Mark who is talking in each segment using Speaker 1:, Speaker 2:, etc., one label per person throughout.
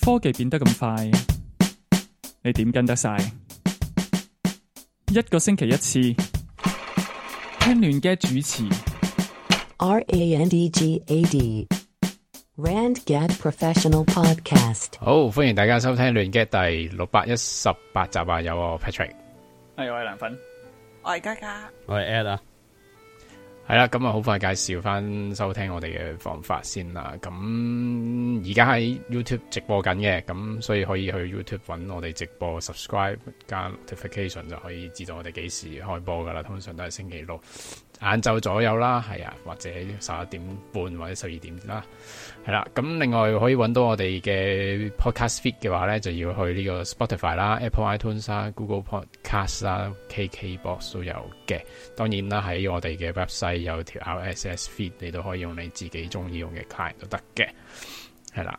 Speaker 1: 科技變得咁快，你點跟得晒？一個星期一次，聽亂 gad 主持。
Speaker 2: R A N D G A D Rand Gad Professional Podcast。
Speaker 3: 好，歡迎大家收聽亂 gad 第六百一十八集啊！有我 Patrick，
Speaker 1: 係我係梁粉，我係卡卡，
Speaker 3: 我係 Ed。係啦，咁啊，好快介紹翻收聽我哋嘅方法先啦。咁而家喺 YouTube 直播緊嘅，咁所以可以去 YouTube 揾我哋直播，subscribe 加 notification 就可以知道我哋幾時開播噶啦。通常都係星期六。晏晝左右啦，係啊，或者十一點半或者十二點啦，係啦。咁另外可以揾到我哋嘅 podcast feed 嘅話呢，就要去呢個 Spotify 啦、Apple iTunes 啊、Google Podcast 啊、KK Box 都有嘅。當然啦，喺我哋嘅 website 有條 RSS feed，你都可以用你自己中意用嘅 client 都得嘅，係啦。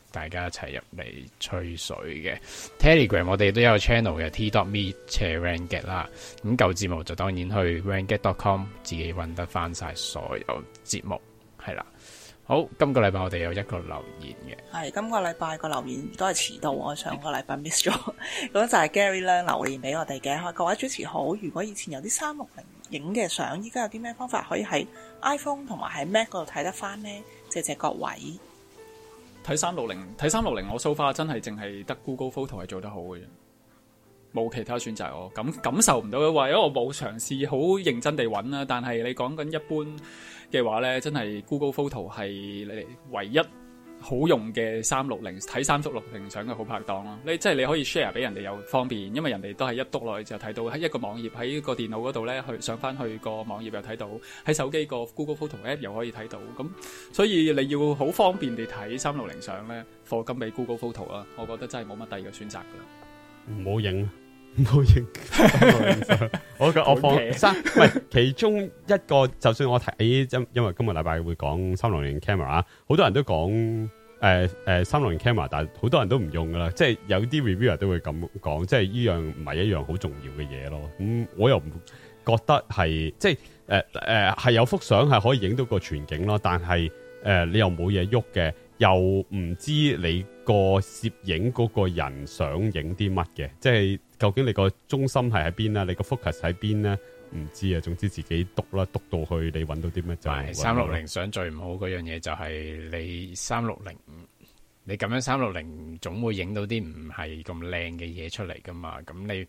Speaker 3: 大家一齊入嚟吹水嘅 Telegram，我哋都有 channel 嘅 t dot m e 斜 r a n g e t 啦。咁舊節目就當然去 r a n g e t dot com 自己揾得翻晒所有節目，係啦。好，今個禮拜我哋有一個留言嘅，
Speaker 4: 係今個禮拜個留言都係遲到，我上個禮拜 miss 咗。咁 就係 Gary 咧，留言俾我哋嘅，各位主持好。如果以前有啲三六零影嘅相，依家有啲咩方法可以喺 iPhone 同埋喺 Mac 嗰度睇得翻呢？謝謝各位。
Speaker 1: 睇三六零，睇三六零，我 so far 真係淨係得 Google Photo 係做得好嘅啫，冇其他選擇我感感受唔到嘅話，因為我冇嘗試好認真地揾啦。但係你講緊一般嘅話咧，真係 Google Photo 係你唯一。好用嘅三六零睇三足六零相嘅好拍檔咯，你即係你可以 share 俾人哋又方便，因為人哋都係一篤落去就睇到喺一個網頁喺個電腦嗰度咧去上翻去個網頁又睇到，喺手機個 Google Photo App 又可以睇到，咁所以你要好方便地睇三六零相咧，貨金俾 Google Photo 啦，我覺得真係冇乜第二個選擇噶啦，
Speaker 2: 唔好影。冇影， 我我放生，唔、okay。係其中一個。就算我睇，因因為今日禮拜會講三六零 camera 啊，好多人都講誒誒三六零 camera，但係好多人都唔用噶啦。即係有啲 reviewer 都會咁講，即係呢樣唔係一樣好重要嘅嘢咯。咁、嗯、我又唔覺得係，即係誒誒係有幅相係可以影到個全景咯，但係誒、呃、你又冇嘢喐嘅，又唔知你個攝影嗰個人想影啲乜嘅，即係。究竟你個中心係喺邊啊？你個 focus 喺邊呢？唔知啊。總之自己讀啦，讀到去你揾到啲咩就。三六零
Speaker 3: 相最唔好嗰樣嘢就係你三六零，你咁樣三六零總會影到啲唔係咁靚嘅嘢出嚟噶嘛。咁你。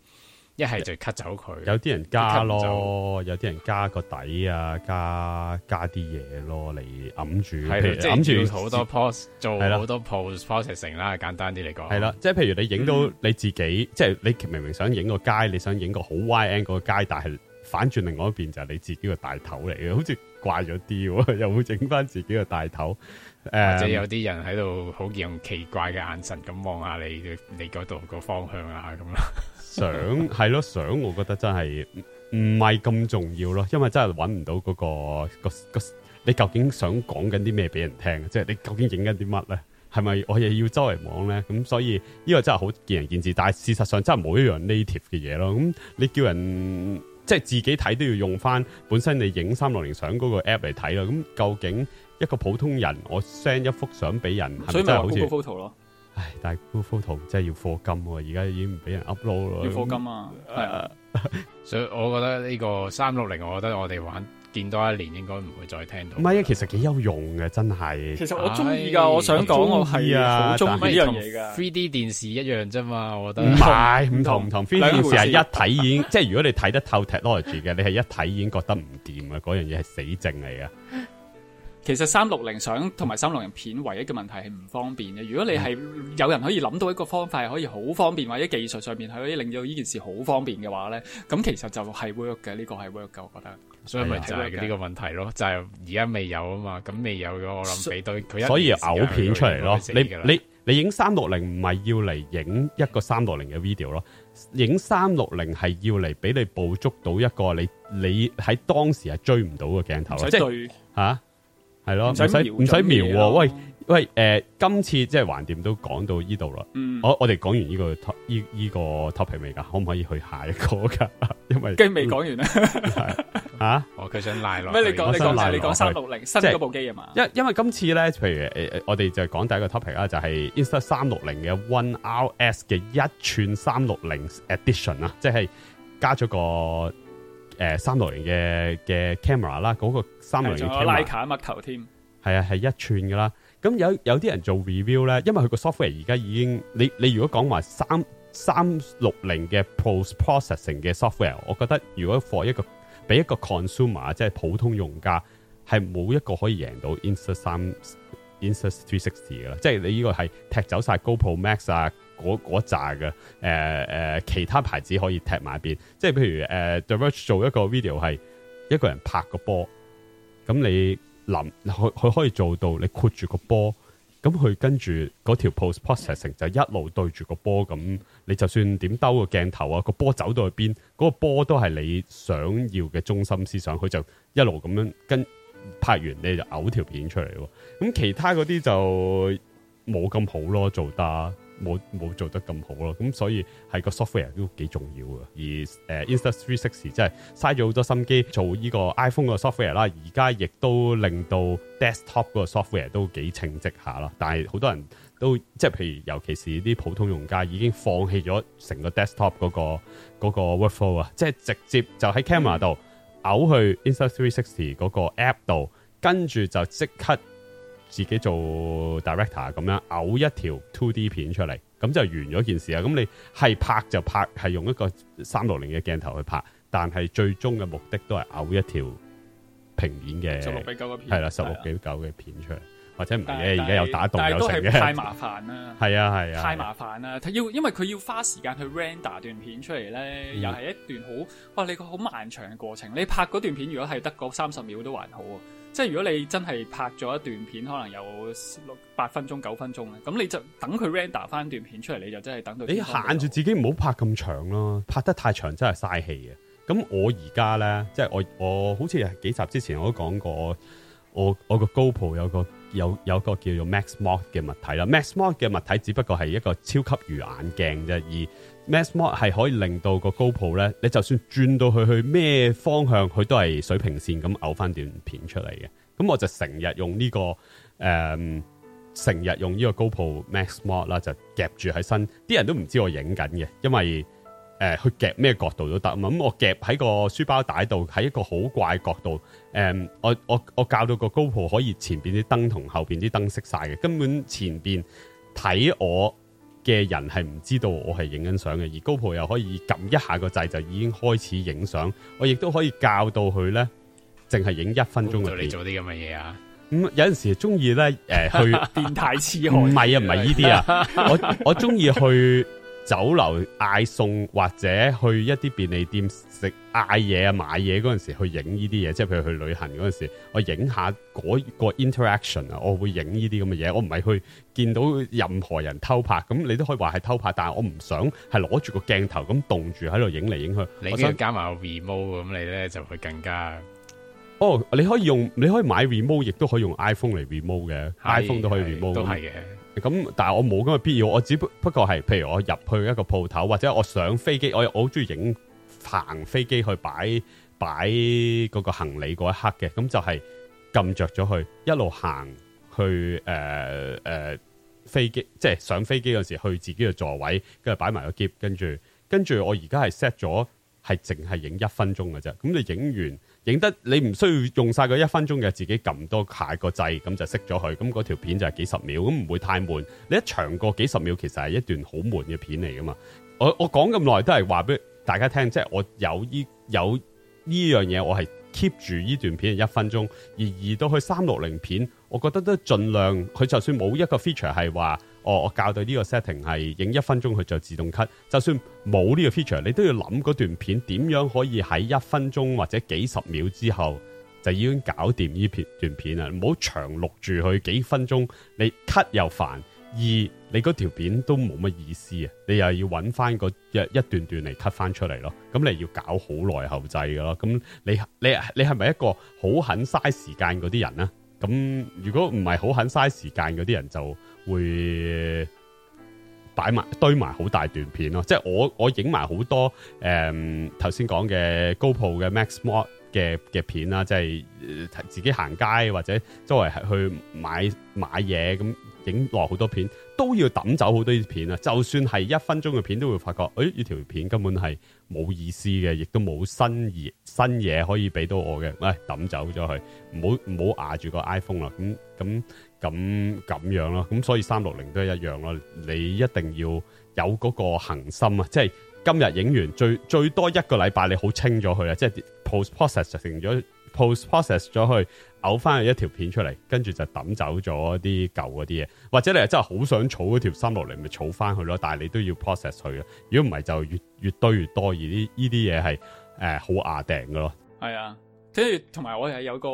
Speaker 3: 一係就 cut 走佢，有啲人加咯，
Speaker 2: 咯有啲人加個底啊，加加啲嘢咯嚟揞住，係啦，好多
Speaker 3: pose，做好多 pose，pose processing 啦，簡單啲嚟講，係
Speaker 2: 啦，即係譬如你影到你自己，嗯、即係你明明想影個街，你想影個好歪 angle 嘅街，但係反轉另外一邊就係你自己個大頭嚟嘅，好似怪咗啲，又會整翻自己個大頭，或者有
Speaker 3: 啲人喺度好用奇怪嘅眼神咁望下你，你嗰度個方向啊咁啦。
Speaker 2: 想係咯，相我覺得真係唔唔係咁重要咯，因為真係揾唔到嗰、嗰個、嗰個、嗰個你究竟想講緊啲咩俾人聽，即係你究竟影緊啲乜咧？係咪我又要周圍望咧？咁所以呢個真係好見仁見智。但係事實上真係冇一樣 native 嘅嘢咯。咁你叫人即係自己睇都要用翻本身你影三六零相嗰個 app 嚟睇啦。咁究竟一個普通人我 send 一幅相俾人，係咪真係好似？咯？唉，但係嗰幅圖真係要課金，而家已經唔俾人 upload 咯。要課金啊！係啊嗯、
Speaker 3: 所以我覺得呢個三六零，我覺得我哋玩見多一年，應該唔會再聽
Speaker 2: 到。唔係啊，其實幾有用嘅，真係。其實我中意噶，我想講我係啊，好中意呢樣嘢
Speaker 3: 噶。three D 電視一樣啫嘛，我覺得唔係，唔同唔同 three
Speaker 2: D 電視係一睇已經， 即係如果你睇得透 technology 嘅，你係一睇已經覺得唔掂啊，嗰樣嘢係死症嚟噶。
Speaker 3: 其實三六
Speaker 1: 零相同埋三六零片唯一嘅問題係唔方便嘅。如果你係有人可以諗到一個方法，可以好方便，或者技術上面係可以令到呢件事好方便嘅話咧，咁其實就係 work 嘅。呢個係 work 嘅，我覺得。所以咪就係呢個
Speaker 3: 問題咯，就係而家未有啊嘛，咁未有嘅我諗俾對佢所以嘔片出嚟咯。
Speaker 2: 你你影三六零唔係要嚟影一個三六零嘅 video 咯，影三六零係要嚟俾你捕捉到一個你你喺當時係追唔到嘅鏡頭即吓。係咯，唔使唔使瞄喎。喂喂，誒、呃，今次即係橫掂都講到呢度啦。嗯，啊、我我哋講完呢、這個 top 呢、這個 topic 未噶，可唔可以去下一個噶？因為佢未講完啊、嗯。吓、 啊，哦，佢想賴落。咩？你講你講先，你講三六零新嗰部機啊嘛？因因為今次咧，譬如誒、呃、我哋就講第一個 topic 啦，就係 Insta 三六零嘅 One RS 嘅一寸三六零 Edition 啊，即係加咗個。呃、三六零嘅 camera 啦，嗰個三六零 Leica 麥頭添，係啊，係一寸噶啦。咁有有啲人做 review 咧，因為佢個 software 而家已經，你，你如果講話三六零嘅 processing 嘅 software 我覺得如果 for 一個俾一個 consumer 即係普通用家係冇一個可以贏到 Insta 三 Insta three sixty 嘅啦，即係你呢個係踢走晒 GoPro Max 啊嗰扎嘅，誒誒、呃呃，其他牌子可以踢埋邊，即係譬如誒 The Verge 做一個 video 係一個人拍個波，咁你諗佢佢可以做到你，你括住個波，咁佢跟住嗰條 post processing 就一路對住個波，咁你就算點兜個鏡頭啊，個波走到去邊，嗰、嗰個波都係你想要嘅中心思想，佢就一路咁樣跟拍完，你就嘔條片出嚟，咁其他嗰啲就冇咁好咯，做得。冇冇做得咁好咯。咁所以係個 software 都幾重要嘅。而誒 Insta360 即係嘥咗好多心機做依個 iPhone 個 software 啦，而家亦都令到 desktop 個 software 都幾稱職下咯。但係好多人，都即係譬如，尤其是啲普通用家已經放棄咗成個 desktop 嗰個嗰個 workflow 啊，即係直接就喺 camera 度嘔去 Insta360 嗰個 app 度跟住就即刻。自己做 director 咁樣嘔一條 two D 片出嚟，咁就完咗件事啊！咁你係拍就拍，係用一個三六零嘅鏡頭去拍，但係最終嘅目的都係嘔一條平面嘅，十六比九嘅片係啦，十六比九嘅片出嚟，啊，或者唔係嘅而家有打動，但係都係太麻煩啦，係 啊係啊，啊，太
Speaker 1: 麻煩啦！要因為佢要花時間去 render 段片出嚟咧，又係一段好哇，你個好漫長嘅過程。你拍嗰段片如果係得嗰三十秒都還好啊。即係如果你真係拍咗一段片，可能有六八分鐘、九分鐘嘅，咁你就等佢 render 翻段片出嚟，你就真係等到。你限
Speaker 2: 住自己唔好拍咁長咯，拍得太長真係嘥氣嘅。咁我而家咧，即係我我好似幾集之前我都講過，我我個 GoPro 有個有有個叫做 Max Mod 嘅物體啦，Max Mod 嘅物體只不過係一個超級魚眼鏡啫，而。Max Mode 係可以令到個高普咧，你就算轉到佢去咩方向，佢都係水平線咁嘔翻段片出嚟嘅。咁我就成日用呢、這個誒、成、嗯、日用呢個高普 Max Mode 啦，就夾住喺身，啲人都唔知我影緊嘅，因為誒、呃、去夾咩角度都得嘛。咁、嗯、我夾喺個書包帶度，喺一個好怪角度。誒、嗯，我我我教到個高普可以前邊啲燈同後邊啲燈熄晒嘅，根本前邊睇我嘅人係唔知道我係影緊相嘅，而 GoPro 又可以撳一下個掣就已經開始影相，我亦都可以教到佢咧，淨係影一分鐘入邊，
Speaker 3: 做啲咁嘅嘢啊！咁、嗯、有
Speaker 2: 陣時中意咧，誒、呃、去變態 痴漢唔係啊，唔係呢啲啊， 我我中意去。 酒樓嗌餸或者去一啲便利店食嗌嘢啊買嘢嗰陣時去影呢啲嘢，即係譬如去旅行嗰陣時，我影下嗰個 interaction 啊，我會影呢啲咁嘅嘢。我唔係去見到任何人偷拍，咁你都可以話係偷拍，但係我唔想係攞住個鏡頭咁動住喺度影嚟影去。你想加
Speaker 3: 埋個 remote 咁，你咧就會更加。
Speaker 2: 哦、oh,，你可以用你可以買 remote，亦都可以用 iPhone 嚟 remote 嘅，iPhone 都可以 remote，都係嘅。咁，但係我冇咁嘅必要，我只不不過係，譬如我入去一個鋪頭，或者我上飛機，我我好中意影行飛機去擺擺嗰個行李嗰一刻嘅。咁就係撳着咗去一路行去誒誒、呃呃、飛機，即係上飛機嗰時去自己嘅座位，跟住擺埋個篋，跟住跟住我而家係 set 咗係淨係影一分鐘嘅啫。咁你影完。影得你唔需要用晒佢一分鐘嘅自己撳多下個掣，咁就熄咗佢，咁嗰條片就係幾十秒，咁唔會太悶。你一長過幾十秒，其實係一段好悶嘅片嚟噶嘛。我我講咁耐都係話俾大家聽，即係我有呢有呢樣嘢，我係 keep 住呢段片一分鐘，而移到去三六零片，我覺得都盡量佢就算冇一個 feature 係話。我、哦、我教到呢個 setting 係影一分鐘佢就自動 cut，就算冇呢個 feature，你都要諗嗰段片點樣可以喺一分鐘或者幾十秒之後就已經搞掂呢片段片啊。唔好長錄住佢幾分鐘，你 cut 又煩，二你嗰條片都冇乜意思啊。你又要搵翻個一一段段嚟 cut 翻出嚟咯，咁你要搞好耐後製噶咯。咁你你你係咪一個好肯嘥時間嗰啲人呢？咁如果唔係好肯嘥時間嗰啲人就。會擺埋堆埋好大段片咯，即係我我影埋好多誒，頭先講嘅 GoPro 嘅 Max Mode 嘅嘅片啦，即係自己行街或者周圍去買買嘢咁影落好多片，都要抌走好多啲片啊！就算係一分鐘嘅片，都會發覺誒，呢條片根本係冇意思嘅，亦都冇新嘢、新嘢可以俾到我嘅，喂，抌走咗去，唔好唔好挜住個 iPhone 啦，咁咁。那咁咁樣咯，咁所以三六零都係一樣咯。你一定要有嗰個恒心啊，即係今日影完最最多一個禮拜，你好清咗佢啊，即係 post process 就成咗 post process 咗去嘔翻一條片出嚟，跟住就抌走咗啲舊嗰啲嘢。或者你係真係好想儲嗰條三六零，咪儲翻去咯。但係你都要 process 佢咯。如果唔係，就越越堆越多，而呢呢啲嘢係誒好牙定噶咯。
Speaker 1: 係啊。即住，同埋我係有個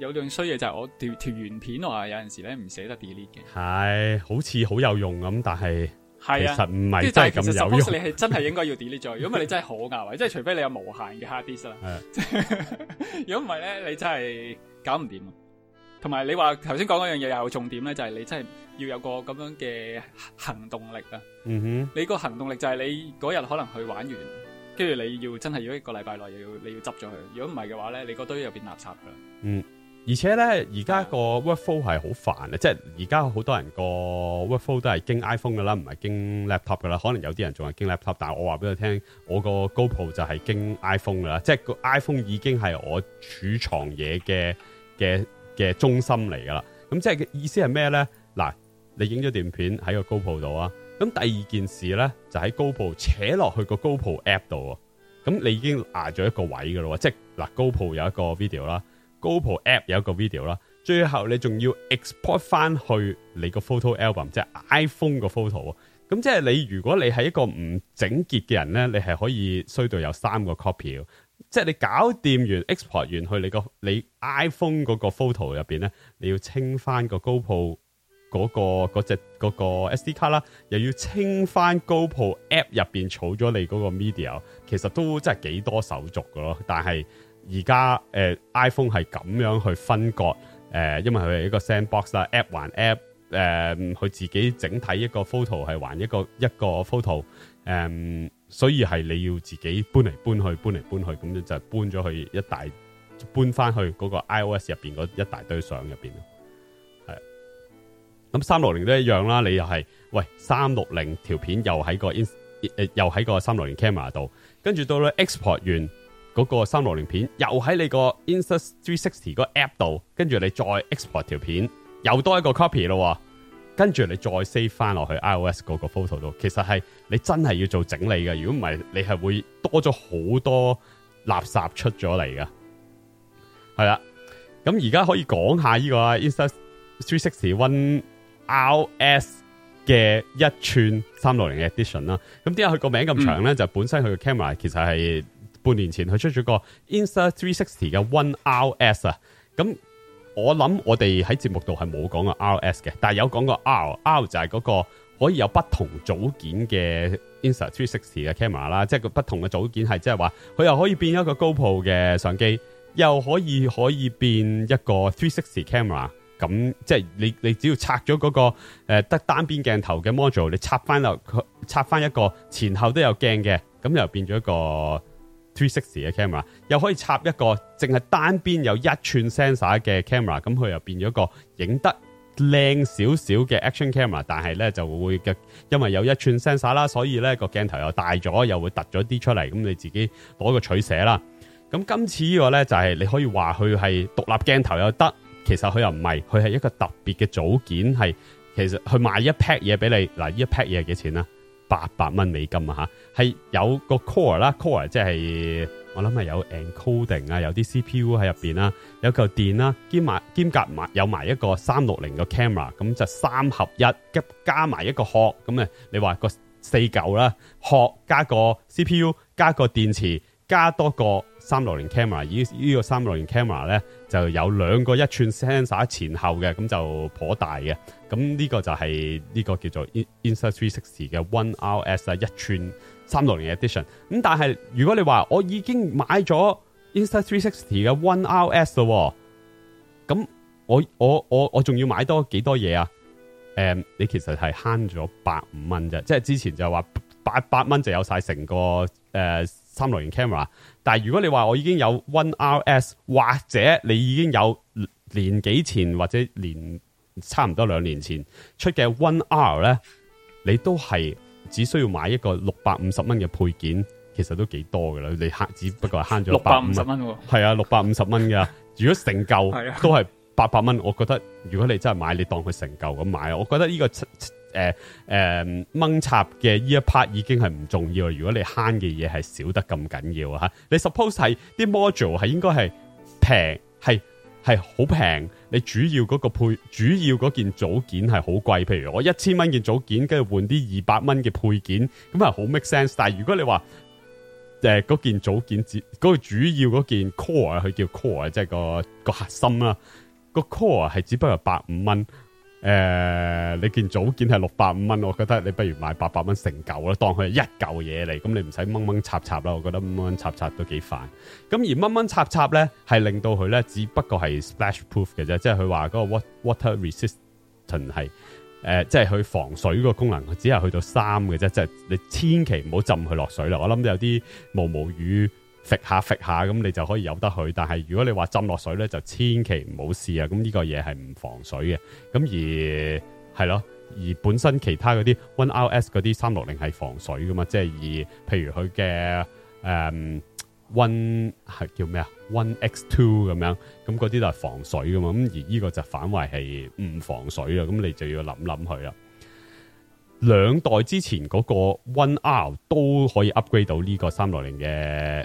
Speaker 1: 有樣衰嘢，就係、是、我條條原片話有陣時咧唔捨得 delete
Speaker 2: 嘅。係，好似好有用咁，但係，係啊，其實唔係真係咁有用。其實你係
Speaker 1: 真係應該要 delete 咗，如果唔係你真係好牛啊！即係除非你有無限嘅 hard disk 啦。如果唔係咧，你真係搞唔掂。同埋你話頭先講嗰樣嘢又有重點咧，就係、是、你真係要有個咁樣嘅行動力啊。嗯哼，你個行動力就係你嗰日可能去玩完。跟住你要真係要一個禮拜內要你要執咗佢，如果唔係嘅話咧，你個堆又變垃圾噶。嗯，
Speaker 2: 而且咧，而家個 workflow 係好煩啊，即係而家好多人個 workflow 都係經 iPhone 噶啦，唔係經 laptop 噶啦。可能有啲人仲係經 laptop，但係我話俾你聽，我個 GoPro 就係經 iPhone 噶啦，即係個 iPhone 已經係我儲藏嘢嘅嘅嘅中心嚟噶啦。咁即係意思係咩咧？嗱，你影咗段片喺個 GoPro 度啊？咁第二件事咧，就喺 GoPro 扯落去個 GoPro App 度，咁你已經挨咗一個位噶喎。即係嗱 GoPro 有一個 video 啦，GoPro App 有一個 video 啦，最後你仲要 export 翻去你個 photo album，即係 iPhone 個 photo，咁即係你如果你係一個唔整潔嘅人咧，你係可以衰到有三個 copy，即係你搞掂完 export 完去你個你 iPhone 嗰個 photo 入邊咧，你要清翻個 GoPro。嗰、嗰個嗰隻、嗰個嗰個 SD 卡啦，又要清翻 GoPro App 入面儲咗你嗰個 media，其實都真係幾多手續噶咯。但係而家 iPhone 係咁樣去分割，呃、因為佢係一個 sandbox 啦，App 還 App 佢、呃、自己整體一個 photo 係還一個一個 photo、呃、所以係你要自己搬嚟搬去，搬嚟搬去咁樣就搬咗去一大搬翻去嗰個 iOS 入面嗰一大堆相入邊。咁三六零都一樣啦，你又係喂三六零條片又喺個 in、呃、又喺個三六零 camera 度，跟住到咧 export 完嗰個三六零片又，又喺你個 Insta 360個 app 度，跟住你再 export 條片，又多一個 copy 咯，跟住你再 save 翻落去 iOS 個個 photo 度，其實係你真係要做整理㗎。如果唔係你係會多咗好多垃圾出咗嚟噶，係啦，咁而家可以講下呢、這個 Insta 360 ONE。R S 嘅一寸三六零嘅 edition 啦，咁點解佢個名咁長呢、嗯？就本身佢個 camera 其實係半年前佢出咗個 Insta Three Sixty 嘅 One R S 啊，咁我諗我哋喺節目度係冇講過個 R S 嘅，但係有講過個 R R 就係嗰個可以有不同組件嘅 Insta Three Sixty 嘅 camera 啦，即係個不同嘅組件係即係話佢又可以變一個 GoPro 嘅相機，又可以可以變一個 Three Sixty camera。咁即係你，你只要拆咗嗰個誒，得、呃、單邊鏡頭嘅 module 你插翻插翻一個前後都有鏡嘅，咁又變咗一個360嘅 camera，又可以插一個淨係單邊有一寸 sensor 嘅 camera，咁佢又變咗個影得靚少少嘅 action camera，但係咧就會嘅，因為有一寸 sensor 啦，所以咧、個鏡頭又大咗，又會凸咗啲出嚟，咁你自己攞個取捨啦。咁今次這個呢個咧就係、是、你可以話佢係獨立鏡頭又得。其實佢又唔係，佢係一個特別嘅組件，係其實佢賣一 pack 嘢俾你。嗱，呢一 pack 嘢係幾錢啊？八百蚊美金啊吓，係有個 core 啦，core 即係我諗係有 encoding 啊，有啲 CPU 喺入邊啦，有嚿電啦，兼埋兼夾埋有埋一個三六零嘅 camera，咁就三合一，加加埋一個殼，咁啊，你話個四嚿啦，殼加個 CPU，加個電，加個電池，加多個。三六零 camera，依依個三六零 camera 咧，就有兩個一寸 sensor 前後嘅，咁就頗大嘅。咁呢個就係呢個叫做 Insta360 嘅 One RS 啊，一寸三六零 edition。咁但係如果你話我已經買咗 Insta360 嘅 One RS 咯，咁我我我我仲要買多幾多嘢啊？誒、嗯，你其實係慳咗百五蚊啫，即係之前就話八百蚊就有晒成個誒。呃三六零 camera，但係如果你話我已經有 One RS，或者你已經有年幾前或者年差唔多兩年前出嘅 One R 咧，你都係只需要買一個六百五十蚊嘅配件，其實都幾多噶啦，你慳只不過係慳咗六百五十蚊。係啊，六百五十蚊噶， 如果成舊都係八百蚊，我覺得如果你真係買，你當佢成舊咁買，我覺得呢個。誒、呃、誒、掹、嗯、插嘅呢一 part 已經係唔重要。如果你慳嘅嘢係少得咁緊要啊吓，你 suppose 係啲 module 係應該係平，係係好平。你主要嗰個配，主要嗰件組件係好貴。譬如我 1, 一千蚊件、呃、件組件，跟住換啲二百蚊嘅配件，咁係好 make sense。但係如果你話，誒嗰件組件，嗰個主要嗰件 core 佢叫 core 即係、個、個核心啦，個 core 係只不過百五蚊。誒、呃，你見件組件係六百五蚊，我覺得你不如買八百蚊成嚿啦，當佢係一嚿嘢嚟。咁你唔使掹掹插插啦，我覺得掹掹插插都幾煩。咁而掹掹插插咧，係令到佢咧，只不過係 splash proof 嘅啫，即係佢話嗰個 water resistant 係，誒，即係佢防水個功能，只係去到三嘅啫，即、就、係、是、你千祈唔好浸佢落水啦。我諗有啲毛毛雨。揈下揈下咁你就可以有得去，但係如果你話浸落水咧，就千祈唔好試啊！咁呢個嘢係唔防水嘅。咁而係咯，而本身其他嗰啲 One RS 嗰啲三六零係防水噶嘛，即係以譬如佢嘅誒 One 係、啊、叫咩啊？One X Two 咁樣，咁嗰啲就係防水噶嘛。咁而呢個就反為係唔防水啊！咁你就要諗諗佢啦。兩代之前嗰個 One R 都可以 upgrade 到呢個三六零嘅。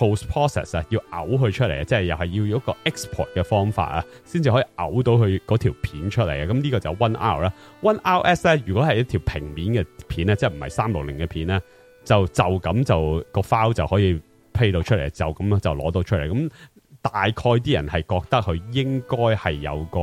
Speaker 2: post process 啊，要嘔佢出嚟，即係又係要有一個 export 嘅方法啊，先至可以嘔到佢嗰條片出嚟嘅。咁呢個就 One R 啦，One R S 咧。如果係一條平面嘅片咧，即係唔係三六零嘅片咧，就就咁就個 file 就可以批到出嚟，就咁就攞到出嚟。咁大概啲人係覺得佢應該係有個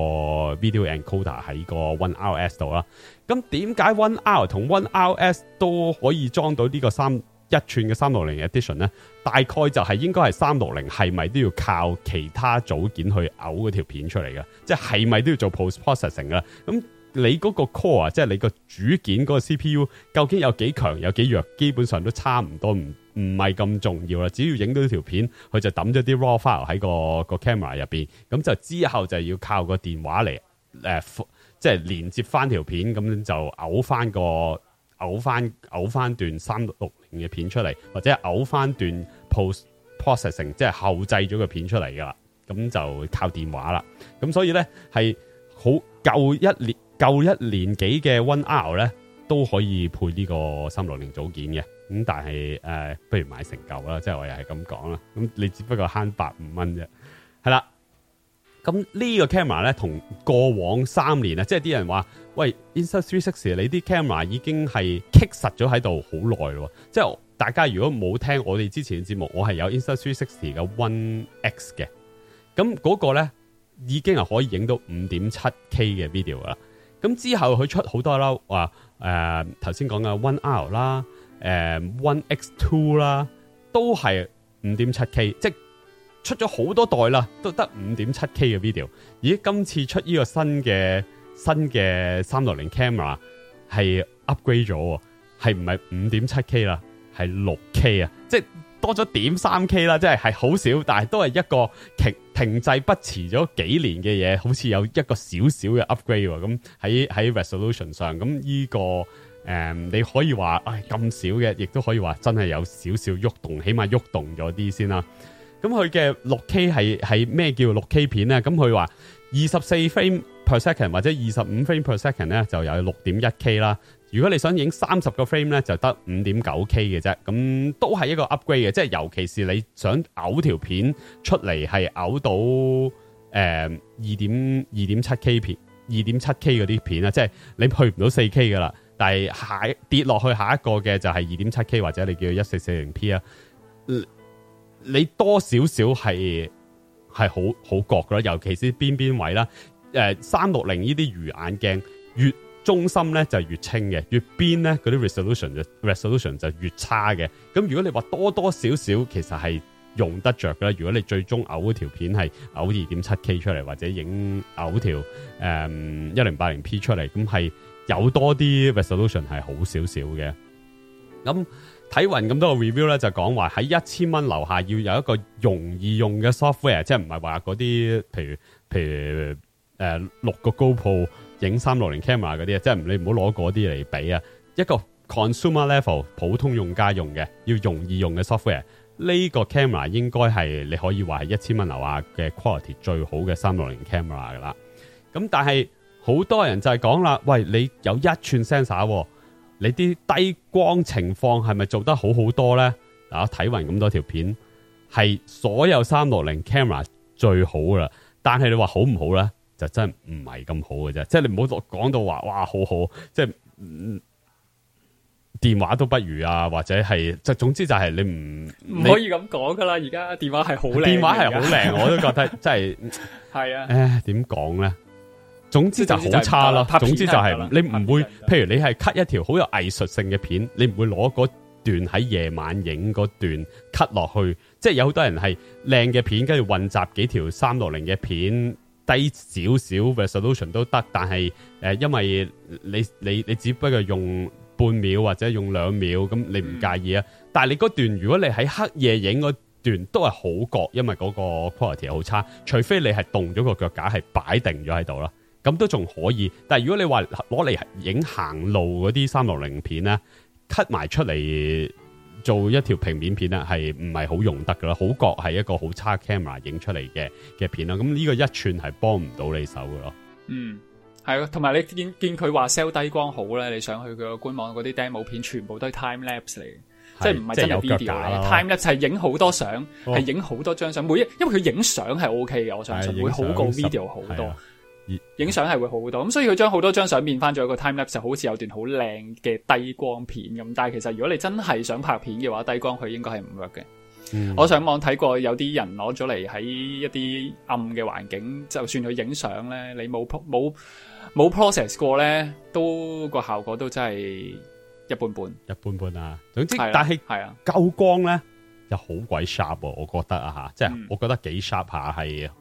Speaker 2: video encoder 喺個 One R S 度啦。咁點解 One R 同 One R S 都可以裝到呢個三一寸嘅三六零 edition 咧？大概就係應該係三六零，係咪都要靠其他組件去嘔嗰條片出嚟嘅？即係咪都要做 post processing 嘅？咁你嗰個 core 即係你個主件嗰個 CPU 究竟，有幾強有幾弱？基本上都差唔多，唔唔係咁重要啦。只要影到條片，佢就抌咗啲 raw file 喺、嗰個、嗰個 camera 入邊，咁就之後就要靠個電話嚟誒，即、呃、係、連接翻條片，咁就嘔翻個嘔翻嘔翻段三六零嘅片出嚟，或者嘔翻段。post processing 即係後製咗個片出嚟噶啦，咁就靠電話啦，咁所以咧係好舊一年舊一年幾嘅 ONE R 咧都可以配呢個三六零組件嘅，咁但係誒、呃、不如買成舊啦，即係我又係咁講啦，咁你只不過慳百五蚊啫，係啦，咁呢個 camera 咧同過往三年啊，即係啲人話喂，insta three sixty 你啲 camera 已經係棘實咗喺度好耐咯，即係。大家如果冇聽我哋之前節目，我係有 Insta360 嘅 One X 嘅，咁嗰個咧已經係可以影到五點七 K 嘅 video、呃、啦。咁之後佢出好多啦，話誒頭先講嘅 One R 啦，誒 One X Two 啦，都係五點七 K，即係出咗好多代啦，都得五點七 K 嘅 video。咦，今次出呢個新嘅新嘅三六零 Camera 係 upgrade 咗，係唔係五點七 K 啦？係六 K 啊，即係多咗點三 K 啦，即係係好少，但係都係一個停停滯不前咗幾年嘅嘢，好似有一個少少嘅 upgrade 咁喺喺 resolution 上，咁呢、這個誒、嗯、你可以話，唉咁少嘅，亦都可以話真係有少少喐動，起碼喐動咗啲先啦。咁佢嘅六 K 係係咩叫六 K 片咧？咁佢話二十四 frame per second 或者二十五 frame per second 咧，就有六點一 K 啦。如果你想影三十個 frame 咧，就得五點九 K 嘅啫，咁都係一個 upgrade 嘅，即係尤其是你想嘔條片出嚟係嘔到誒二點二點七 K 片，二點七 K 嗰啲片啊，即係你去唔到四 K 噶啦，但係下跌落去下一個嘅就係二點七 K 或者你叫一四四零 P 啊，你多少少係係好好覺啦，尤其是邊邊位啦，誒三六零呢啲魚眼鏡越。中心咧就越清嘅，越邊咧嗰啲 resolution 就 resolution 就越差嘅。咁如果你話多多少少，其實係用得着嘅。如果你最終嘔條片係嘔二點七 K 出嚟，或者影嘔條誒一零八零 P 出嚟，咁係有多啲 resolution 係好少少嘅。咁睇匀咁多個 review 咧，就講話喺一千蚊樓下要有一個容易用嘅 software，即係唔係話嗰啲譬如譬如誒六個高鋪。影三六零 camera 嗰啲啊，即係你唔好攞嗰啲嚟比啊。一個 consumer level 普通用家用嘅，要容易用嘅 software，呢個 camera 應該係你可以話係一千蚊樓下嘅 quality 最好嘅三六零 camera 噶啦。咁但係好多人就係講啦，喂，你有一吋 sensor，啊，你啲低光情況係咪做得好好多呢？嗱，睇匀咁多條片，係所有三六零 camera 最好啦。但係你話好唔好呢？就真係唔係咁好嘅啫，即係你唔好講到話哇，好好即係電話都不如啊，或者係即總之就係你唔唔可以
Speaker 1: 咁講噶啦。而家電話係好靚，電話係好靚， 我都覺
Speaker 2: 得真係係啊。唉，點講咧？總之就好差啦。總之就係你唔會，譬如你係 cut 一條好有藝術性嘅片，你唔會攞嗰段喺夜晚影嗰段 cut 落去，即係有好多人係靚嘅片，跟住混雜幾條三六零嘅片。低少少 resolution 都得，但係誒、呃，因為你你你只不過用半秒或者用兩秒，咁你唔介意啊、嗯？但係你嗰段，如果你喺黑夜影嗰段都係好覺，因為嗰個 quality 好差，除非你係動咗個腳架係擺定咗喺度啦，咁都仲可以。但係如果你話攞嚟影行路嗰啲三六零片咧，cut 埋出嚟。做一條平面片咧，係唔係好用得噶咯？好覺係一個好差 camera 影出嚟嘅嘅片啦。咁呢個一寸係幫唔到你手噶咯。嗯，
Speaker 1: 係啊。同埋你見見佢話 sell 低光好咧，你上去佢個官網嗰啲 demo 片，全部都係 time lapse 嚟嘅，
Speaker 2: 即係唔係真係
Speaker 1: video。time lapse 係影好多相，係影好多張相，每一，因為佢影相係 OK 嘅，我相信會好過 video 好多。影相係會好好多，咁所以佢將好多張相變翻咗一個 time lapse，就好似有段好靚嘅低光片咁。但係其實如果你真係想拍片嘅話，低光佢應該係唔 work 嘅。我上網睇過有啲人攞咗嚟喺一啲暗嘅環境，就算佢影相咧，你冇 pro 冇冇 process 過咧，都個效果都真係一般般，
Speaker 2: 一般般啊。總之，是但係係啊，夠光咧又好鬼 sharp，我覺得啊吓，即係我覺得幾 sharp 下係啊。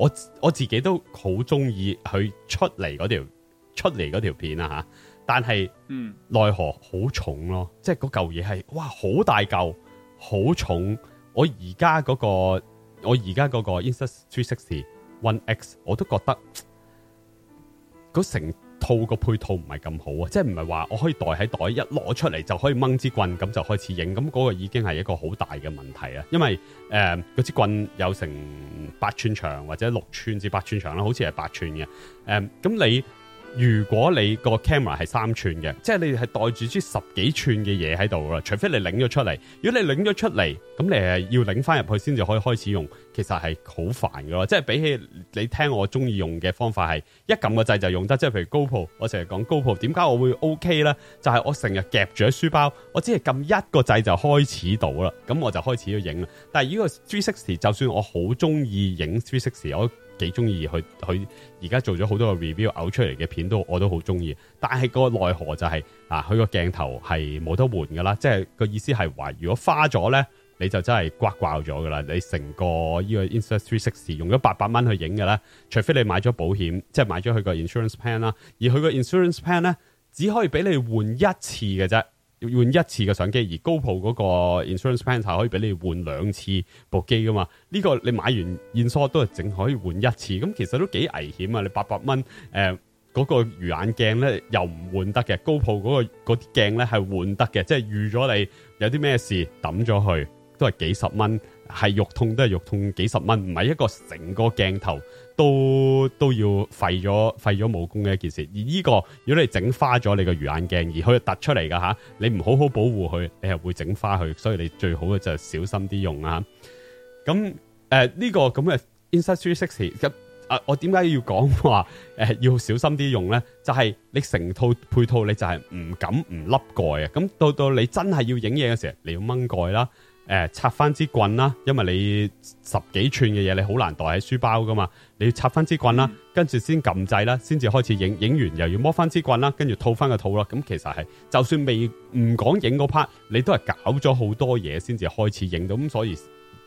Speaker 2: 我我自己都好中意佢出嚟嗰條出嚟條片啊吓，但係奈何好重咯，即係嗰嚿嘢係哇好大嚿好重，我而家嗰個我而家嗰個 Insta360 ONE X，我都覺得成。套個配套唔係咁好啊，即係唔係話我可以袋喺袋，一攞出嚟就可以掹支棍咁就開始影，咁、那、嗰個已經係一個好大嘅問題啊，因為誒嗰支棍有成八寸長或者六寸至八寸長啦，好似係八寸嘅，誒、呃、咁你。如果你個 camera 係三寸嘅，即係你係袋住支十幾寸嘅嘢喺度啦，除非你擰咗出嚟。如果你擰咗出嚟，咁你係要擰翻入去先至可以開始用，其實係好煩噶咯。即係比起你聽我中意用嘅方法係一撳個掣就用得，即係譬如 GoPro，我成日講 GoPro，點解我會 OK 呢？就係、是、我成日夾住喺書包，我只係撳一個掣就開始到啦，咁我就開始咗影啦。但係呢個360就算我好中意影360我幾中意佢佢而家做咗好多個 review 嘔出嚟嘅片都我都好中意，但係個奈何就係嗱佢個鏡頭係冇得換噶啦，即係個意思係話如果花咗咧你就真係刮掛咗噶啦，你成個,個360呢個 Insta360 用咗八百蚊去影嘅咧，除非你買咗保險，即係買咗佢個 insurance plan 啦，而佢個 insurance plan 咧只可以俾你換一次嘅啫。要換一次嘅相機，而高普嗰個 insurance plan 就可以俾你換兩次部機噶嘛？呢個你買完燕梳都係淨可以換一次，咁其實都幾危險啊！你八百蚊誒嗰個魚眼鏡咧又唔換得嘅，高普嗰嗰啲鏡咧係換得嘅，即係預咗你有啲咩事抌咗去都係幾十蚊，係肉痛都係肉痛幾十蚊，唔係一個成個鏡頭。都都要廢咗廢咗武功嘅一件事，而呢、這個如果你整花咗你個魚眼鏡，而佢突出嚟噶吓，你唔好好保護佢，你係會整花佢，所以你最好嘅就係小心啲用啊。咁誒，呢、呃這個咁嘅 Insta360 ONE 啊，我點解要講話誒要小心啲用咧？就係、是、你成套配套，你就係唔敢唔笠蓋啊。咁到到你真係要影嘢嘅時候，你要掹蓋啦，誒、呃，拆翻支棍啦，因為你十幾寸嘅嘢，你好難袋喺書包噶嘛。你要插翻支棍啦，跟住先撳掣啦，先至開始影。影完又要摸翻支棍啦，跟住套翻個套啦。咁其實係就算未唔講影嗰 part，你都係搞咗好多嘢先至開始影到。咁所以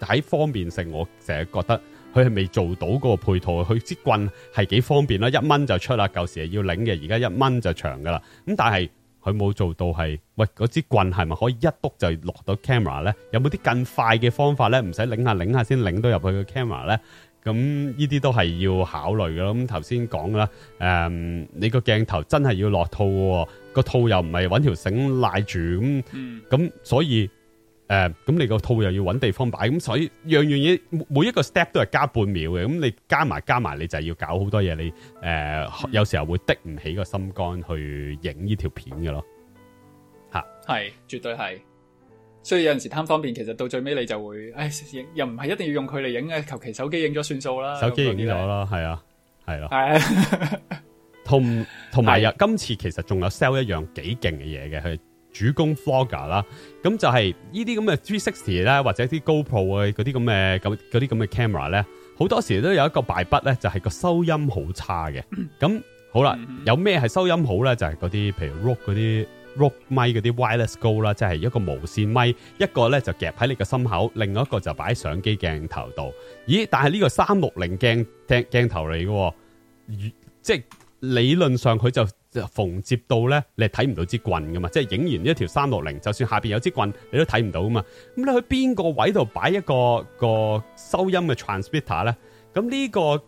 Speaker 2: 喺方便性，我成日覺得佢係未做到嗰個配套。佢支棍係幾方便啦，一蚊就出啦。舊時係要擰嘅，而家一蚊就長噶啦。咁但係佢冇做到係喂嗰支棍係咪可以一篤就落到 camera 咧？有冇啲更快嘅方法咧？唔使擰下擰下先擰到入去個 camera 咧？咁呢啲都係要考慮㗎。咁頭先講啦，誒、嗯，你個鏡頭真係要落套喎，個套又唔係揾條繩拉住，咁、嗯，咁、嗯嗯、所以，誒、嗯，咁你個套又要揾地方擺，咁、嗯、所以樣樣嘢每一個 step 都係加半秒嘅。咁、嗯、你加埋加埋，你就係要搞好多嘢，你誒、呃嗯，有時候會滴唔起個心肝去影呢條片嘅咯。吓、啊，
Speaker 1: 係，絕對係。所以有陣時貪方便，其實到最尾你就會，唉，影又唔係一定要用佢嚟影嘅，求其手機影咗算數啦。手機影
Speaker 2: 咗啦，係啊，係咯。同同埋今次其實仲有 sell 一樣幾勁嘅嘢嘅，去主攻 Vlogger 啦。咁就係呢啲咁嘅360啦，或者啲 GoPro 啊，嗰啲咁嘅咁嗰啲咁嘅 camera 咧，好多時都有一個敗筆咧，就係個收音好差嘅。咁好啦，有咩係收音好咧？就係嗰啲譬如 Rock 嗰啲。錄麥嗰啲 wireless go 啦，即係一個無線咪，一個咧就夾喺你個心口，另外一個就擺喺相機鏡頭度。咦？但係呢個三六零鏡鏡鏡頭嚟嘅，即係理論上佢就縫接到咧，你係睇唔到支棍噶嘛，即係影完呢一條三六零，就算下邊有支棍，你都睇唔到啊嘛。咁你去邊個位度擺一個一個收音嘅 transmitter 咧？咁呢個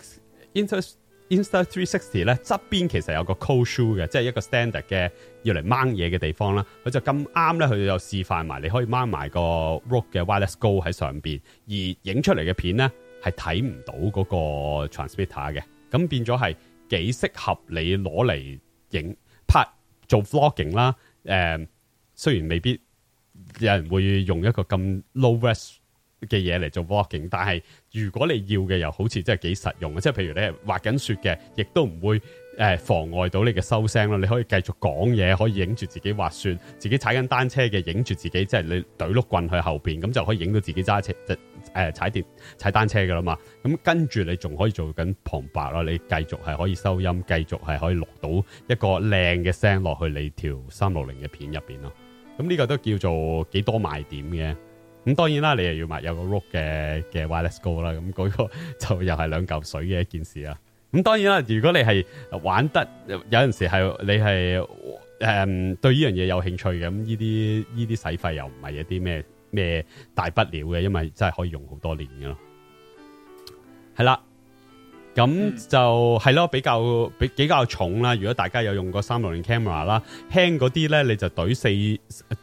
Speaker 2: ，Insta。Insta360 咧，側邊其實有個 cold shoe 嘅，即係一個 standard 嘅要嚟掹嘢嘅地方啦。佢就咁啱咧，佢就示範埋你可以掹埋個 Rode 嘅 wireless go 喺上面。而影出嚟嘅片咧，係睇唔到嗰個 transmitter 嘅。咁變咗係幾適合你攞嚟影拍，拍做 vlogging 啦。誒、呃，雖然未必有人會用一個咁 low res t 嘅嘢嚟做 vlogging，但係如果你要嘅又好似真係幾實用嘅，即係譬如你係滑緊雪嘅，亦都唔會誒、呃、妨礙到你嘅收聲咯。你可以繼續講嘢，可以影住自己滑雪，自己踩緊單車嘅，影住自己即係你懟碌棍去後邊，咁就可以影到自己揸車誒、呃、踩電踩單車噶啦嘛。咁跟住你仲可以做緊旁白咯，你繼續係可以收音，繼續係可以錄到一個靚嘅聲落去你條三六零嘅片入邊咯。咁呢個都叫做幾多賣點嘅。咁當然啦，你又要買有個 rock 嘅嘅 wireless go 啦，咁嗰個就又係兩嚿水嘅一件事啦。咁當然啦，如果你係玩得有陣時係你係誒、嗯、對呢樣嘢有興趣嘅，咁呢啲呢啲使費又唔係一啲咩咩大不了嘅，因為真係可以用好多年㗎咯。係啦。咁就係咯，比較比比較重啦。如果大家有用過三六零 camera 啦，輕嗰啲呢，你就隊四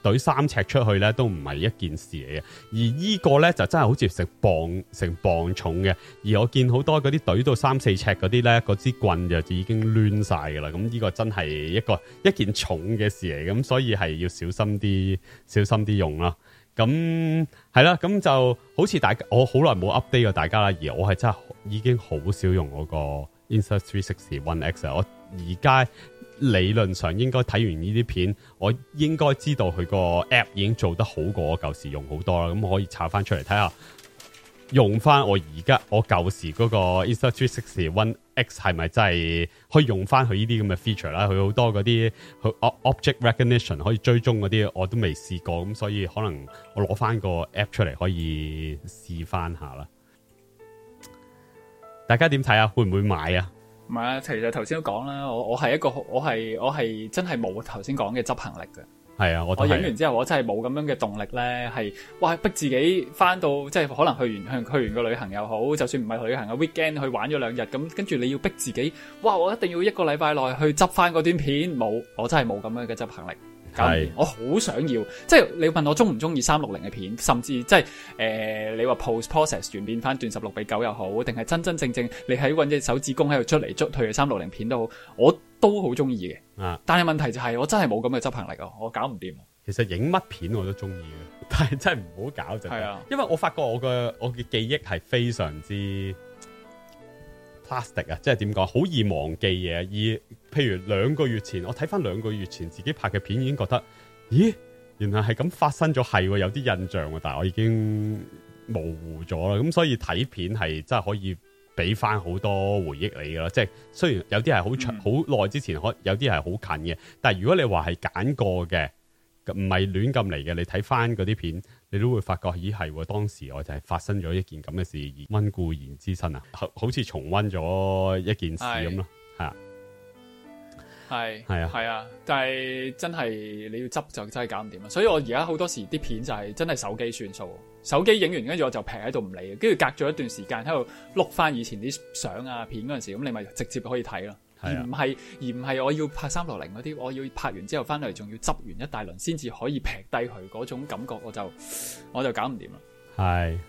Speaker 2: 隊、啊、三尺出去呢，都唔係一件事嚟嘅。而依個呢，就真係好似成磅成磅重嘅。而我見好多嗰啲隊到三四尺嗰啲呢，嗰支棍就已經攣晒噶啦。咁呢個真係一個一件重嘅事嚟，咁所以係要小心啲，小心啲用啦。咁係啦，咁、嗯、就好似大家，我好耐冇 update 過大家啦，而我係真係已經好少用我個 Insta360 ONE X 啦。我而家理論上應該睇完呢啲片，我應該知道佢個 app 已經做得好過我舊時用好多啦。咁可以查翻出嚟睇下。用翻我而家我舊時嗰個 Insta360 One X 係咪真係可以用翻佢呢啲咁嘅 feature 啦？佢好多嗰啲 object recognition 可以追蹤嗰啲，我都未試過，咁所以可能我攞翻個 app 出嚟，可以試翻下啦。大家點睇啊？會唔會買啊？
Speaker 1: 唔係啊，其實頭先都講啦，我我係一個我係我係真係冇頭先講嘅執行力嘅。係啊，我影完之後我真係冇咁樣嘅動力咧，係哇逼自己翻到，即係可能去完去去完個旅行又好，就算唔係去旅行個 weekend 去玩咗兩日咁，跟住你要逼自己哇，我一定要一個禮拜內去執翻嗰段片，冇我真係冇咁樣嘅執行力。係我好想要，即係你問我中唔中意三六零嘅片，甚至即係誒、呃、你話 post process 轉變翻段十六比九又好，定係真真正正你喺搵隻手指公喺度捽嚟捽去嘅三六零片都好，我。都好中意嘅，但係問題就
Speaker 2: 係我真係冇咁嘅執行力啊，我搞唔掂。其實影乜片我都中意嘅，但係真係唔好搞就係啊。因為我發覺我嘅我嘅記憶係非常之 plastic 啊，即係點講，好易忘記嘢。而譬如兩個月前，我睇翻兩個月前自己拍嘅片，已經覺得咦，原來係咁發生咗，係有啲印象，但係我已經模糊咗啦。咁所以睇片係真係可以。俾翻好多回憶你㗎喇。即係雖然有啲係好長好耐、嗯、之前，可有啲係好近嘅。但係如果你話係揀過嘅，唔係亂咁嚟嘅，你睇翻嗰啲片，你都會發覺咦係，當時我就係發生咗一件咁嘅事。溫故而知新啊，好似重溫咗一件事咁咯，係啊，係係啊，
Speaker 1: 係啊，但係、啊就是、真係你要執就真係搞唔掂啊。所以我而家好多時啲片就係真係手機算數。手機影完跟住我就劈喺度唔理，跟住隔咗一段時間喺度碌翻以前啲相啊片嗰陣時，咁你咪直接可以睇咯，啊，而唔係而唔係我要拍三六零嗰啲，我要拍完之後翻嚟仲要執完一大輪先至可以劈低佢嗰種感覺，我就我就搞唔掂啦。係、啊，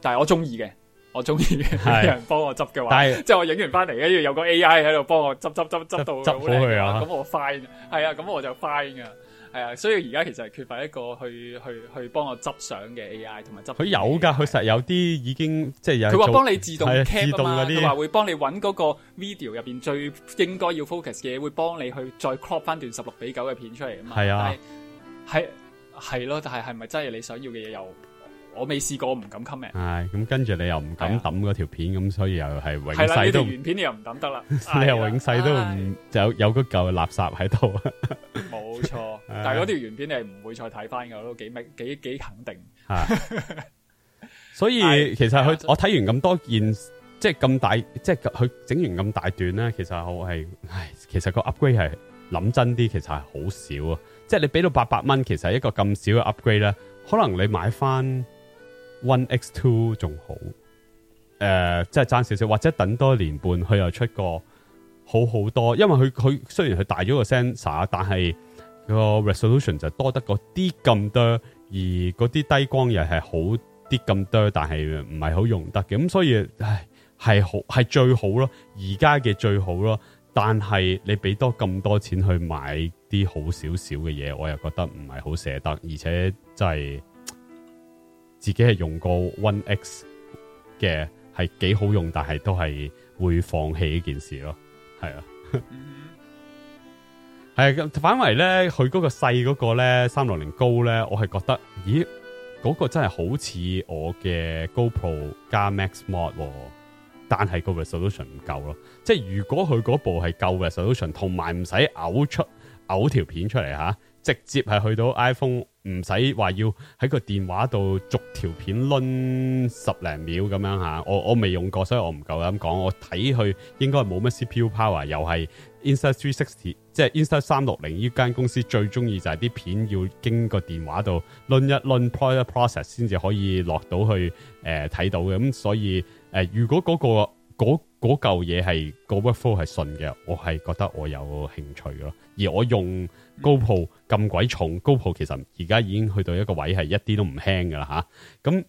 Speaker 1: 但係我中意嘅，我中意嘅人幫我執嘅話，是即係我影完翻嚟跟住有個 AI 喺度幫我執執執執到咁我 fine，係、嗯、啊，咁我就 fine 啊。係啊，所以而家其實係缺乏一個去去去幫我執相嘅 AI 同埋執片佢有
Speaker 2: 㗎，佢實有啲已經即係、就是、有。佢話幫你自動 cap 啊嘛，佢話會
Speaker 1: 幫你揾嗰個 video 入邊最應該要 focus 嘅嘢，會幫你去再 crop 翻段十六比九嘅片出嚟啊嘛。係啊，係係咯，但係係咪真係你想要嘅嘢有？我未試過，唔敢 comment
Speaker 2: 係咁，跟住你又唔敢抌嗰條片，咁、啊、所以又係永世都係啦。條原片你又唔抌得啦， 你又永世都唔有有嗰舊垃圾喺度。
Speaker 1: 冇錯，但係嗰條原片你唔會再睇翻噶，都幾幾幾肯定。
Speaker 2: 係，所以其實佢我睇完咁多件，即係咁大，即係佢整完咁大段咧。其實我係，唉，其實個 upgrade 係諗真啲，其實係好少啊。即係你俾到八百蚊，其實係一個咁少嘅 upgrade 咧，可能你買翻。One X Two 仲好，誒、呃，即係爭少少，或者等多一年半，佢又出個好好多，因為佢佢雖然佢大咗個 sensor，但係個 resolution 就多得嗰啲咁多，而嗰啲低光又係好啲咁多，但係唔係好用得嘅，咁所以，唉，係好係最好咯，而家嘅最好咯，但係你俾多咁多錢去買啲好少少嘅嘢，我又覺得唔係好捨得，而且就係。自己係用過 One X 嘅係幾好用，但係都係會放棄呢件事咯。係啊，係 反為咧，佢嗰個細嗰個咧，三六零高咧，我係覺得，咦，嗰、嗰個真係好似我嘅 GoPro 加 Max Mod，但係個 resolution 唔夠咯。即係如果佢嗰部係夠 resolution，同埋唔使嘔出嘔條片出嚟吓，直接係去到 iPhone。唔使話要喺個電話度逐條片輪十零秒咁樣吓，我我未用過，所以我唔夠膽講。我睇佢應該冇乜 C P U power，又係 Insta Three Sixty，即係 Insta 三六零呢間公司最中意就係啲片要經過電話度輪一輪 proces process 先至可以落、呃、到去誒睇到嘅，咁所以誒、呃、如果嗰、嗰個嗰。嗰個嗰嚿嘢係個 workflow 係順嘅，我係覺得我有興趣咯。而我用 GoPro 咁鬼重，Go、嗯、Pro 其實而家已經去到一個位係一啲都唔輕噶啦吓。咁、啊、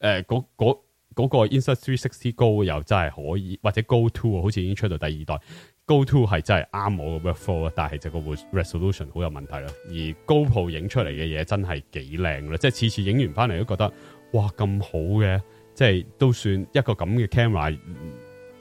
Speaker 2: 誒，嗰嗰嗰個 Insta360 Go 又真係可以，或者 Go Two 好似已經出到第二代，Go Two 係真係啱我嘅 workflow，但係就個 resolution 好有問題咯。而 GoPro 影出嚟嘅嘢真係幾靚啦，即係次次影完翻嚟都覺得哇咁好嘅，即係都算一個咁嘅 camera。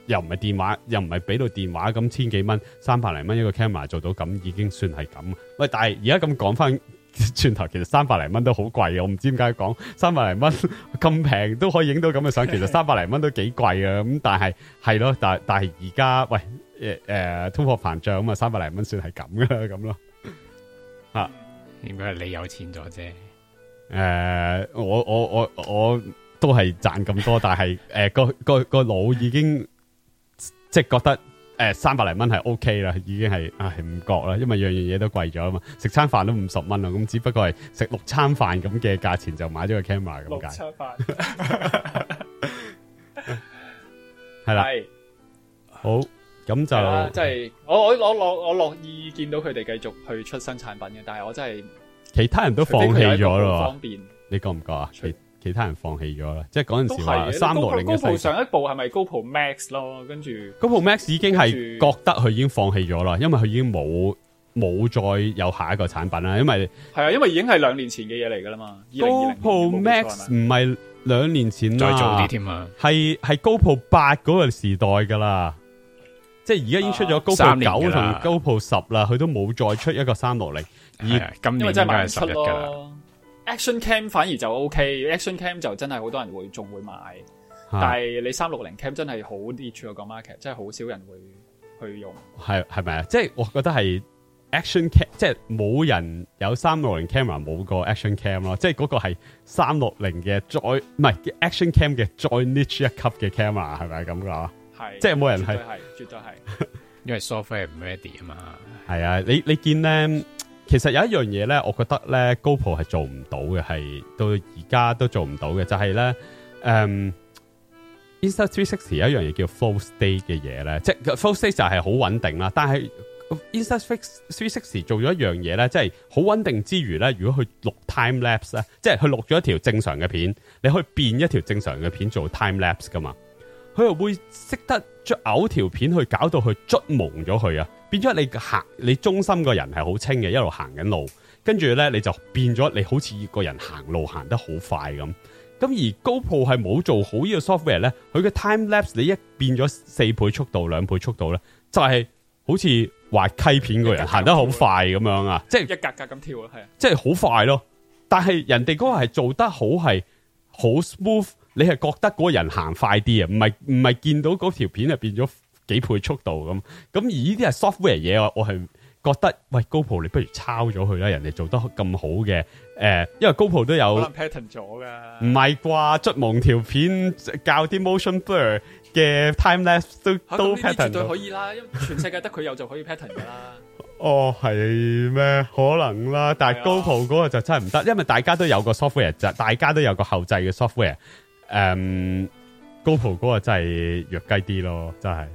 Speaker 2: 又唔係電話，又唔係俾到電話，咁千幾蚊、三百零蚊一個 camera 做到咁，已經算係咁。喂，但係而家咁講翻轉頭，其實三百零蚊都好貴啊。我唔知點解講三百零蚊咁平都可以影到咁嘅相，其實三百零蚊都幾貴、 呃、啊。咁但係係咯，但係但係而家喂誒誒，通貨膨脹咁啊，三百零蚊算係咁噶咁咯啊，
Speaker 3: 應該係你有錢咗啫。
Speaker 2: 誒、呃，我我我我都係賺咁多， 但係誒、呃、個個個腦已經。即係覺得誒，三百零蚊係 OK 啦，已經係啊，係唔覺啦，因為樣樣嘢都貴咗啊嘛，食餐飯都五十蚊啦，咁只不過係食六餐飯咁嘅價錢就買咗個 camera，咁解。六餐飯係啦，好，咁就
Speaker 1: 即係我我我我我樂意見到佢哋繼續去出新產品嘅，但係我真係
Speaker 2: 其他人都放棄咗咯，方便你覺唔覺啊？其他人放棄咗啦，即係嗰陣時啊，三六零嘅上
Speaker 1: 一部係咪 GoPro Max 咯？跟住 GoPro Max 已經係覺
Speaker 2: 得佢已經放棄咗啦，因為佢已經冇冇再有下一個產品啦。因為
Speaker 1: 係啊，因為已經係兩年前嘅嘢嚟噶啦嘛。GoPro
Speaker 2: Max 唔係兩年前再早啲添啊，係係 GoPro 八嗰個時代噶啦。即係而家已經出咗 GoPro 九同 GoPro 十啦，佢都冇再出一個三六零。而今年真係十唔出咯。
Speaker 1: Action cam 反而就 OK，Action cam 就真係好多人會仲會買，但係你三六零 cam 真係好 niche 個個 market，真係好少人會去用。
Speaker 2: 係係咪啊？即係我覺得係 Action cam，即係冇人有三六零 camera 冇個 Action cam 咯，即係嗰個係三六零嘅再唔係嘅 Action cam 嘅再 niche 一級嘅 camera 係咪咁噶？係即係冇人係，
Speaker 3: 絕對係，因為 software 唔 ready 啊嘛。
Speaker 2: 係啊，你你見咧。其實有一樣嘢咧，我覺得咧，GoPro 係做唔到嘅，係到而家都做唔到嘅，就係、是、咧，誒、um,，Insta360 有一樣嘢叫 FlowState 嘅嘢咧，即係 FlowState 就係好穩定啦。但係 Insta360 做咗一樣嘢咧，即係好穩定之餘咧，如果佢錄 Time Lapse 咧，即係佢錄咗一條正常嘅片，你可以變一條正常嘅片做 Time Lapse 噶嘛。佢又會識得將拗條片去搞到佢捽蒙咗佢啊！變咗你行，你中心個人係好清嘅，一路行緊路，跟住咧你就變咗，你好似個人行路行得好快咁。咁而 GoPro 係冇做好呢個 software 咧，佢嘅 time lapse 你一變咗四倍速度、兩倍速度咧，就係、是、好似滑稽片個人行得好快咁樣啊！
Speaker 1: 即係一格格咁跳啊，係、就、啊、是，
Speaker 2: 即係好快咯。但係人哋嗰個係做得好，係好 smooth，你係覺得嗰個人行快啲啊？唔係唔係見到嗰條片係變咗？幾倍速度咁，咁而呢啲係 software 嘢我係係覺得喂，GoPro 你不如抄咗佢啦，人哋做得咁好嘅，誒、呃，因為 GoPro 都有可能
Speaker 1: pattern 咗噶，
Speaker 2: 唔係啩？捽蒙條片教啲 motion blur 嘅 time lapse 都、啊、都 pattern、啊、絕對可
Speaker 1: 以啦， 全世界得佢有,有就可以 pattern 噶啦。
Speaker 2: 哦，係咩？可能啦，但係 GoPro 嗰個就真係唔得，因為大家都有個 software 大家都有個後製嘅 software，誒，GoPro 嗰個真係弱雞啲咯，真係。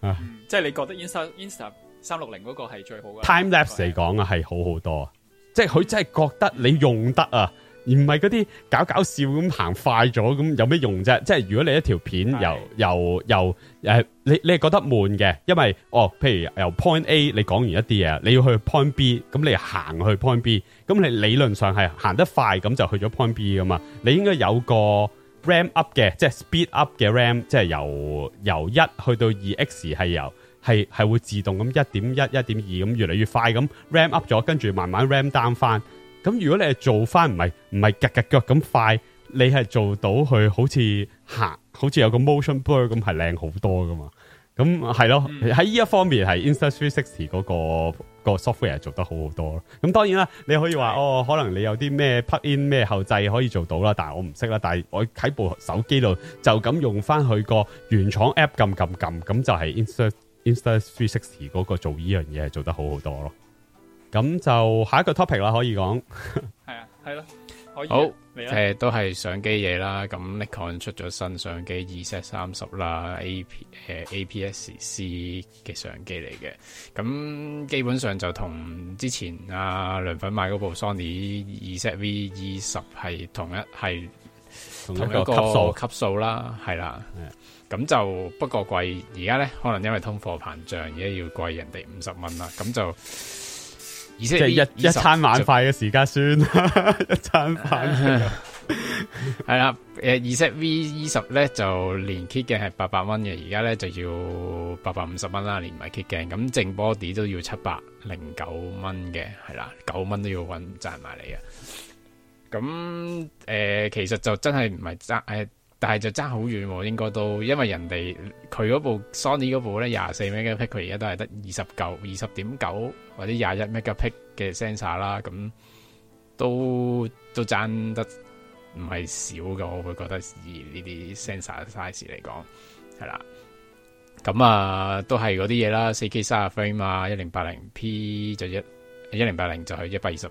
Speaker 1: 啊，嗯、即係你覺得 Insta 三六零嗰個係最好嘅？Time
Speaker 2: lapse 嚟講啊，係好好多，係即係佢真係覺得你用得啊，而唔係嗰啲搞搞笑咁行快咗咁有咩用啫？即係如果你一條片由由由誒，你你係覺得悶嘅，因為哦，譬如由 Point A 你講完一啲嘢，你要去 Point B，咁你行去 Point B，咁你理論上係行得快咁就去咗 Point B 噶嘛，你應該有個。Ram up 嘅，即係 speed up 嘅 Ram，即係由由一去到二 X，係由係係會自動咁一點一、一點二咁越嚟越快咁 Ram up 咗，跟住慢慢 Ram down 翻。咁如果你係做翻唔係唔係夾夾腳咁快，你係做到去好似行、啊，好似有個 motion blur 咁，係靚好多噶嘛。咁係咯，喺呢一方面係 Insta360 嗰個個 software 做得好好多咯。咁當然啦，你可以話哦，可能你有啲咩 Plug-in 咩後製可以做到啦，但係我唔識啦。但係我喺部手機度就咁用翻佢個原廠 app 撳撳撳，咁就係 Insta Insta360 嗰個做呢樣嘢係做得好好多咯。咁就下一個 topic 啦，可以講
Speaker 1: 係啊，係咯，可以好。誒、
Speaker 2: 啊，
Speaker 3: 都係相機嘢啦，咁 nikon 出咗新相機 Z30 啦，AP 誒、uh, APS-C 嘅相機嚟嘅，咁基本上就同之前阿、啊、梁粉買嗰部 Sony ZV-E10 係同一係同，同一個級數級數啦，係啦，咁就不過貴，而家咧可能因為通貨膨脹，而家要貴人哋五十蚊啦，咁就。即係一一,一餐晚飯
Speaker 2: 嘅時間算了， 一餐飯飯
Speaker 3: 係啦，誒，ZV-E10 咧，就連 kit 嘅係八百蚊嘅，而家咧就要八百五十蚊啦，連埋 kit 嘅，咁淨 body 都要七百零九蚊嘅，係啦，九蚊都要搵賺埋嚟啊。咁誒、呃，其實就真係唔係賺誒。呃但係就爭好遠喎，應該都因為人哋佢嗰部 Sony 嗰部咧廿四 m 嘅 p c 佢而家都係得二十九、二十點九或者廿一 m 嘅 p c 嘅 sensor 啦，咁都都爭得唔係少噶，我會覺得以呢啲 sensor size 嚟講係啦，咁啊都係嗰啲嘢啦，四 K 卅 frame 啊，一零八零 P 就一一零八零就係一百二十。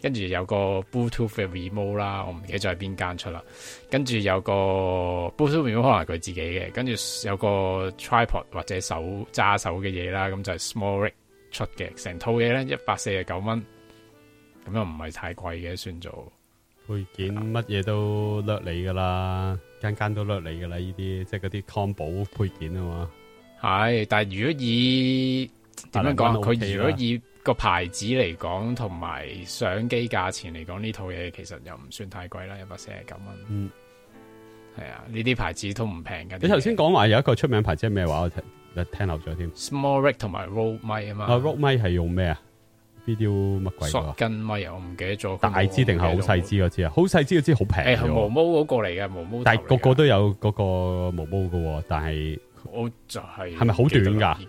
Speaker 3: 跟住有個 Bluetooth 嘅 remote 啦，我唔記得咗喺邊間出啦。跟住有個 Bluetooth remote 可能係佢自己嘅，跟住有個 tripod 或者手揸手嘅嘢啦，咁就係、是、Small Rig 出嘅。成套嘢咧一百四十九蚊，咁又唔係太貴嘅，算做配
Speaker 2: 件乜嘢都掠你噶啦，間間都掠你噶啦。呢啲即係嗰啲 combo 配件啊嘛。係，但係如果以點樣講，佢如果以個牌子嚟講，
Speaker 3: 同埋相機價錢嚟講，呢套嘢其實又唔算太貴啦，一百四十九蚊。嗯，係啊，呢啲牌子都唔平噶。你頭
Speaker 2: 先講話有一個出名牌子係咩話，我聽漏咗添。
Speaker 3: SmallRig 同埋 Rode 麥啊嘛。Rode
Speaker 2: 麥係用咩啊？Video 乜鬼、啊
Speaker 3: ？Shotgun 麥？我唔記得咗。大支定係好細
Speaker 2: 支嗰支啊？好細支嗰支好平。誒、哎，毛
Speaker 3: 毛嗰個嚟嘅毛毛。但係
Speaker 2: 個個都有嗰個毛毛噶，但係
Speaker 3: 我就係係咪好短
Speaker 2: 噶？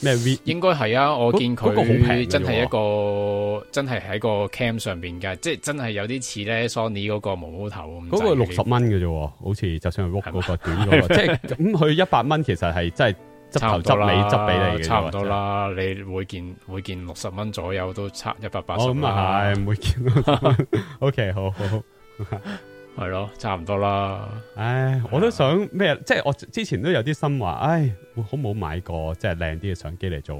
Speaker 2: 咩
Speaker 3: V 應該係啊！我見佢、啊、真係一個真係喺個 cam 上邊嘅，即係真係有啲似咧 Sony 嗰個毛毛頭。嗰、嗰個六十
Speaker 2: 蚊嘅啫，好似就上去搵嗰個短嘅。即係咁，佢一百蚊其實係真係執頭執尾執俾你差唔多啦。
Speaker 3: 你每件每件六十蚊左右都差一百八十蚊。咁啊係，每件。
Speaker 2: OK，好好。 係咯，差唔多啦。唉，我都想咩，即係我之前都有啲心話，唉，好冇買個即係靚啲嘅相機嚟做，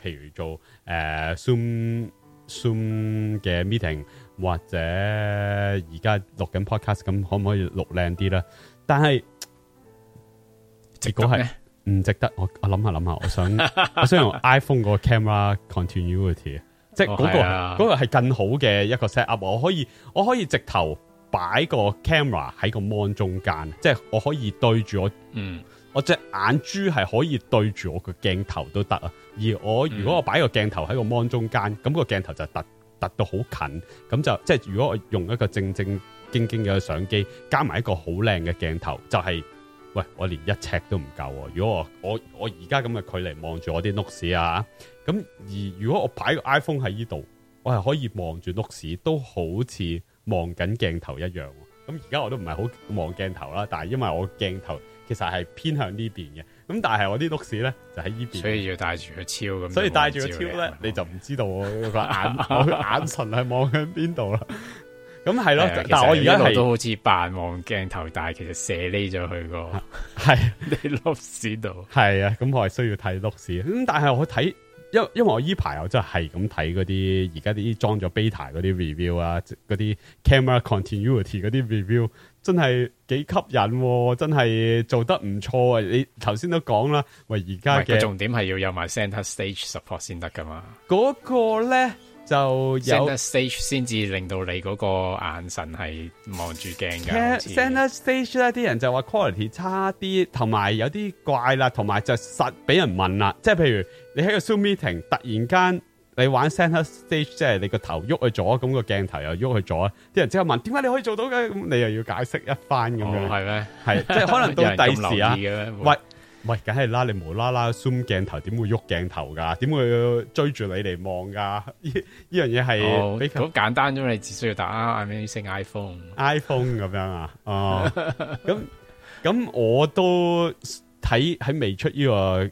Speaker 2: 譬如做誒、呃、zoom zoom 嘅 meeting，或者而家錄緊 podcast，咁可唔可以錄靚啲咧？但係結果係唔值得。我我諗下諗下，我想，想，想，我，想 我想用 iPhone 個 camera continuity、哦、即係、嗰、嗰個嗰、嗰個係更好嘅一個 set up，我可以我可以直頭，擺個 camera 喺個 mon 中間，即係我可以對住我，嗯，我隻眼珠係可以對住我個鏡頭都得啊。而我如果我擺個鏡頭喺個 mon 中間，咁個鏡頭就凸凸到好近，咁就即係如果我用一個正正經經嘅相機，加埋一個好靚嘅鏡頭，就係喂，我連一尺都唔夠喎！如果我我我而家咁嘅距離望住我啲 note 啊，咁而如果我擺個 iPhone 喺呢度，我係可以望住 note 都好似，望緊鏡頭一樣，咁而家我都唔係好望鏡頭啦，但係因為我鏡頭其實係偏向呢邊嘅，咁但係我啲碌士咧就喺呢邊，所以要帶住個超咁，所以帶住個超咧，你就唔知道我個眼我嘅眼神係望緊邊度啦。咁係咯，但 係、啊、我而家係都好似扮望鏡頭，但係其實射匿咗佢個，係你碌屎度，係啊，咁、 啊、我係需要睇碌士，咁但係我睇。因因為我依排我真係咁睇嗰啲而家啲裝咗 beta 嗰啲 review 啊，嗰啲 camera continuity 嗰啲 review 真係幾吸引，真係做得唔錯啊！你頭先都講啦，喂，而家嘅重點係要有埋 center stage support 先得㗎嘛？嗰個咧就有 center
Speaker 3: stage 先至令到你嗰個眼神係望住鏡
Speaker 2: 㗎。center stage 咧，啲人就話 quality 差啲，同埋有啲怪啦，同埋就實俾人問啦，即係譬如。你喺個 zoom meeting 突然間你玩 center stage，即係你個頭喐去咗，咁個鏡頭又喐去咗，啲人即刻問點解你可以做到嘅？你又要解釋一番咁樣，係咩？係即係可能到第時啊，喂喂，梗係啦，你無啦啦 zoom 鏡頭點會喐鏡頭噶？點會追住你嚟望噶？呢呢樣嘢係好
Speaker 3: 簡單，咁你只需要打 I meaniPhone，iPhone
Speaker 2: 咁樣啊？哦，咁咁我都睇喺未出呢個。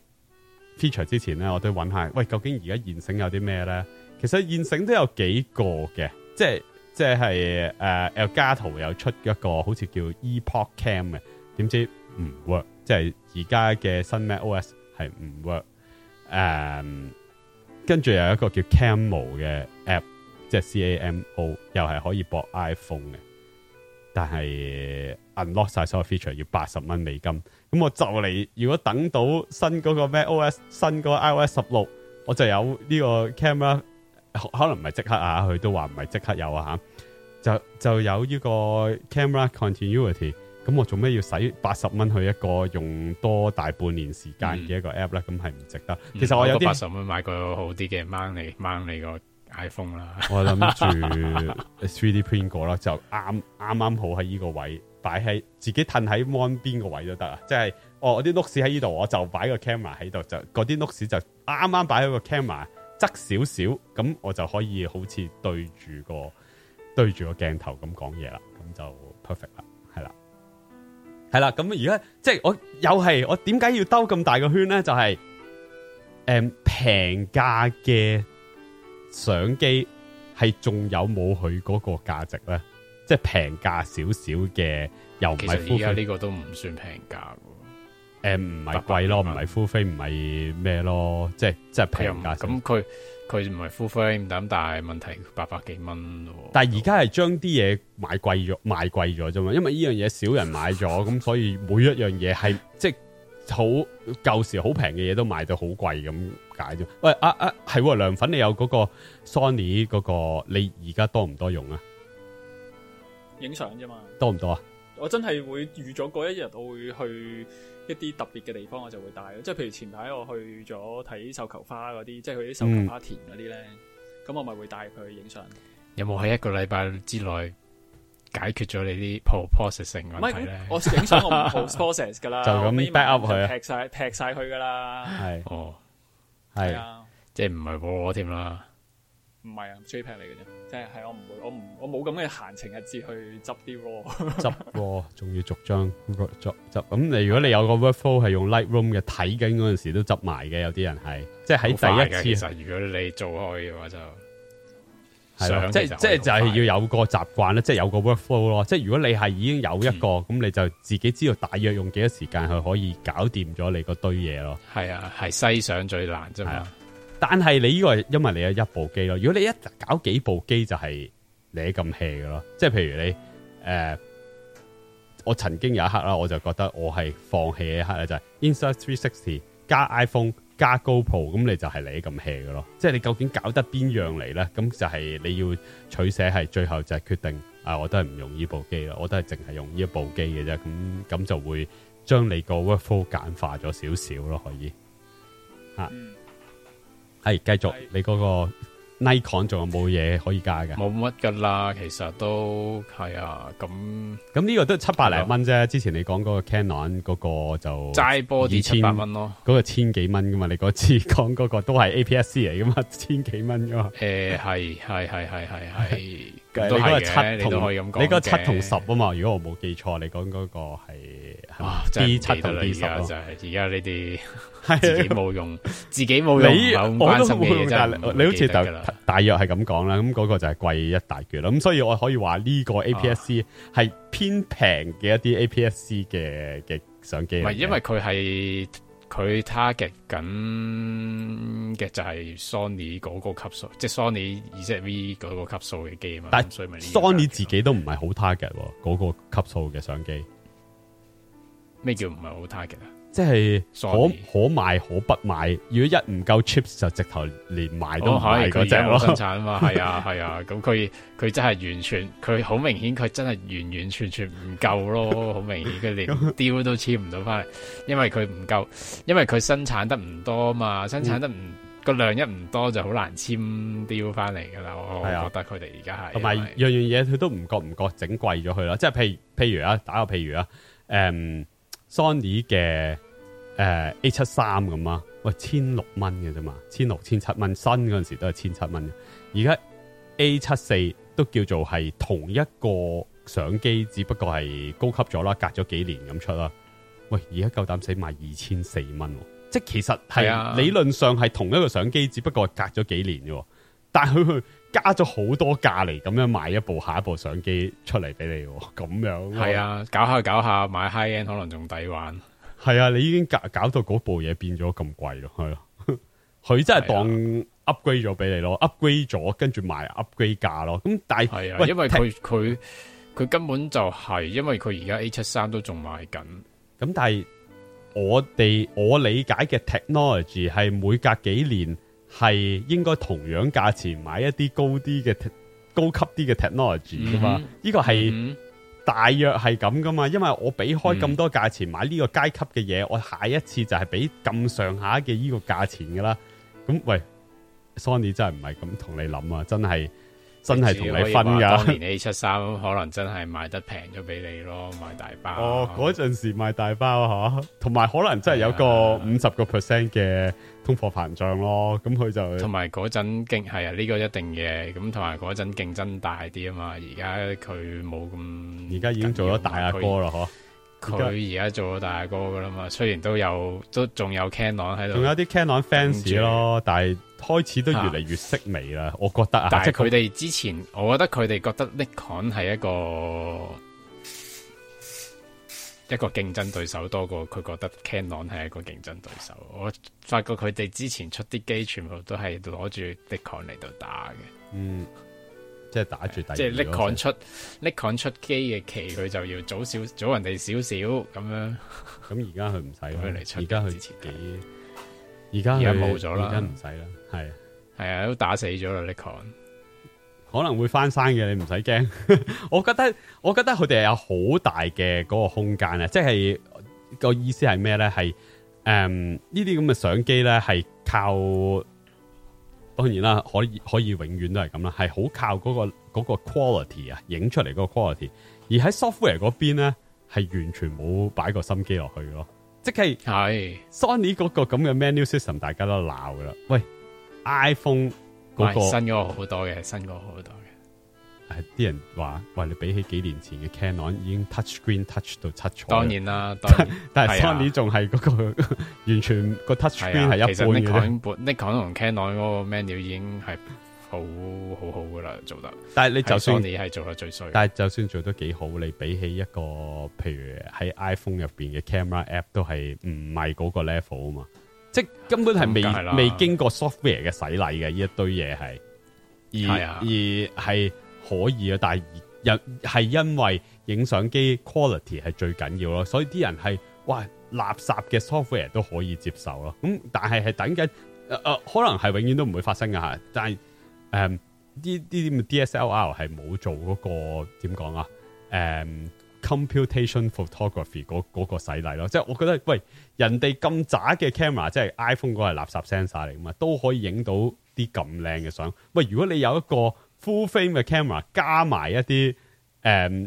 Speaker 2: feature 之前咧，我都揾下，喂，究竟而家現成有啲咩咧？其實現成都有幾個嘅，即係即係誒，L 加圖有出一個好似叫 e p o c Cam 嘅，點知唔 work？即係而家嘅新 Mac OS 係唔 work？誒、嗯，跟住有一個叫 Camo 嘅 app，即係 C A M O，又係可以播 iPhone 嘅，但係 unlock 晒所有 feature 要八十蚊美金。咁我就嚟，如果等到新嗰個咩 OS，新個 iOS 十六，我就有呢個 camera，可能唔係即刻啊，佢都話唔係即刻有啊吓，就就有呢個 camera continuity。咁我做咩要使八十蚊去一個用多大半年時間嘅一個 app 咧？咁係唔值得。其實我有八十
Speaker 3: 蚊買個好啲嘅掹你掹你個 iPhone 啦。我諗住
Speaker 2: three D print 過啦， 就啱啱啱好喺呢個位。擺喺自己褪喺 mon 邊個位都得啊！即係，哦，我啲碌屎喺呢度，我就擺個 camera 喺度，就嗰啲碌屎就啱啱擺喺個 camera，側少少，咁我就可以好似對住個對住個鏡頭咁講嘢啦，咁就 perfect 啦，係啦，係啦，咁而家即係我又係，我點解要兜咁大個圈咧？就係、是，誒、嗯，平價嘅相機係仲有冇佢嗰個價值咧？即係平價少少嘅，又唔係。其實而家呢
Speaker 3: 個都唔算平價喎。
Speaker 2: 誒、欸，唔係貴咯，唔係夫菲，唔係咩咯，即係即係平價。咁佢佢唔係夫
Speaker 3: 菲，咁但係問題八百幾蚊
Speaker 2: 咯。但係而家係將啲嘢賣貴咗，賣貴咗啫嘛。因為呢樣嘢少人買咗，咁 所以每一樣嘢係即係好舊時好平嘅嘢都賣到好貴咁解啫。喂，阿阿係涼粉，你有嗰個 Sony 嗰個，你而家多唔多用啊？影相啫嘛，多唔多啊？
Speaker 1: 我真係會預咗嗰一日，我會去一啲特別嘅地方，我就會帶。即係譬如前排我去咗睇繡球花嗰啲，即係佢啲繡球花田嗰啲咧，咁、嗯、我咪會帶佢影相。
Speaker 3: 有冇喺一個禮拜之內解決咗你啲 process 問題咧？我影相我唔 postprocess 噶啦， 就咁 backup 佢，劈
Speaker 1: 晒劈晒佢噶啦。
Speaker 3: 係哦，係啊，是即係唔係我添啦，
Speaker 1: 唔、嗯、係啊，JPEG 嚟嘅啫。即係，我唔會，我唔，我冇咁嘅閒情逸致去執啲 work 執
Speaker 2: 喎，仲 要逐張。咁你如果你有個 workflow 係用 Lightroom 嘅，睇緊嗰陣時都執埋嘅，有啲人係，即係喺第一次。其實
Speaker 3: 如果你做開嘅話就
Speaker 2: 上，即係即係就係、是、要有個習慣咧，即、就、係、是、有個 workflow 咯。即係如果你係已經有一個，咁、嗯、你就自己知道大約用幾多時間去可以搞掂咗你嗰堆嘢咯。係啊，係西上最難啫嘛。但係你呢個係因為你有一部機咯，如果你一搞幾部機就係你咁 hea 嘅咯，即係譬如你誒、呃，我曾經有一刻啦，我就覺得我係放棄一刻咧，就係、是、Insta 360加 iPhone 加 GoPro，咁你就係你咁 hea 嘅咯，即係你究竟搞得邊樣嚟咧？咁就係你要取捨，係最後就係決定啊！我都係唔用呢部機咯，我都係淨係用呢部機嘅啫，咁咁就會將你個 workflow 簡化咗少少咯，可以吓。啊係繼續你嗰個 Nikon 仲有冇嘢可以加噶？冇乜噶啦，其實都係啊，咁咁呢個都係七百零蚊啫。之前你講嗰個 Canon 嗰個就齋波二千蚊咯，嗰、嗰個千幾蚊噶嘛？你嗰次講嗰個都係 APS-C 嚟噶嘛？嗯、千幾蚊噶嘛？誒、
Speaker 3: 欸，係係係係係， 都係嘅。你嗰個七同
Speaker 2: 十啊嘛？如果我冇記錯，你講嗰個係哇，B 七同 B 十就係而家呢啲。 自己冇用，
Speaker 3: 自己冇用，冇咁關心嘅嘢，你好似就
Speaker 2: 大約係咁講啦，咁、那、嗰個就係貴一大橛啦。咁所以我可以話呢個 APS-C 係、啊、偏平嘅一啲 APS-C 嘅嘅相機。唔係，因為
Speaker 3: 佢係佢 target 緊嘅就係 Sony 嗰個級數，即係 Sony ZV 嗰個級數嘅機啊嘛。但 Sony
Speaker 2: 自己都唔係好 target 喎。嗰、那個級數嘅相機。
Speaker 3: 咩叫唔係好 target？即係可、Sorry、
Speaker 2: 可買可，可不買，如果一唔夠 chips 就直頭連埋都唔係嗰隻咯。生產啊嘛，係啊
Speaker 3: 係啊，咁佢佢真係完全，佢好明顯佢真係完完全全唔夠咯，好明顯佢連雕都簽唔到翻嚟，因為佢唔夠，因為佢生產得唔多啊嘛，生產得唔，個量一唔多就好難簽雕翻嚟噶啦。 我覺得佢哋而家係同埋
Speaker 2: 樣樣嘢佢都唔覺唔覺整貴咗佢啦，即係譬，譬如譬如啊，打個譬如啊，誒、嗯、Sony 嘅。誒，A 七三，咁啊，喂，千六蚊嘅，啫嘛，千六千七蚊，新嗰陣時都係千七蚊，而家 A 七四都叫做係同一個相機，只不過係高級咗啦，隔咗幾年咁出啦，喂，而家夠膽死賣二千四蚊，即係其實係理論上係同一個相機，啊，只不過隔咗幾年啫，但係佢加咗好多價嚟咁樣買一部，下一部相機出嚟俾你，咁樣係啊，
Speaker 3: 搞下搞下買 High End 可能仲抵玩。
Speaker 2: 係啊，你已經搞搞到嗰部嘢變咗咁貴咯，係咯、啊，佢真係當 upgrade 咗俾你咯、啊、，upgrade 咗，跟住賣 upgrade 價咯。咁但係，係啊，因為佢佢佢根本就係、係，因為佢而家 A 七三都仲賣緊。咁但係我哋我理解嘅 technology 係每隔幾年係應該同樣價錢買一啲高啲嘅高級啲嘅 technology 噶嘛？呢、嗯，這個係。嗯大約係咁噶嘛，因為我俾開咁多價錢買呢個階級嘅嘢，嗯、我下一次就係俾咁上下嘅呢個價錢噶啦。咁喂，Sony 真係唔係咁同你諗啊，真係真係同你分噶。你當年
Speaker 3: A 七三可能真係賣得平咗俾你咯，賣大
Speaker 2: 包。哦，嗰陣時賣大包吓、啊，同埋可能真係有個五十個 percent 嘅。通貨膨脹咯，咁佢就同
Speaker 3: 埋嗰陣競係啊，呢個一定嘅。咁同埋嗰陣競爭大啲啊嘛，而家佢冇咁，
Speaker 2: 而家已經做咗大阿哥啦，嗬。
Speaker 3: 佢而家做咗大阿哥噶啦嘛，雖然都有都仲有 Canon 喺度，仲有啲
Speaker 2: Canon fans 咯，但係開始都越嚟越式微啦。我覺得啊，但係佢哋
Speaker 3: 之前，我覺得佢哋覺得 Nikon 係一個一個競爭對手多過佢覺得 Canon 係一個競爭對手，我發覺佢哋之前出啲機全部都係攞住 Nikon 嚟到打嘅。嗯，
Speaker 2: 即係打住第，即係 Nikon 出
Speaker 3: ，Nikon 出機嘅期，佢就要早少早人哋少少咁樣，咁而家佢唔使佢嚟出，而家佢自己。而家而家冇咗啦，而家唔使
Speaker 2: 啦，係啊，係啊，都打死咗啦 Nikon。可能會翻山嘅，你唔使驚。 我覺得，我覺得佢哋係有好大嘅嗰個空間啊！即係個意思係咩咧？係誒、嗯、呢啲咁嘅相機咧，係靠當然啦，可以可以永遠都係咁啦，係好靠嗰個嗰個 quality 啊，影出嚟嗰個 quality。而喺 software 嗰邊咧，係完全冇擺個心機落去咯。即係係 Sony 嗰個咁嘅 menu system，大家都鬧㗎啦。喂，iPhone。新咗好多嘅，
Speaker 3: 新咗好多
Speaker 2: 嘅。誒，啲人話：喂，你比起幾年前嘅 Canon 已經 Touch Screen Touch 到七彩。當然啦，但係 Sony 仲係嗰個完全個 Touch Screen 係、啊、一半
Speaker 3: 嘅。Nikon 同 Canon 嗰個 menu 已經係好，好好好噶啦，做得。但係你就算你係做得最衰，但係
Speaker 2: 就算做得幾好，你比起一個譬如喺 iPhone 入邊嘅 camera app 都係唔係嗰個 level 啊嘛。即
Speaker 1: 根本係未未經
Speaker 2: 過 software 嘅洗禮嘅呢一堆嘢係，
Speaker 1: 而、啊、而
Speaker 2: 係可以啊，但係又係因為影相機 quality 係最緊要咯，所以啲人係哇垃圾嘅 software 都可以接受咯。咁但係係等緊誒誒，可能係永遠都唔會發生噶吓，但係誒、呃、呢啲 DSLR 係冇做嗰、嗰個點講啊誒，computation photography 嗰個洗禮咯，即係我覺得喂，人哋咁渣嘅 camera，即係 iPhone 嗰個垃圾 sensor 嚟噶嘛，都可以影到啲咁靚嘅相。喂，如果你有一個 full frame 嘅 camera，加埋一啲誒、um,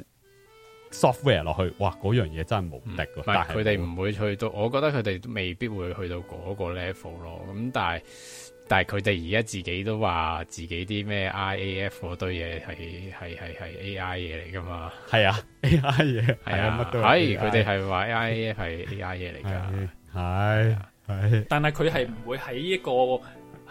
Speaker 2: software 落去，哇，嗰樣嘢真係無敵㗎，嗯！但係佢哋唔
Speaker 3: 會去到，我覺得佢哋都未必會去到嗰個 level 咯。咁但係。但係佢哋而家自己都話自己啲咩 I A F 嗰堆嘢係係係係 A I 嘢嚟噶嘛？
Speaker 2: 係啊 A I 嘢係啊乜都係，啊，佢哋係話
Speaker 3: A I F 係 A I 嘢嚟
Speaker 1: 噶係
Speaker 2: 係，
Speaker 1: 但係佢係唔會喺一個。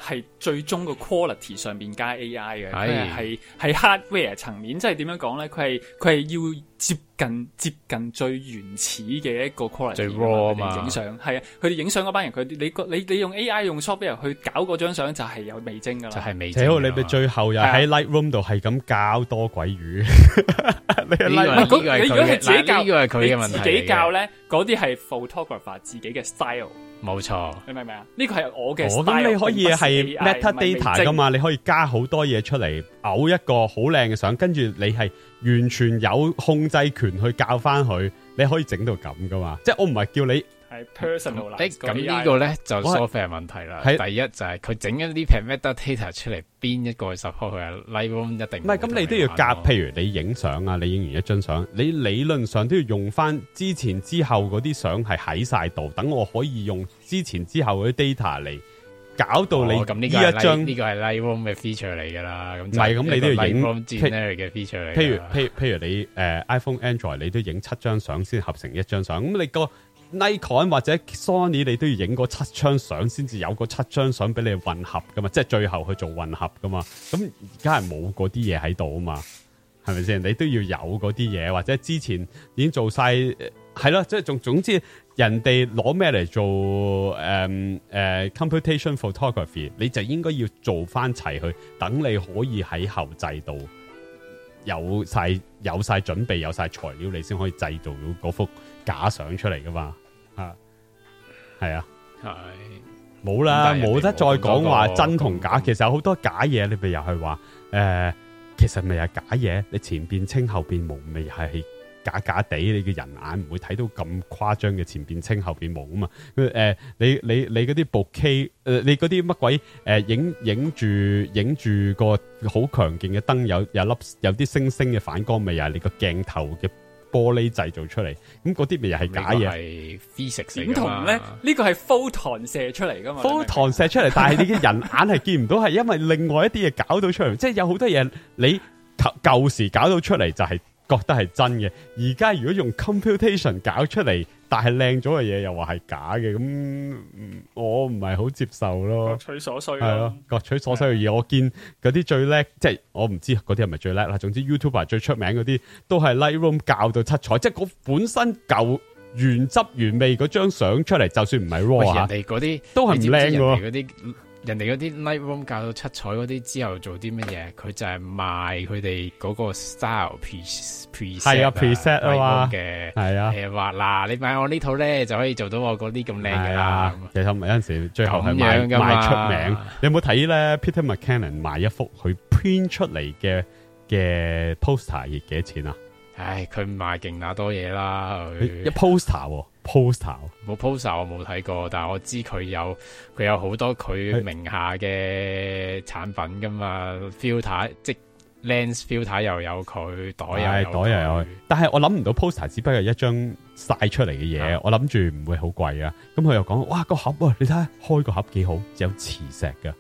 Speaker 1: 係最終個 quality 上邊加 AI 嘅，佢係係 hardware 層面，即係點樣講咧？佢係佢係要接近接近最原始嘅一個 quality，的最 raw 嘛。影相係佢哋影相嗰班人，佢你你你用 AI 用 software 去搞嗰張相，就係有味精噶，就係味精。你好，
Speaker 2: 你哋最後又喺 lightroom 度係咁搞多鬼魚。啊、 你，你如果係自己教，佢、這、嘅、個、自己教
Speaker 1: 咧，嗰啲係 photographer 自己嘅 style。冇錯，你明唔明啊？呢個係我嘅。我咁你可以係 metadata 噶嘛？
Speaker 2: 你可以加好多嘢出嚟，嘔一個好靚嘅相，跟住你係完全有控制權去教翻佢，你可以整到咁噶嘛？即係我唔係叫你。
Speaker 1: personal 的咁呢個咧就
Speaker 3: software、是、
Speaker 2: 問題啦。第一就
Speaker 3: 係佢整咗呢片 metadata 出嚟，邊一個 support 佢啊
Speaker 2: ？Lightroom 一定唔係咁，你都要夾。譬如你影相啊，你影完一張相，你理論上都要用翻之前之後嗰啲相係喺晒度，等我可以用之前之後嗰啲 data 嚟搞到你這。咁、哦、呢？嗯這個、Light，
Speaker 3: 這一張呢個係 Lightroom 嘅 feature 嚟噶啦。唔係咁，你都要影。譬如譬如
Speaker 2: 譬如你誒、uh, iPhone、Android，你都影七張相先合成一張相。咁你、那個。Nikon 或者 Sony，你都要影嗰七張相，先至有嗰七張相俾你混合噶嘛，即係最後去做混合噶嘛。咁而家係冇嗰啲嘢喺度啊嘛，係咪先？你都要有嗰啲嘢，或者之前已經做曬，係啦，即係總總之人，人哋攞咩嚟做誒誒，Computation Photography，你就應該要做翻齊去，等你可以喺後製度有晒有晒準備，有晒材料，你先可以製造到嗰幅假相出嚟噶嘛？啊，係啊，係冇啦，冇得再講話真同假、那個。其實有好多假嘢，你咪又係話誒，其實咪係假嘢？你前邊清後邊霧咪，係假假地？你嘅人眼唔會睇到咁誇張嘅前邊清後邊冇啊嘛？誒、呃，你你你嗰啲部機誒，你嗰啲乜鬼誒、呃，影影住影住個好強勁嘅燈，有有粒有啲星星嘅反光咪啊？你個鏡頭嘅。玻璃製造出嚟，咁嗰啲咪又係假嘢。點同
Speaker 1: 咧？呢、呢個係光子射出嚟噶嘛？
Speaker 2: 光子 射出嚟，但係你嘅人眼係見唔到，係 因為另外一啲嘢搞到出嚟。即係有好多嘢，你舊舊時搞到出嚟就係覺得係真嘅。而家如果用 computation 搞出嚟。但係靚咗嘅嘢又話係假嘅，咁我唔係好接受咯。各
Speaker 1: 取所需係咯，
Speaker 2: 各取所需嘅嘢我見嗰啲最叻，即係我唔知嗰啲係咪最叻啦。總之 YouTuber 最出名嗰啲都係 Lightroom 校到七彩，即係嗰本身舊原汁原味嗰張相出嚟，就算唔係 raw 吓，人哋嗰啲都係唔靚噶。
Speaker 3: 人哋嗰啲 Lightroom 教到七彩嗰啲之後做啲乜嘢，佢就係賣佢哋嗰個 style pre pre 係啊 preset 啊嘛嘅，係啊，話嗱你買我呢套咧就可以做到我嗰啲咁靚噶啦。
Speaker 2: 其實有陣時最後係賣賣出名，你有冇睇咧？Peter McKinnon 賣一幅佢 print 出嚟嘅嘅 poster 要幾多錢啊？唉、哎，佢賣勁那多嘢
Speaker 3: 啦，一 poster、啊。
Speaker 2: poster
Speaker 3: 冇 poster 我冇睇過，但係我知佢有佢有好多佢名下嘅產品噶嘛，filter 即 lens filter 又有佢袋又有袋又
Speaker 2: 有，但係我諗唔到 poster 只不過係一張晒出嚟嘅嘢，我諗住唔會好貴啊。咁佢又講哇個盒，啊，你睇下，開個盒幾好，只有磁石噶，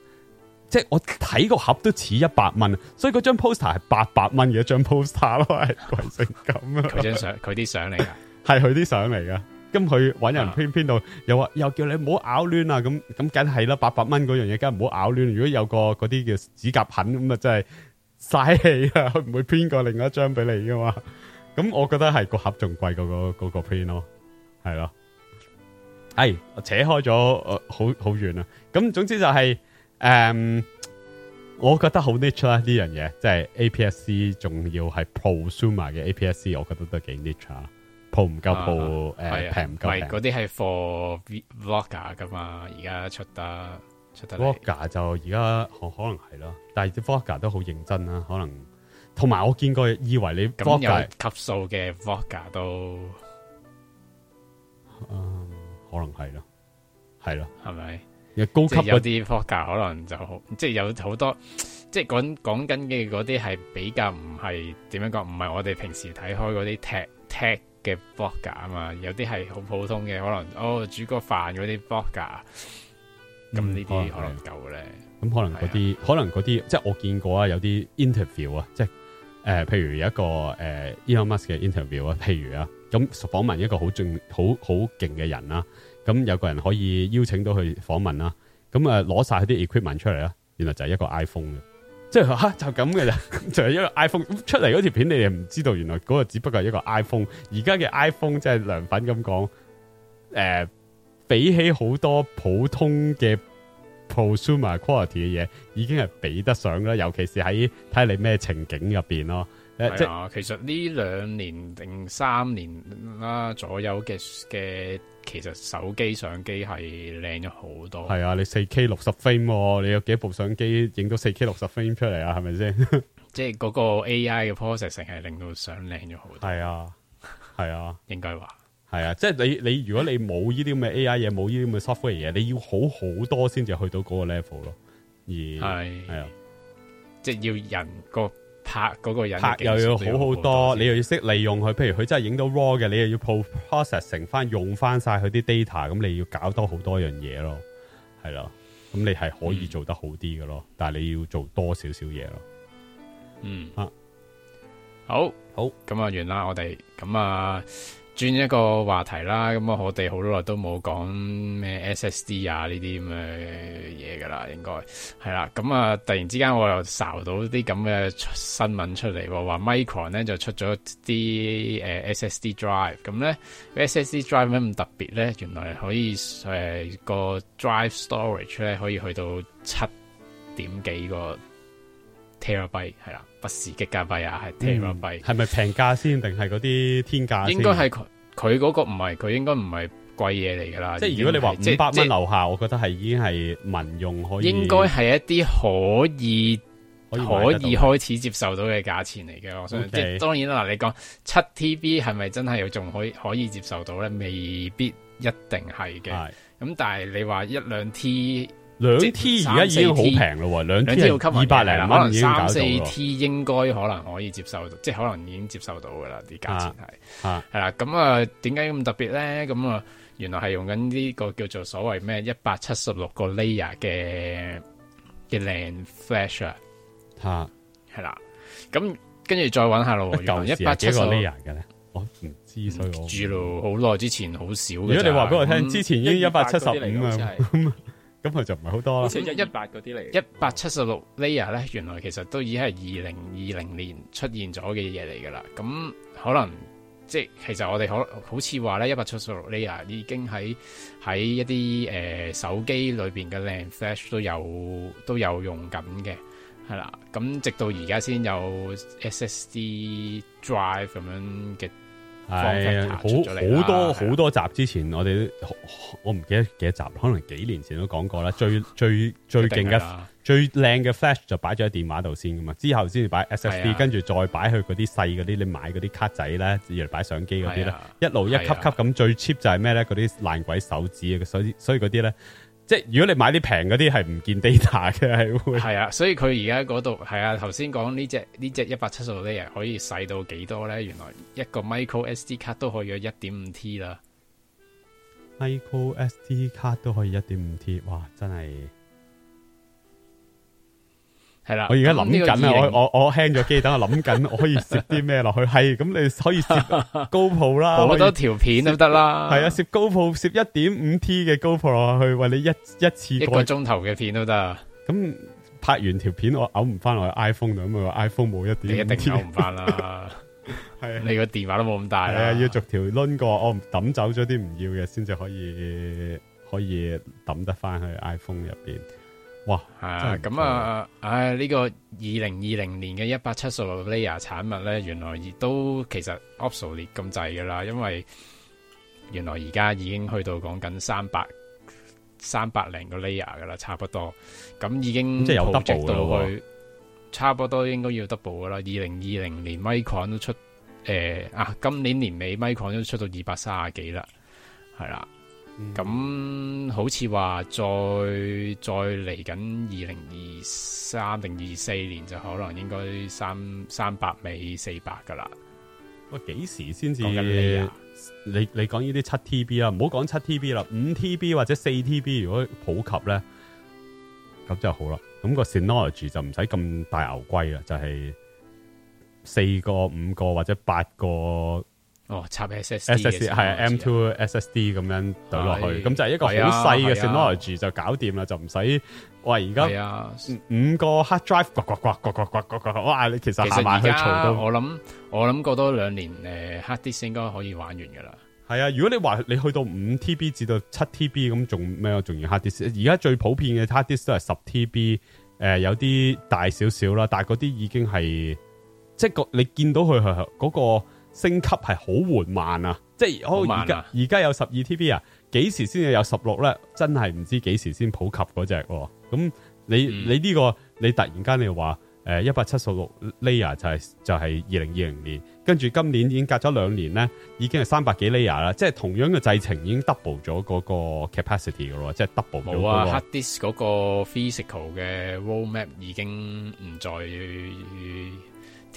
Speaker 2: 即係我睇個盒都似一百蚊，所以嗰張 poster 係八百蚊嘅一張 poster 咯，係貴成咁啊！佢張相，佢啲相嚟噶，係佢啲相嚟噶。咁佢揾人編編到又話又叫你唔好拗亂啊！咁咁梗係啦，八百蚊嗰樣嘢梗係唔好拗亂。如果有個嗰啲叫指甲痕咁啊，真係嘥氣啊！佢唔會編過另外一張俾你噶嘛。咁我覺得係個盒仲貴過個嗰個編咯，係咯。係扯開咗，好好遠啦。咁總之就係誒，我覺得好 niche 啊呢樣嘢，即係 APSC 仲要係 prosumer 嘅 APSC，我覺得都幾 niche。唔夠鋪誒，平唔夠平。唔係嗰啲
Speaker 3: 係 for vlogger 噶嘛？而家出得出得 vlogger
Speaker 2: 就而家可能係咯，但係啲 vlogger 都好認真啦。可能同埋、啊、我見過，以為你咁有
Speaker 3: 級數嘅 vlogger 都，嗯、可能係咯，係咯，係
Speaker 2: 咪？高級有啲
Speaker 3: vlogger 可能就好，即係有好多，即係講講緊嘅嗰啲係比較唔係點樣講，唔係我哋平時睇開嗰啲踢踢。踢嘅 v o g g e 啊嘛，有啲係好普通嘅，可能哦煮個飯嗰啲 v o g g e r，
Speaker 2: 咁呢啲可能夠咧。咁可能啲，可能啲，即係我見過啊。有啲 interview 啊，即係誒、呃，譬如有一個誒、呃、Elon Musk 嘅 interview 啊，譬如啊，咁訪問一個好勁好好勁嘅人啦、啊。咁有個人可以邀請到去訪問啦、啊，咁誒攞晒啲 equipment 出嚟啦，原來就係一個 iPhone 嘅。即係話，就咁嘅啦，就係因為 iPhone 出嚟嗰條片，你哋唔知道，原來嗰個只不過係一個 iPhone, iPhone。而家嘅 iPhone 即係良品咁講，誒，比起好多普通嘅 prosumer quality 嘅嘢，已經係比得上啦。尤其是喺睇你咩情景入邊咯。係啊，
Speaker 3: 其實呢兩年定三年啦左右嘅嘅，其實手機相機係靚咗好多。
Speaker 2: 係啊，你四 K 六十 frame，你有幾多部相機影到四 K 六十 frame 出嚟啊？係咪先？
Speaker 3: 即係嗰個 AI 嘅 processing 係令到相靚咗好
Speaker 2: 多。係啊，係啊，應該話係啊。即係你你如果你冇呢啲咁嘅 AI 嘢，冇呢啲咁嘅 software 嘢，你要好好多先至去到嗰個 level 咯。而係係啊，
Speaker 3: 即係要人個。拍嗰個人，拍又要好好多又要好多，
Speaker 2: 你又要識利用佢、嗯。譬如佢真係影到 RAW 嘅，你又要 process 成翻，用翻晒佢啲 data，咁你要搞多好多樣嘢咯，係咯。咁你係可以做得好啲嘅咯，嗯、但係你要做多少少嘢咯。嗯，吓、
Speaker 3: 啊，好好。咁啊，完啦，我哋咁啊。轉一個話題啦，咁啊，我哋好耐都冇講咩 SSD 啊呢啲咁嘅嘢噶啦，應該係啦。咁啊，突然之間我又搜到啲咁嘅新聞出嚟，話 Micron 咧，就出咗啲誒 SSD drive。咁咧 SSD drive 咩咁特別咧？原來可以誒個、呃、drive storage 咧可以去到七點幾個 terabyte 係啦。不是極價幣啊，係平民幣。
Speaker 2: 係咪平價先定係嗰啲天價先？應該係佢佢嗰個唔係，佢應該唔係貴嘢嚟㗎喇。即係如果你話五百蚊樓下，我覺得係已經係民用可以。應該係一啲可以可以，可以開
Speaker 3: 始接受到嘅價錢嚟嘅。我想、okay. 即係當然啦。你講七 TB 係咪真係又仲可以可以接受到咧？未必一定係嘅。咁、嗯、但係你話一兩 T？兩 T 而家已經好平咯喎，兩 T 二百零可能三四 T 應該可能可以接受到，即係可能已經接受到噶啦啲價錢係啊係啦，咁啊點解咁特別咧？咁啊原來係用緊呢個叫做所謂咩一百七十六個 layer 嘅 NAND flash 啊，係啦，咁跟住再搵下咯，舊時係幾個 layer 嘅咧？
Speaker 2: 我唔知所
Speaker 3: 住咯，好耐之前好少。如果你話俾我聽，之前已經一百七十五啊。
Speaker 2: 咁佢就唔係好多啦，好似
Speaker 3: 一百嗰啲嚟，一百七十六 layer 咧，原來其實都已經係二零二零年出現咗嘅嘢嚟噶啦。咁可能即係其實我哋可好似話咧，一百七十六 layer 已經喺喺一啲、呃、手機裏面嘅 NAND flash 都有都有用緊嘅，係啦。咁直到而家先有 SSD drive 咁樣嘅。係、啊，好好多好
Speaker 2: 多集之前我，我哋我唔記得幾多集，可能幾年前都講過啦。最最最勁嘅、最靚嘅、啊、flash 就擺咗喺電話度先噶嘛，之後先擺 SSD，跟住再擺去嗰啲細嗰啲，你買嗰啲卡仔咧，用嚟擺相機嗰啲咧，一路一級級咁，最 cheap 就係咩咧？嗰啲爛鬼手指啊，所以所以嗰啲咧。即係如果你買啲平嗰啲係唔見 data 嘅係會係啊，
Speaker 3: 所以佢而家嗰度係啊，頭先講呢隻呢隻一百七十六層呢嘢，可以細到幾多咧？原來一個 micro SD 卡，都可以有一點五 T 啦
Speaker 2: ，micro SD 卡都可以一點五 T，哇，真係～係啦，我而家諗緊啊！我 我我輕咗機，等我諗緊，我可以攝啲咩落去？係 咁，你可以攝高普啦，好多條片都得啦。係啊，攝高普，攝一點五 T 嘅高普落去，喂你一一次一個鐘
Speaker 3: 頭嘅片都得。啊。
Speaker 2: 咁拍完條片，我嘔唔翻落去 iPhone 咁啊 iPhone 冇一點，你一定嘔唔翻啦。
Speaker 3: 係啊，你個電話都冇咁大，係啊，要
Speaker 2: 逐條掄過。我抌走咗啲唔要嘅，先至可以可以抌得翻去 iPhone 入邊。哇啊啊，啊，咁啊，
Speaker 3: 唉，呢個二零二零年嘅一百七十六 layer 產物咧，原來亦都其實 obsolete 咁滯嘅啦，因為原來而家已經去到講緊三百三百零個 layer 噶啦，差不多，咁、嗯、已經即係有 double 到去，差不多應該要 double 噶啦。二零二零年 Micron 都出，誒、呃、啊，今年年尾 Micron 都出到二百三十幾啦，係啦。咁、嗯、好似話再再嚟緊二零二三定二四年就可能應該三、嗯、三百尾四百噶啦。
Speaker 2: 喂，幾時先至？你你講呢啲七 TB 啊？唔好講七 TB 啦，五 TB 或者四 TB 如果普及咧，咁就好啦。咁、那個 Synology 就唔使咁大牛龜啦，就係、是、四個、五個或者八個。哦，插 SSD 係 SS, M2 SSD 咁樣懟落去，咁就係一個好細嘅 technology 就搞掂啦、啊，就唔使喂而家五個 hard drive 呱呱呱呱呱呱，哇！你、啊、其實行埋去嘈到。我諗
Speaker 3: 我諗過多兩年誒，hard disk 應該可以玩完噶
Speaker 2: 啦。係啊，如果你話你去到五 TB 至到七 TB 咁，仲咩？仲要 hard disk？而家最普遍嘅 hard disk 都係十 TB，誒，有啲大少少啦，但係嗰啲已經係即係個你見到佢嗰、嗰個。升級係好緩慢啊！即係好而家而家有十二 TB 啊，幾、啊、時先至有十六咧？真係唔知幾時先普及嗰隻、啊。咁你、嗯、你呢、呢個你突然間你話誒一百七十六 layer 就係、是、就係二零二零年，跟住今年已經隔咗兩年咧，已經係三百幾 layer 啦。即係同樣嘅製程已經 double 咗嗰個 capacity 㗎咯，即係 double 咗、嗰個。冇啊
Speaker 3: ，HDD 嗰個 physical 嘅 roadmap 已經唔再。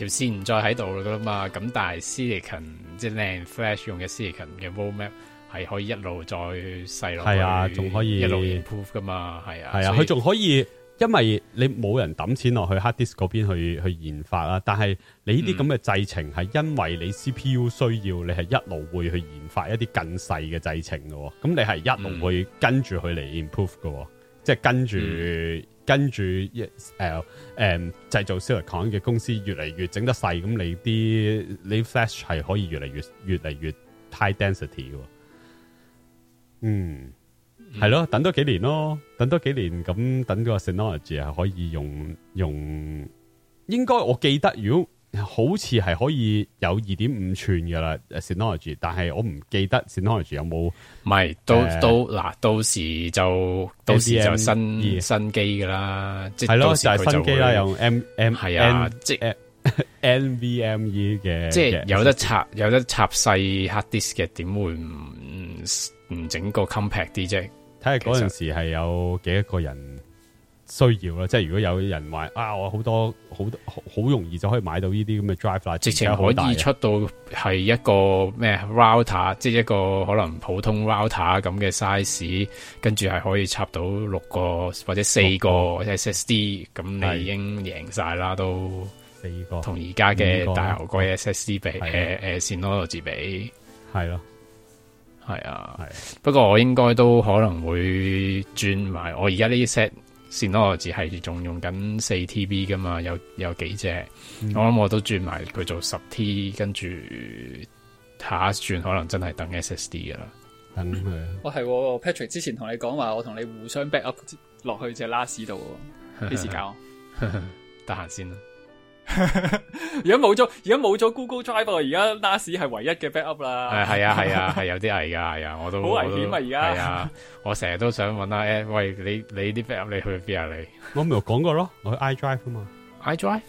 Speaker 3: 條線唔再喺度噶啦嘛，咁但係 silicon 即係 NAND flash 用嘅 silicon 嘅 volmap 係可以一路再細路，係啊，仲可以一路 improve 噶嘛，係啊，係啊，佢仲
Speaker 2: 可以，因為你冇人抌錢落去 hard disk 嗰邊去去研發啊。但係你呢啲咁嘅製程係因為你 CPU 需要，你係一路會去研發一啲更細嘅製程嘅，咁你係一路會跟住佢嚟 improve 嘅、嗯，即係跟住。嗯跟住一誒誒製造 silicon 嘅公司越嚟越整得細，咁你啲你 flash 係可以越嚟越越嚟越 high density。嗯，係、嗯、咯，等多幾年咯，等多幾年，咁等 𠮶 個 synology 係可以用用，應該我記得如果。好似係可以有二點五寸嘅啦，但係我唔記得 Synology 有冇？唔係，到到嗱，到時就、AVM2、到時
Speaker 3: 就新新機噶啦，係咯，就係、是、新機啦，用 M M 係啊，n, n, 即 NVME 嘅，即、就是、有得插有得插細 hard disk 嘅，
Speaker 2: 點會唔唔整個 compact 啲啫？睇下嗰陣時係有幾多個人。需要啦，即係如果有人買啊，我好多好多好容易就可以買到呢啲咁嘅 drive 啦，直情可以出
Speaker 3: 到係一個咩 router，即係一個可能普通 router 咁嘅 size，跟住係可以插到六個或者四個 SSD，咁你已經贏晒啦都。四個。同而家嘅大牛龜 SSD 比，誒誒線嗰度自比。係咯。係啊，係。不過我應該都可能會轉埋，我而家呢啲 set。先多我只係仲用緊四 TB 噶嘛，有有幾隻、嗯，我諗我都轉埋佢做十 T，跟住下一轉可能真係等 SSD 噶啦，等佢。
Speaker 1: 我、哦、係、哦、Patrick 之前同你講話，我同你互相 backup 落去隻拉屎度，幾時搞、
Speaker 3: 啊？得 閒先啦。
Speaker 1: 如果冇咗，如果冇咗 Google Drive，而家 NAS 係唯一嘅 backup 啦。誒，係啊，係
Speaker 3: 啊，係有啲危噶，係啊，我都好危險啊！而家，係啊、 我成日都想問阿、啊、a、欸、喂，你你啲 backup 你去邊啊？你
Speaker 2: 我咪講過咯，我去 iDrive 嘛 I Drive？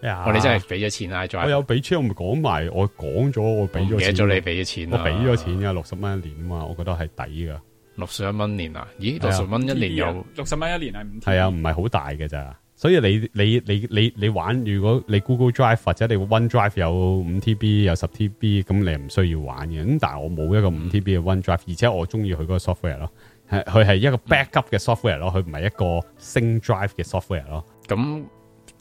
Speaker 2: 哎 oh, 啊嘛，iDrive，我哋真係俾咗錢 iDrive，我有俾錢，我咪講埋，我講咗，我俾咗錢，唔記得咗你俾咗錢了，我俾咗錢，了錢了啊，六十蚊一年啊嘛，我覺得係抵噶，
Speaker 3: 六十蚊一年啊？咦，六十蚊一年有六十蚊一
Speaker 1: 年係
Speaker 2: 啊，唔係好大嘅咋？所以你你你你你玩，如果你 Google Drive 或者你 One Drive 有五 TB 有十 TB，咁你唔需要玩嘅。咁但係我冇一個五 TB 嘅 One Drive、嗯、而且我中意佢嗰個 software 咯，係佢係一個 backup 嘅 software 咯，佢唔係一個 sync drive 嘅 software 咯。
Speaker 3: 咁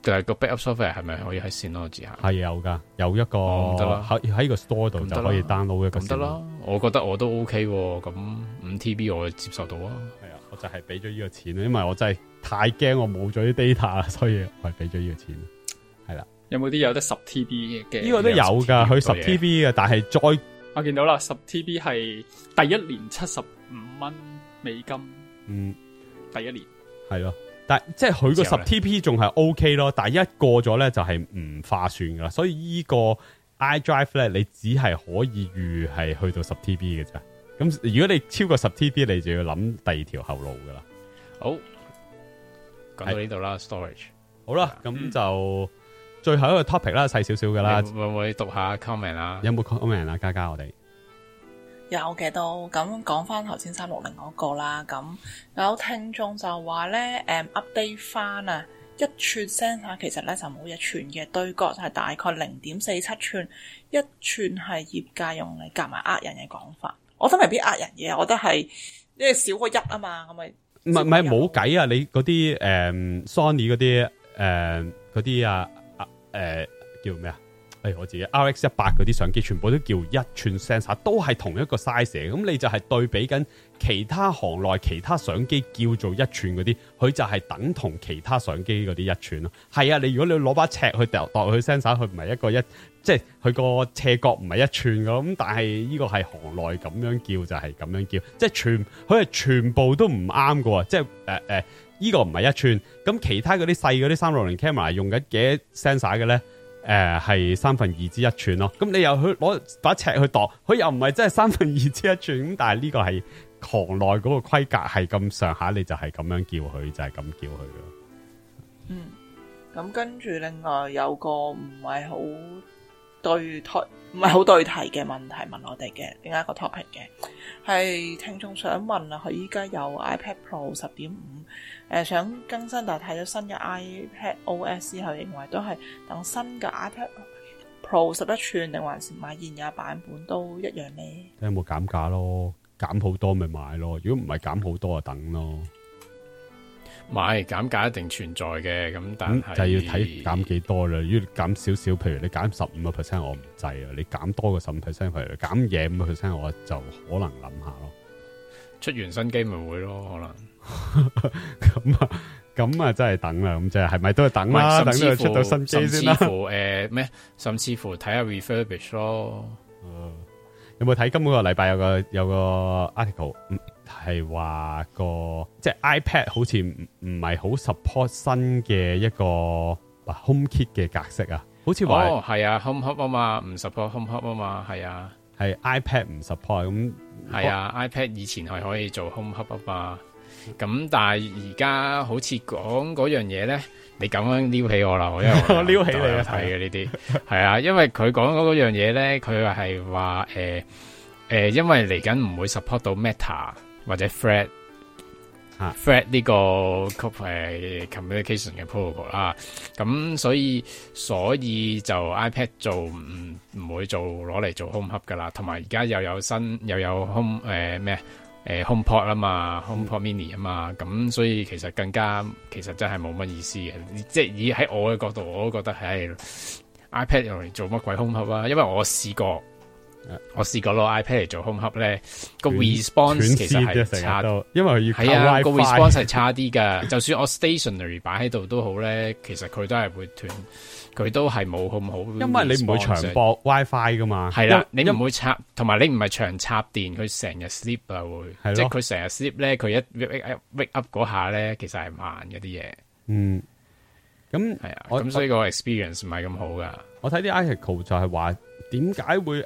Speaker 3: 但係個 backup software 係咪可以喺線咯？我知下。
Speaker 2: 係有噶，有一個喺喺、哦、個 store 度就可以 download 一個。咁得啦，
Speaker 3: 我覺得我都 OK。咁五 TB 我接受到啊。就係俾咗呢個
Speaker 2: 錢，因為我真係太驚我冇咗啲 data 啦，所以我係俾咗呢個錢。係
Speaker 3: 啦，
Speaker 1: 有冇啲有得十 TB 嘅？呢個都有噶，佢十 TB
Speaker 2: 嘅，但係再
Speaker 1: 我見到啦，十 TB 係第一年七十五蚊美金。嗯，第
Speaker 2: 一年係咯，但即係佢個十 TB 仲係 OK 咯，但係一過咗咧就係唔劃算噶啦，所以呢個 iDrive 咧你只係可以預係去到十 TB 嘅咋。咁如果你超過十 TB，你就要諗第二條後路噶啦。好，講到呢度啦。Storage 好啦，咁就最後一個 topic 啦，細少少噶啦。會
Speaker 3: 唔會讀下 comment 啊？
Speaker 2: 有冇 comment 啊？嘉嘉，我哋
Speaker 4: 有嘅都咁講翻頭先三六零嗰個啦。咁有聽眾就話咧，誒 update 翻啊一寸 sensor 其實咧就冇一寸嘅對角，係大概零點四七寸，一寸係業界用嚟夾埋呃人嘅講法。我真係必呃人嘢，我覺得係因為少個一啊嘛，係咪？唔係唔冇
Speaker 2: 計啊！你嗰啲誒 Sony 嗰啲誒嗰啲啊叫咩啊？誒、啊啊啊哎、我自己 RX 一百嗰啲相機，全部都叫一寸 sensor，都係同一個 size 嘅。咁你就係對比緊其他行內其他相機叫做一寸嗰啲，佢就係等同其他相機嗰啲一寸咯。係啊，你如果你攞把尺去掉，度佢 sensor，佢唔係一個一。即係佢個斜角唔係一寸咁，但係呢個係行內咁樣叫就係咁樣叫，即係全佢係全部都唔啱噶，即係誒誒，呢、呃呃呢個唔係一寸，咁其他嗰啲細嗰啲三六零 camera 用緊幾 sensor 嘅咧，誒、呃、係三分二之一寸咯，咁你又去攞把尺去度，佢又唔係真係三分二之一寸，咁但係呢個係行內嗰個規格係咁上下，你就係咁樣叫佢就係、是、咁叫佢
Speaker 4: 咯。嗯，咁跟住另外有個唔係好。對台唔係好對題嘅問題問我哋嘅，另外一個 topic 嘅係聽眾想問啊，佢依家有 iPad Pro 十點五，誒想更新但係睇咗新嘅 iPad OS 之後，認為都係等新嘅 iPad Pro 十一寸，定還是買現有版本都一樣呢？
Speaker 2: 睇有冇減價咯，減好多咪買咯，如果唔係減好多啊等咯。
Speaker 3: 買減價一定存在嘅，咁但係、嗯、就要睇
Speaker 2: 減幾多啦。如果減少少，譬如你減十五個 percent，我唔制啊。你減多個十五 percent 譬如減廿五個 percent，我就可能諗下咯。
Speaker 3: 出完新機咪會咯，可能。
Speaker 2: 咁啊，咁 啊，真係等啦。咁即係，係咪都係等啦？等出到新機先啦。甚至
Speaker 3: 乎誒咩？甚至乎睇下、呃、refurbish 咯、嗯。
Speaker 2: 有冇睇今個禮拜有個有個 article？嗯係話個即係 iPad 好似唔唔係好 support 新嘅一個 home kit 嘅格式啊，好似話哦係
Speaker 3: 啊 home hub 啊嘛，唔 support home hub 啊嘛，係啊
Speaker 2: 係 iPad 唔 support，咁係
Speaker 3: 啊 iPad 以前係可以做 home hub 啊嘛，咁、嗯、但係而家好似講嗰樣嘢咧，你咁樣撩起我啦，我因為我 我撩起你啊，係嘅呢啲係啊，因為佢講嗰嗰樣嘢咧，佢係話誒誒，因為嚟緊唔會 support 到 Meta。或者 Fred 啊，Fred 呢，呢個曲誒、uh, communication 嘅 prologue 啦，咁所以所以就 iPad 做唔唔會做攞嚟做 Home Hub 噶啦，同埋而家又有新又有 Home 誒咩誒 HomePod 啊嘛，呃、HomePod mini 啊嘛，咁所以其實更加其實真係冇乜意思嘅，即係以喺我嘅角度，我都覺得誒、哎、iPad 用嚟做乜鬼 Home Hub 啊，因為我試過。Yeah. 我試過攞 iPad 嚟做 home hub 咧，個 response 其實係差、啊，因為要係啊個 response 係差啲噶。 就算我 stationary 擺喺度都好咧，其實佢都係會斷，佢都係冇咁好，好。因為你唔會長播
Speaker 2: WiFi 噶嘛，係啦、啊，你唔
Speaker 3: 會插，同埋你唔係長插電，佢成日 sleep 啊會，即係佢成日 sleep 咧，佢一 wake up 嗰下咧，其實係慢嗰啲嘢。嗯，咁係啊，咁所以個 experience 唔係咁
Speaker 2: 好噶。我睇啲 article 就係話點解會。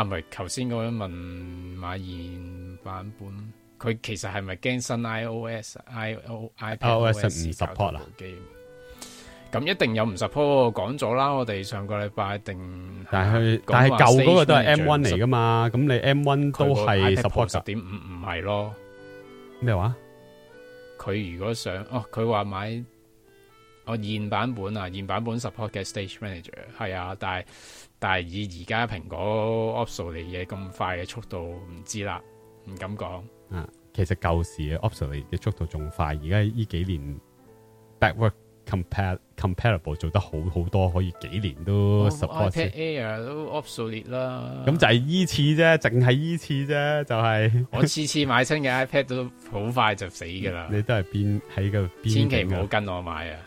Speaker 3: 啊，咪？係，頭先嗰位問買現版本，佢其實係咪驚新 iOS, I, o, iPad IOS, IOS、iOS、iPadOS 唔 support 啊？咁一定有唔 support，講咗啦。我哋上個禮拜定，
Speaker 2: 說說但係佢，但係舊嗰個都係 M1 嚟㗎嘛？咁你 M1 都係 support 十
Speaker 3: 點五，唔係咯？
Speaker 2: 咩話？
Speaker 3: 佢如果想哦，佢話買我、哦、現版本啊，現版本 support 嘅 Stage Manager 係啊，但係。但係以而家蘋果 obsolete 嘅咁快嘅速度，唔知啦，唔敢講。
Speaker 2: 啊，其實舊時嘅 obsolete 嘅速度仲快，而家依幾年 backward Compar- comparable 做得好好多，可以幾年都 support。
Speaker 3: iPad Air 都 obsolete 啦。咁、嗯、就
Speaker 2: 係依次啫，淨係依次啫，就係、是、我次
Speaker 3: 次買新嘅 iPad 都好快就死噶啦。
Speaker 2: 你都係變喺個，千祈唔好跟我
Speaker 3: 買啊，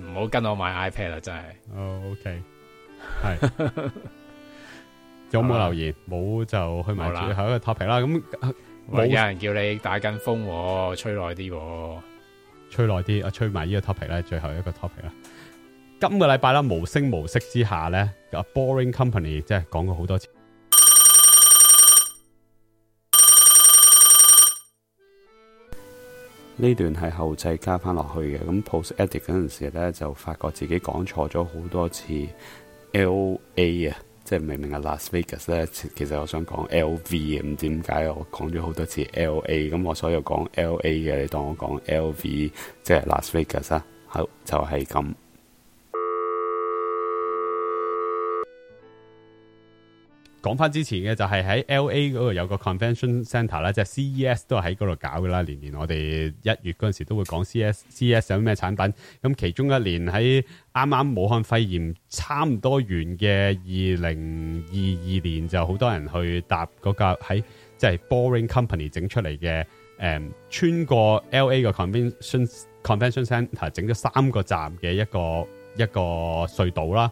Speaker 3: 唔 好跟我買 iPad 啦，啊，真係。Oh, OK。
Speaker 2: 係 有冇留言？冇、啊、就去埋最後一個 topic 啦。咁冇有人
Speaker 3: 叫你打緊風，吹耐啲，
Speaker 2: 吹耐啲。我吹埋呢個 topic 咧，最後一個 topic 啦。今個禮拜啦，無聲無息之下咧，啊，Boring Company 即係講過好多次。段呢段係後製加翻落去嘅。咁 post edit 嗰陣時咧，就發覺自己講錯咗好多次。L A 啊，即係明明係 Las Vegas 咧。其實我想講 L V 啊，唔知點解我講咗好多次 L A。咁我所有講 L A 嘅，你當我講 L V，即係 Las Vegas 啊。好，就係咁。講翻之前嘅就係喺 L.A. 嗰度有個 Convention Centre 啦，即係 CES 都係喺嗰度搞㗎啦。年年我哋一月嗰陣時都會講 CES，CES CES 有咩產品。咁其中一年喺啱啱武漢肺炎差唔多完嘅二零二二年，就好多人去搭嗰架喺即係 Boring Company 整出嚟嘅誒，穿過 L.A. 嘅 Convention Convention Centre 整咗三個站嘅一個一個隧道啦。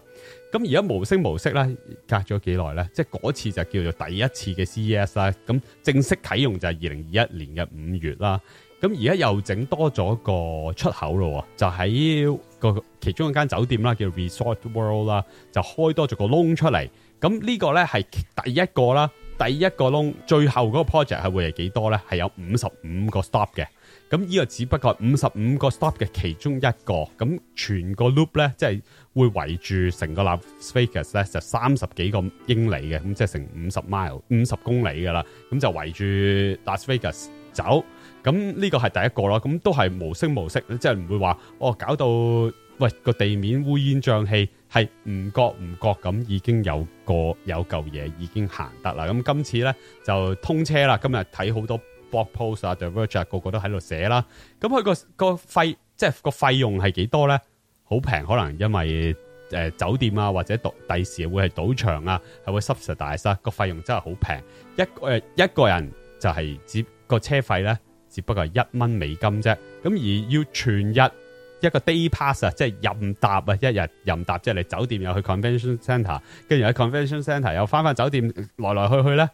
Speaker 2: 咁而家無聲無息咧，隔咗幾耐咧？即係嗰次就叫做第一次嘅 CES 啦。咁正式啟用就係二零二一年嘅五月啦。咁而家又整多咗個出口咯，就喺個其中一間酒店啦，叫 Resort World 啦，就開多咗個窿出嚟。咁呢個咧係第一個啦，第一個窿，最後嗰個 project 係會係幾多咧？係有五十五個 stop 嘅。咁、這、呢個只不過五十五個 stop 嘅其中一個，咁全個 loop 咧，即係會圍住成個 Las Vegas 咧，就三十幾個英里嘅，咁即係成五十 mile 50、五十公里噶啦，咁就圍住 Las Vegas 走。咁呢個係第一個囉。咁都係無聲無息，即係唔會話哦搞到喂個地面烏煙瘴氣，係唔覺唔覺咁已經有個有嚿嘢已經行得啦。咁今次咧就通車啦，今日睇好多 blog post 啊，The Verge 個個都喺度寫啦，咁、那、佢個個費即係個費用係幾多咧？好平，可能因為誒、呃、酒店啊，或者賭第時會係賭場啊，係會 subsidize 大晒。個費用真係好平，一個、呃、一個人就係、是、只個車費咧，只不過係一蚊美金啫。咁而要全日一個 day pass 啊，即係任搭啊，一日任搭，即係你酒店又去 convention center，跟住喺 convention center 又翻翻酒店，來來去去咧。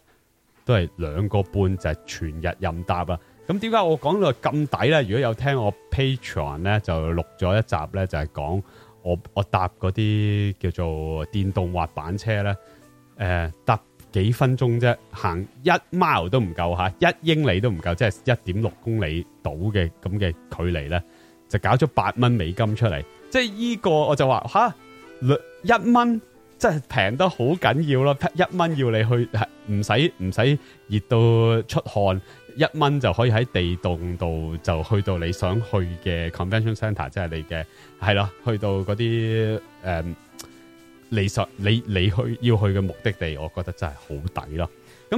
Speaker 2: 都係兩個半就係全日任搭啊！咁點解我講到咁抵咧？如果有聽我 Patreon 咧，就錄咗一集咧，就係、是、講我我搭嗰啲叫做電動滑板車咧，誒、呃、搭幾分鐘啫，行一 mile 都唔夠嚇，一英里都唔夠，即係一點六公里到嘅咁嘅距離咧，就搞咗八蚊美金出嚟，即係依個我就話吓，兩一蚊。真係平得好緊要咯！一蚊要你去，唔使唔使熱到出汗，一蚊就可以喺地洞度就去到你想去嘅 convention centre，即係你嘅係咯，去到嗰啲誒你想你你去，你去你要去嘅目的地，我覺得真係好抵咯！咁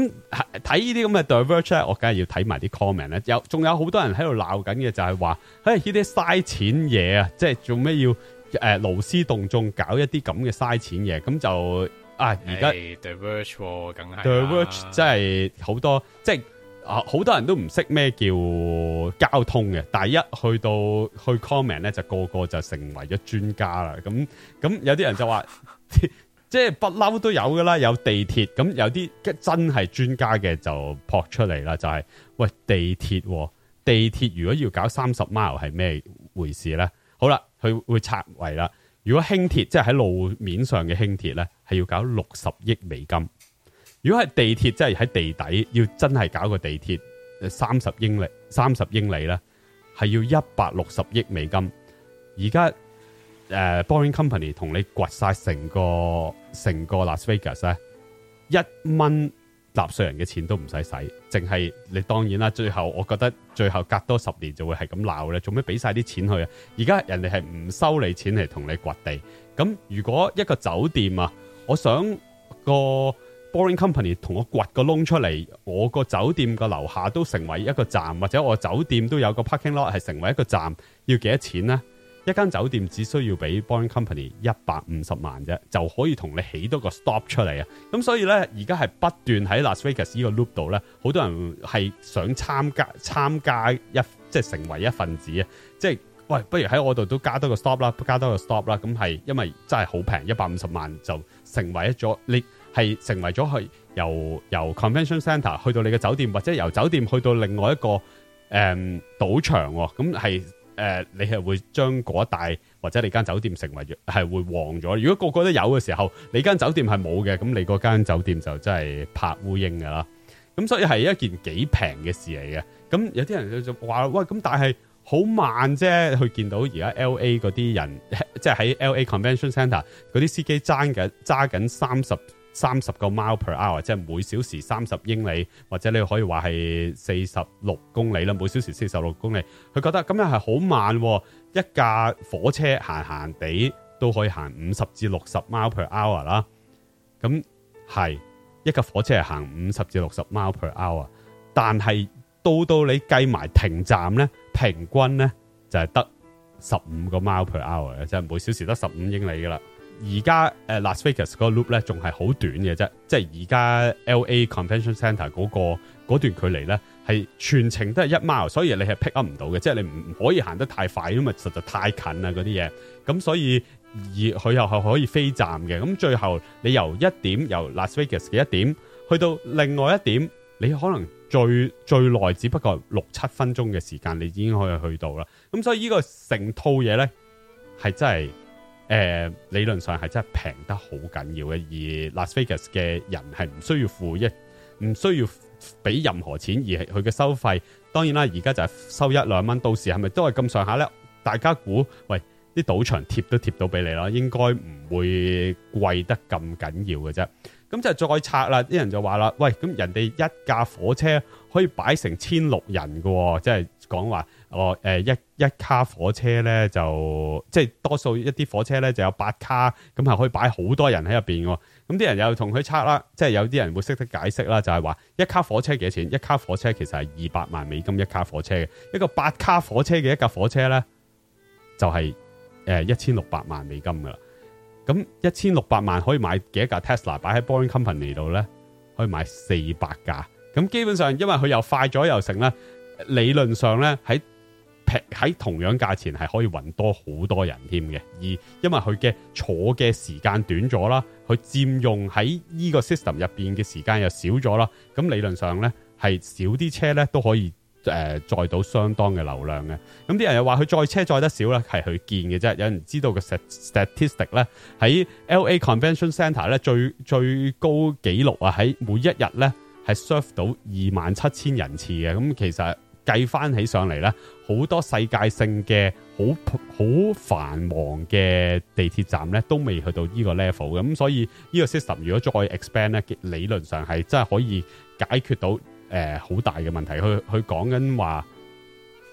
Speaker 2: 睇呢啲咁嘅 diverse 咧，我梗係要睇埋啲 comment 咧，有仲有好多人喺度鬧緊嘅，就係話，誒呢啲嘥錢嘢啊！即係做咩要？誒、呃，勞師動眾搞一啲咁嘅嘥錢嘢，咁就啊，而家
Speaker 3: diverge 梗係 diverge，
Speaker 2: 即係好多，即係啊，好、呃、多人都唔識咩叫交通嘅，但係一去到去 comment 咧，就個個就成為咗專家啦。咁咁有啲人就話，即係不嬲都有噶啦，有地鐵，咁有啲真係專家嘅就撲出嚟啦，就係、是、喂地鐵，地鐵、哦、如果要搞三十 mile 係咩回事咧？好啦。佢會拆圍啦。如果輕鐵即係喺路面上嘅輕鐵呢，係要搞六十億美金；如果係地鐵，即係喺地底要真係搞個地鐵，三十英里，三十英里呢，係要一百六十億美金。而家誒，Boring Company 同你掘晒成個成個 Las Vegas 咧，一蚊。納稅人嘅錢都唔使使，淨係你當然啦。最後我覺得最後隔多十年就會係咁鬧咧，做咩俾晒啲錢去啊？而家人哋係唔收你錢嚟同你掘地。咁如果一個酒店啊，我想個 Boring Company 同我掘個窿出嚟，我個酒店個樓下都成為一個站，或者我酒店都有個 parking lot 係成為一個站，要幾多錢呢？一間酒店只需要俾 Boring Company 一百五十萬啫，就可以同你起多個 stop 出嚟啊！咁所以呢，而家係不斷喺 Las Vegas 呢個 loop 度呢。好多人係想參加參加一即係成為一份子啊！即係喂，不如喺我度都加多個 stop 啦，加多個 stop 啦！咁係因為真係好平，一百五十萬就成為一咗，你係成為咗去由由 Convention Center 去到你嘅酒店，或者由酒店去到另外一個誒賭場喎，咁係。誒、呃，你係會將嗰一帶或者你間酒店成為係會旺咗。如果個個都有嘅時候，你間酒店係冇嘅，咁你嗰間酒店就真係拍烏蠅噶啦。咁所以係一件幾平嘅事嚟嘅。咁有啲人就話喂，咁但係好慢啫，去見到而家 L A 嗰啲人，即、就、係、是、喺 L A Convention Centre 嗰啲司機爭緊揸緊三十。三十個 mile per hour，即係每小時三十英里，或者你可以話係四十六公里啦。每小時四十六公里，佢覺得咁樣係好慢。一架火車行行地都可以行五十至六十 mile per hour 啦。咁係一架火車係行五十至六十 mile per hour，但係到到你計埋停站咧，平均咧就係得十五個 mile per hour，即係每小時得十五英里㗎喇。而家誒 Las Vegas 嗰個 loop 咧，仲係好短嘅啫，即係而家 LA Convention Center 嗰個嗰段距離咧，係全程都係一 mile，所以你係 Pick Up 唔到嘅，即係你唔可以行得太快，因為實在太近啦嗰啲嘢。咁所以而佢又係可以飛站嘅。咁最後你由一點由 Las Vegas 嘅一點去到另外一點，你可能最最耐只不過六七分鐘嘅時間，你已經可以去到啦。咁所以呢個成套嘢咧係真係。誒、呃、理論上係真係平得好緊要嘅，而 Las Vegas 嘅人係唔需要付一，唔需要俾任何錢，而係佢嘅收費。當然啦，而家就係收一兩蚊，到時係咪都係咁上下咧？大家估，喂，啲賭場貼都貼到俾你啦，應該唔會貴得咁緊要嘅啫。咁就再拆啦，啲人就話啦，喂，咁人哋一架火車可以擺成千六人㗎喎，即係講話。哦，呃、一一卡火車咧，就即係多數一啲火車咧，就有八卡，咁係可以擺好多人喺入面嘅。咁啲人又同佢測啦，即係有啲人會識得解釋啦，就係、是、話一卡火車幾錢？一卡火車其實係二百萬美金一卡火車嘅，一個八卡火車嘅一架火車咧，就係誒一千六百萬美金噶啦。咁一千六百萬可以買幾架 Tesla 擺喺 Boring Company 度咧？可以買四百架。咁基本上因為佢又快咗又成啦，理論上咧喺喺同樣價錢係可以運多好多人添嘅，而因為佢嘅坐嘅時間短咗啦，佢佔用喺呢個 system 入邊嘅時間又少咗啦，咁理論上呢，係少啲車呢都可以誒、呃、載到相當嘅流量嘅。咁啲人又話佢載車載得少呢係佢見嘅啫，有人知道個 statistic 呢，喺 L A Convention Centre 呢最最高紀錄啊喺每一日呢係 serve 到二萬七千人次嘅，咁其實。計翻起上嚟咧，好多世界性嘅好好繁忙嘅地鐵站咧，都未去到呢個 level 嘅。咁所以呢個 system 如果再 expand 咧，理論上係真係可以解決到誒好、呃、大嘅問題。佢佢講緊話，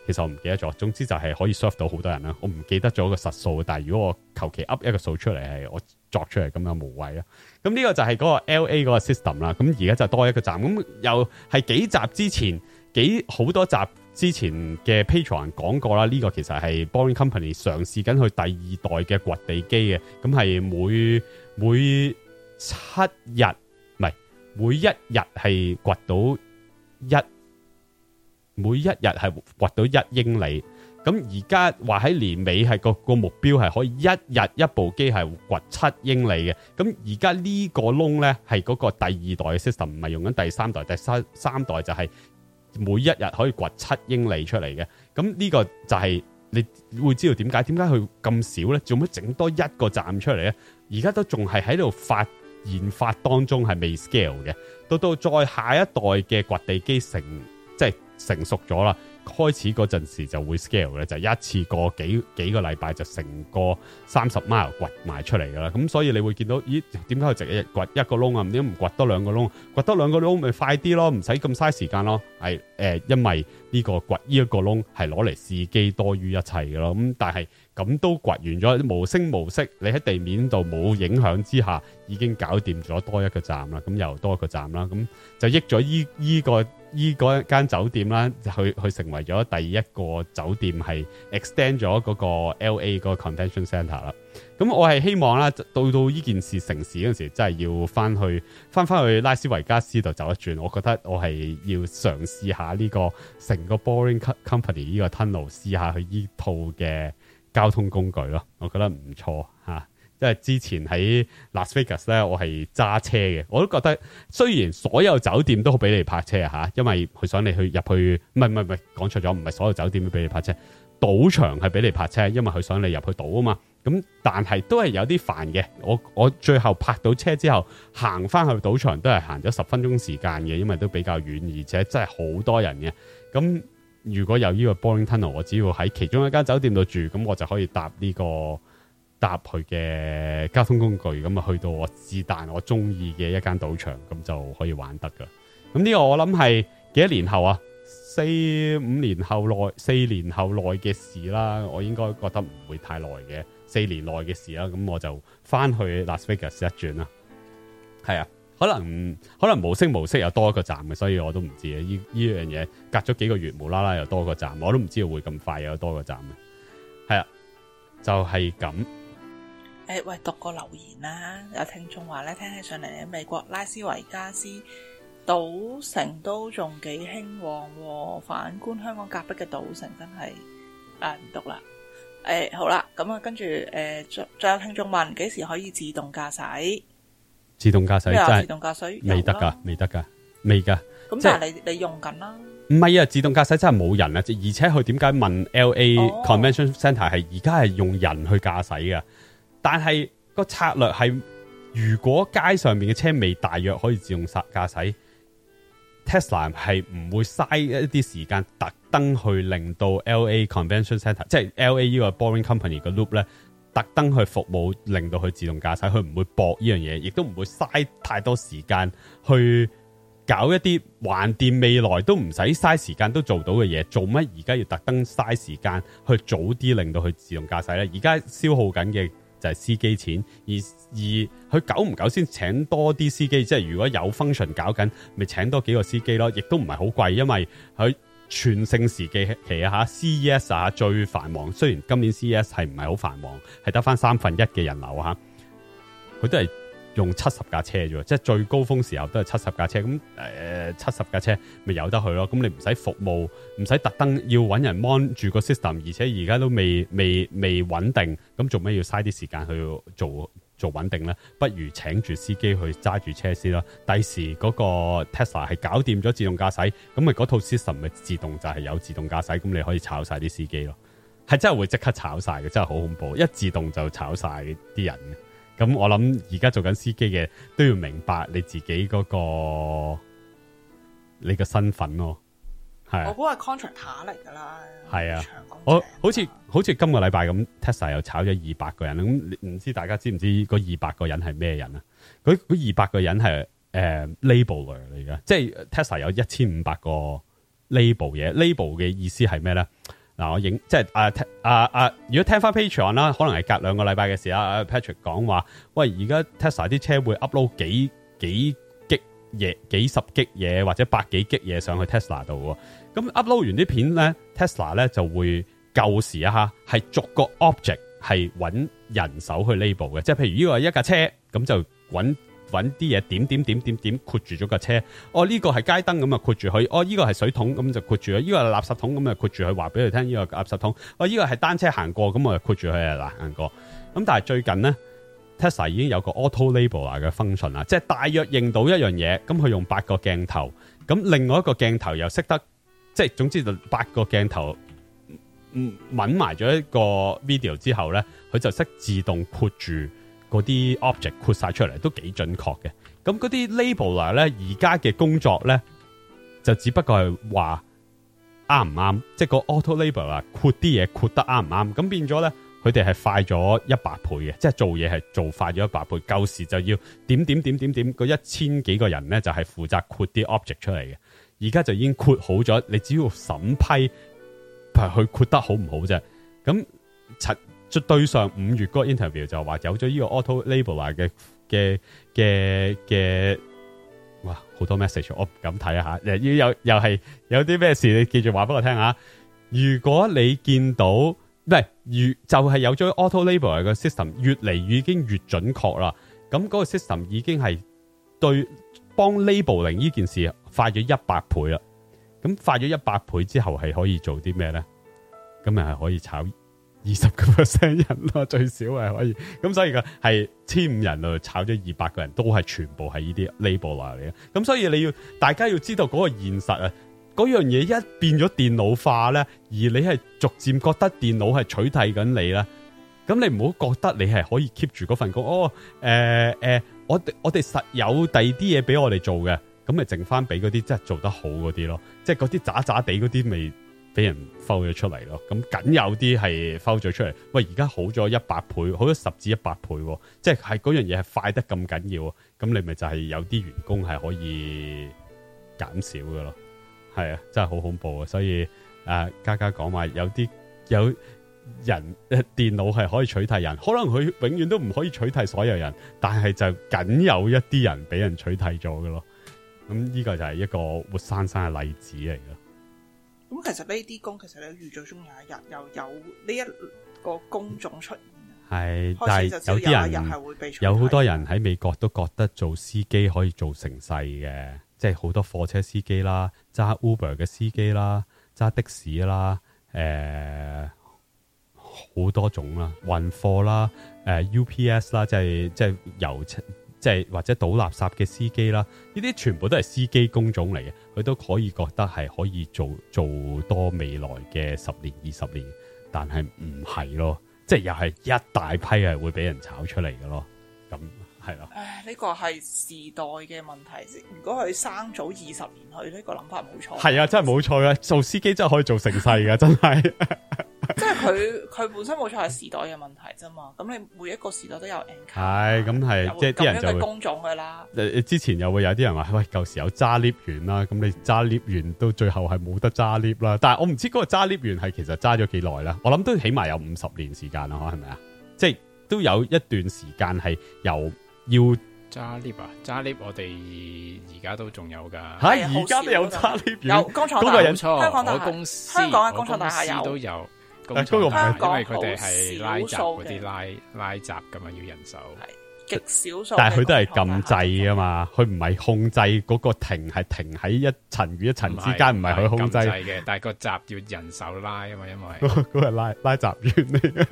Speaker 2: 其實我唔記得咗。總之就係可以 serve 到好多人啦。我唔記得咗個實數，但係如果我求其 up 一個數出嚟，係我作出嚟咁樣無謂啦。咁呢個就係嗰個 L.A. 嗰個 system 啦。咁而家就多一個站，咁又係幾集之前。幾好多集之前嘅 Patreon 講過啦。呢、這個其實係 Boring Company 嘗試緊去第二代嘅掘地機嘅。咁係每每七日唔係每一日係掘到一，每一日係掘到一英里。咁而家話喺年尾係個個目標係可以一日一部機係掘七英里嘅。咁而家呢個窿咧係嗰個第二代嘅 system，唔係用緊第三代，第三三代就係、是。每一日可以掘七英里出嚟嘅，咁呢個就係，你會知道點解？點解佢咁少咧？做乜整多一個站出嚟咧？而家都仲係喺度發研發當中，係未 scale 嘅。到到再下一代嘅掘地機成即係成熟咗啦。開始嗰陣時就會 scale 咧，就是、一次過幾幾個禮拜就成個三十 mile 掘埋出嚟噶啦，咁所以你會見到，咦？點解佢接掘一個窿啊？洞洞點解唔掘多兩個窿？掘多兩個窿咪快啲咯，唔使咁嘥時間咯。係、呃、誒，因為呢個掘呢一個窿係攞嚟試機多於一切㗎咯。咁但係咁都掘完咗，無聲無息，你喺地面度冇影響之下，已經搞掂咗多一個站啦，咁又多一個站啦，咁就益咗依依個。依個間酒店啦，去去成為咗第一個酒店係 extend 咗嗰個 L A 嗰個 Convention Centre 啦。咁我係希望啦，到到呢件事成事嗰陣時，真係要翻去翻翻去拉斯維加斯度走一轉。我覺得我係要嘗試下呢、這個成個 Boring Company 呢個 Tunnel 試下去依套嘅交通工具咯。我覺得唔錯嚇。即係之前喺 Las Vegas 咧，我係揸車嘅。我都覺得雖然所有酒店都好俾你泊車，因為佢想你去入去，唔係唔係唔係講錯咗，唔係所有酒店都俾你泊車，賭場係俾你泊車，因為佢想你入去賭啊嘛。咁但係都係有啲煩嘅。我我最後泊到車之後，行翻去賭場都係行咗十分鐘時間嘅，因為都比較遠，而且真係好多人嘅。咁如果有呢個 Boring Tunnel，我只要喺其中一間酒店度住，咁我就可以搭呢個。搭佢嘅交通工具咁啊，去到我自彈我中意嘅一間賭場，咁就可以玩得噶咁呢個我諗係幾多年後啊，四五年後內，四年後內嘅事啦，我應該覺得唔會太耐嘅，四年內嘅事啦，咁我就翻去 Las Vegas 一轉啦。係啊，可能可能無聲無息又多一個站嘅，所以我都唔知。呢依樣嘢隔咗幾個月，無啦啦又多個站，我都唔知道會咁快有多一個站嘅。係啊，就係咁。
Speaker 4: 誒喂，讀個留言啦，啊，有聽眾話咧，聽起上嚟美國拉斯維加斯賭城都仲幾興旺喎，哦，反觀香港隔壁嘅賭城真係誒唔讀啦。誒、哎、好啦，咁啊跟住誒、呃、再有聽眾問，幾時可以自動駕駛？自動駕駛真係自動駕駛未得噶，
Speaker 2: 未得噶，未噶。咁、
Speaker 4: 就是、即係你你用緊啦？
Speaker 2: 唔係啊，自動駕駛真係冇人咧，啊，而且佢點解問 L A Convention Centre 係、哦、而家係用人去駕駛㗎？但係個策略係，如果街上面嘅車未大約可以自動駕駛，Tesla 係唔會嘥一啲時間特登去令到 LA Convention Center，即係 LA 呢個 Boring Company 嘅 loop 咧，特登去服務令到佢自動駕駛，佢唔會搏呢樣嘢，亦都唔會嘥太多時間去搞一啲橫掂未來都唔使嘥時間都做到嘅嘢，做乜而家要特登嘥時間去早啲令到佢自動駕駛咧？而家消耗緊嘅。就係、是、司機錢，而而佢久唔久先請多啲司機，即係如果有 function 搞緊，咪請多幾個司機咯，亦都唔係好貴，因為佢全盛時期期下 CES 啊最繁忙，雖然今年 CES 係唔係好繁忙，係得翻三分一嘅人流嚇，佢都係用七十架車啫，即係最高峰時候都係七十架車。咁誒，七十架車咪由得佢咯。咁你唔使服務，唔使特登要搵人 mon 住個 system，而且而家都未未未穩定。咁做咩要嘥啲時間去做做穩定呢？不如請住司機去揸住車先咯。第時嗰個 Tesla 係搞掂咗自動駕駛，咁咪嗰套 system 咪自動就係有自動駕駛。咁你可以炒晒啲司機咯。係真係會即刻炒晒嘅，真係好恐怖。一自動就炒晒啲人。咁我諗而家做緊司機嘅都要明白你自己嗰個你個身份咯，係。我估係
Speaker 4: contract 嚟噶啦。係啊，我，啦啊
Speaker 2: 啊我好似好似今個禮拜咁，Tesla 又炒咗二百個人，咁唔知大家知唔知嗰二百個人係咩人啊？嗰二百個人係誒 label 嚟噶，即係 Tesla 有一千五百個 label 嘢，label 嘅意思係咩咧？嗱、啊，我影即係啊啊啊，如果聽翻 Patreon 啦，可能係隔兩個禮拜嘅事啊。Patrick 講話喂，而家 Tesla 啲車會 upload 幾幾激嘢，幾，G, 幾十激嘢或者百幾激嘢上去 Tesla 度。咁 upload 完啲片咧，Tesla 咧就會舊時啊，吓係逐個 object 係揾人手去 label 嘅，即係譬如呢個係一架車，咁就揾。揾啲嘢，點點點點點括住咗個車，哦呢個係街燈，咁啊括住佢，哦呢個係水桶，咁就括住佢，呢個係垃圾桶，咁啊括住佢，話俾佢聽呢個垃圾桶，哦呢個係單車行過，咁我就括住佢啊行過，咁、嗯、但係最近呢 Tesla 已經有個 auto labeler 嘅 function 啦，即係大約認到一樣嘢，咁佢用八個鏡頭，咁另外一個鏡頭又識得，即係總之就八個鏡頭，嗯，揾埋咗一個 video 之後咧，佢就識自動括住。嗰啲 object 括晒出嚟都幾準確嘅，咁嗰啲 labeler 咧，而家嘅工作咧就只不過係話啱唔啱，即係個 auto label 啊，括啲嘢括得啱唔啱？咁變咗咧，佢哋係快咗一百倍嘅，即係做嘢係做快咗一百倍。舊時就要點點點點點，嗰一千幾個人咧就係負責括啲 object 出嚟嘅，而家就已經括好咗，你只要審批，係去括得好唔好啫？咁就對上五月個 interview 就話有咗呢個 auto labeler 嘅嘅嘅嘅。哇好多 message 我唔敢睇下又要有又係有啲咩事，你記住話俾我聽下，如果你見到唔係越就係、是、有咗 auto labeler 嘅 system 越嚟已經越準確啦，咁嗰個 system 已經係對幫 labeling 呢件事，快咗一百倍啦。咁快咗一百倍之後係可以做啲咩咧？咁咪係可以炒。二十個 percent 人咯，最少係可以咁，所以嘅係千五人啊，炒咗二百個人都係全部係呢啲 label 嚟嘅。咁所以你要大家要知道嗰個現實啊，嗰樣嘢一變咗電腦化咧，而你係逐漸覺得電腦係取締緊你啦，咁你唔好覺得你係可以 keep 住嗰份工哦，誒、呃、誒、呃，我我哋實有第二啲嘢俾我哋做嘅，咁咪剩翻俾嗰啲即係做得好嗰啲咯，即係嗰啲渣渣地嗰啲未。俾人浮咗出嚟咯，咁僅有啲係浮咗出嚟。喂，而家好咗一百倍，好咗十至一百倍，即係嗰樣嘢係快得咁緊要。咁你咪就係有啲員工係可以減少噶咯，係啊，真係好恐怖啊！所以誒、呃，家家講話有啲有人誒，電腦係可以取替人，可能佢永遠都唔可以取替所有人，但係就僅有一啲人俾人取替咗噶咯。咁呢個就係一個活生生嘅例子嚟嘅。
Speaker 4: 咁其，其實呢啲工其實你預咗終有一日又有呢一個工種出
Speaker 2: 現，係但係有啲人係會被，有好多人喺美國都覺得做司機可以做成世嘅，即係好多貨車司機啦、揸 Uber 嘅司機啦、揸的士啦、誒、呃、好多種啦、運貨啦、呃、UPS 啦，即係即係郵即係或者倒垃圾嘅司機啦，呢啲全部都係司機工種嚟嘅，佢都可以覺得係可以做做多未來嘅十年二十年，但係唔係咯，即係又係一大批係會俾人炒出嚟嘅咯，咁係咯。
Speaker 4: 唉，呢個係時代嘅問題。如果佢生早二十年，佢呢個諗法冇錯。係啊，真係
Speaker 2: 冇錯啊。做司機真係可以做成世㗎，真係。
Speaker 4: 即係佢佢本身冇錯係時代嘅問題啫嘛，咁你每一個時代都有 a n c
Speaker 2: 係咁係，即係啲人就會工種嘅啦。之前又會有啲人話喂，舊時有揸 lift 員啦，咁你揸 lift 員到最後係冇得揸 lift 啦。但係我唔知嗰個揸 lift 員係其實揸咗幾耐啦，我諗都起碼有五十年時間啦，係咪啊？即係都有一段時間係由要揸
Speaker 3: lift 啊，揸 lift，我哋而家都仲有噶。吓、啊，而家都有揸 lift，有工廠大廈、香港嘅公司、香港嘅工廠大廈有。嗱，嗰個唔係，因為佢哋係拉閘啲拉拉閘噶嘛，要人手，係極少數。但係佢都係
Speaker 2: 撳掣噶嘛，佢唔係控制嗰個停，係停喺一層與一層之間，唔係佢控制嘅。
Speaker 3: 但係個閘要人手拉啊嘛，因為
Speaker 2: 嗰個 拉拉閘員。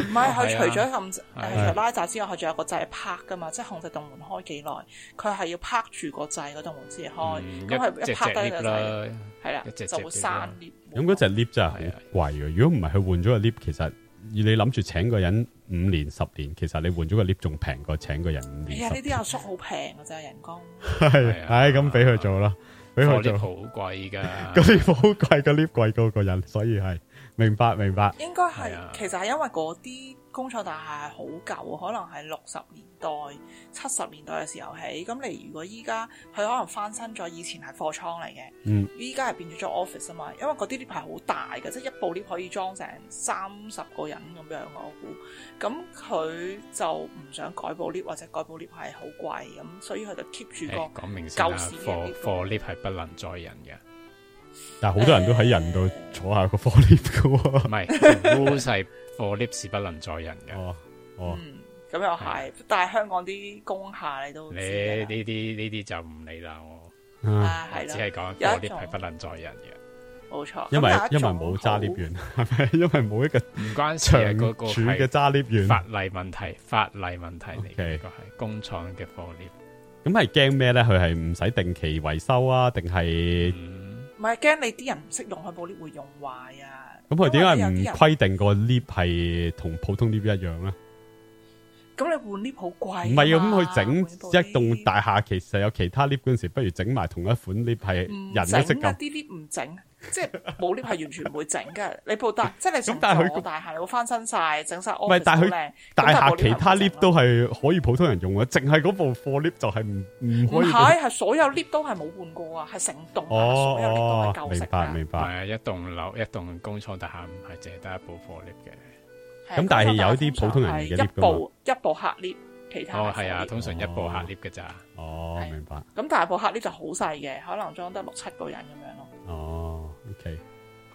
Speaker 2: 唔
Speaker 4: 係佢除咗撳、啊，除拉閘之外，佢仲有個掣拍噶嘛，即係控制洞門開幾耐。佢係要拍住、個掣，個洞門先開。咁、嗯、係一拍低就係，係啦，就會閂
Speaker 2: 咁嗰隻 lift 真係貴嘅，如果唔係佢換咗個 lift，其實而你諗住請個人五年十年，其實你換咗個 lift 仲平過請個人五
Speaker 4: 年，年。哎呀，呢啲阿叔好平
Speaker 2: 㗎咋，人工。係、啊，唉、哎，咁俾佢做啦，俾佢做。好貴噶，嗰啲好貴，嗰 lift 貴過個人，所以係，明白明白。應該係、啊，
Speaker 4: 其實係因為嗰啲。工廠大廈係好舊，可能係六十年代、七十年代嘅時候起。咁你如果依家佢可能翻新咗，以前係貨倉嚟嘅。嗯，依家係變咗咗 office 啊嘛。因為嗰啲 lift 好大嘅，即係一部 lift 可以裝成三十個人咁樣。我估咁佢就唔想改部 lift 或者改部 lift 係好貴咁，所以佢就 keep 住個舊式 lift。貨
Speaker 3: lift 係不能載人嘅，但係好多人都喺人
Speaker 2: 度坐下個 lift 噶喎，唔係
Speaker 3: 烏勢。 不是 貨 lift 是不能載人
Speaker 4: 嘅，哦，嗯，咁又係，但係香港啲工廈你都，你
Speaker 3: 呢啲呢啲就唔理啦，我，啊係，只係講貨 lift 係不能載人嘅，冇錯，因為因為冇揸 lift 員，
Speaker 2: 係咪？因為冇一個唔關事嘅個個係揸 lift 員，法
Speaker 3: 例問題，法例問題嚟嘅，個係工廠嘅貨
Speaker 2: lift，咁係驚咩咧？佢係唔使定期維修啊？定係
Speaker 4: 唔係驚你啲人唔識用，佢部 lift 會用壞啊？咁佢點解唔規
Speaker 2: 定個 lift 係同普通 lift 一樣咧？
Speaker 4: 咁你換 lift 好貴，唔係要咁去整，整一
Speaker 2: 棟大廈？其實有其他 lift 嗰陣時，不如整埋同一款 lift 係人都識㗎。唔整啊
Speaker 4: 啲 lift 唔整。 即係冇 lift 係完全唔會整嘅。 你部大即係你成個大廈，你會翻新晒，整晒安唔係，但係佢大廈其他 lift
Speaker 2: 都係可以普通人用嘅，淨係嗰部貨 lift 就係唔唔可以。唔係
Speaker 4: 係所有 lift 都係冇換過啊，係成棟啊、哦，所有明白、哦、明
Speaker 3: 白。明白啊、一棟樓一棟工廠大廈，唔係淨係得一部貨 lift 嘅。
Speaker 4: 咁但係有啲普通人嘅 l i 一部一部，一部客 lift，其他客哦係啊、哦，通
Speaker 3: 常一部客 lift 嘅咋。哦，明白。
Speaker 4: 咁但係部客 lift 就好細嘅，可能裝得六七個人咁樣咯。哦。
Speaker 3: 係、okay，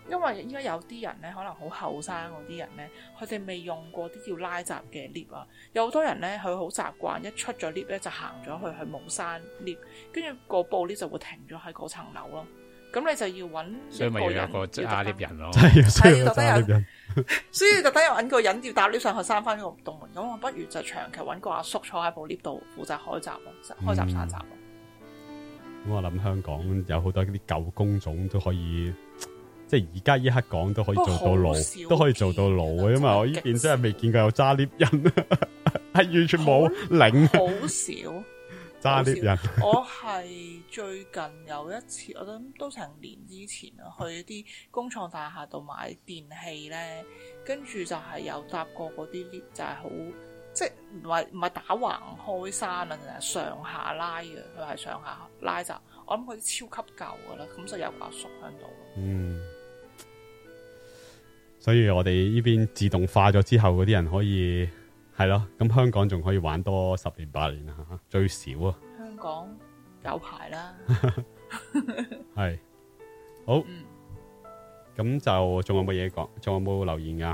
Speaker 4: 因為而家有啲人咧，可能好後生嗰啲人咧，佢哋未用過啲叫拉閘嘅 lift 啊。有好多人咧，佢好習慣一出咗 lift 咧，就行咗去去冇閂 lift，跟住個部 lift 就會停咗喺嗰層樓咯。咁你就要揾，所以咪有一個揸 lift 人咯，係、啊啊、 所以特登有揾個人要搭 lift 上去閂翻個洞門。咁我不如就長期揾個阿叔坐喺部 lift 度負責開閘咯，開閘閂閘
Speaker 2: 咁我諗香港有好多啲舊工種都可以，即係而家一刻講都可以做到老，都可以做到老嘅。因為我依邊真係未見過有揸 lift 人，係 完全冇領，好少揸 lift 人。我
Speaker 4: 係最近有一次，我諗都成年之前啊去一啲工廠大廈度買電器咧，跟住就係有搭過嗰啲 lift，就係、是、好。即係唔係唔係打橫開山啊，定係上下拉嘅。佢係上下拉咋？我諗佢啲超級舊噶啦，咁就以有掛熟響度
Speaker 2: 嗯，所以我哋呢邊自動化咗之後，嗰啲人可以係咯，咁香港仲可以玩多十年八年啊，最少
Speaker 4: 啊。香港有排啦，係
Speaker 2: 好。咁、嗯、就仲有冇嘢講？仲有冇留言噶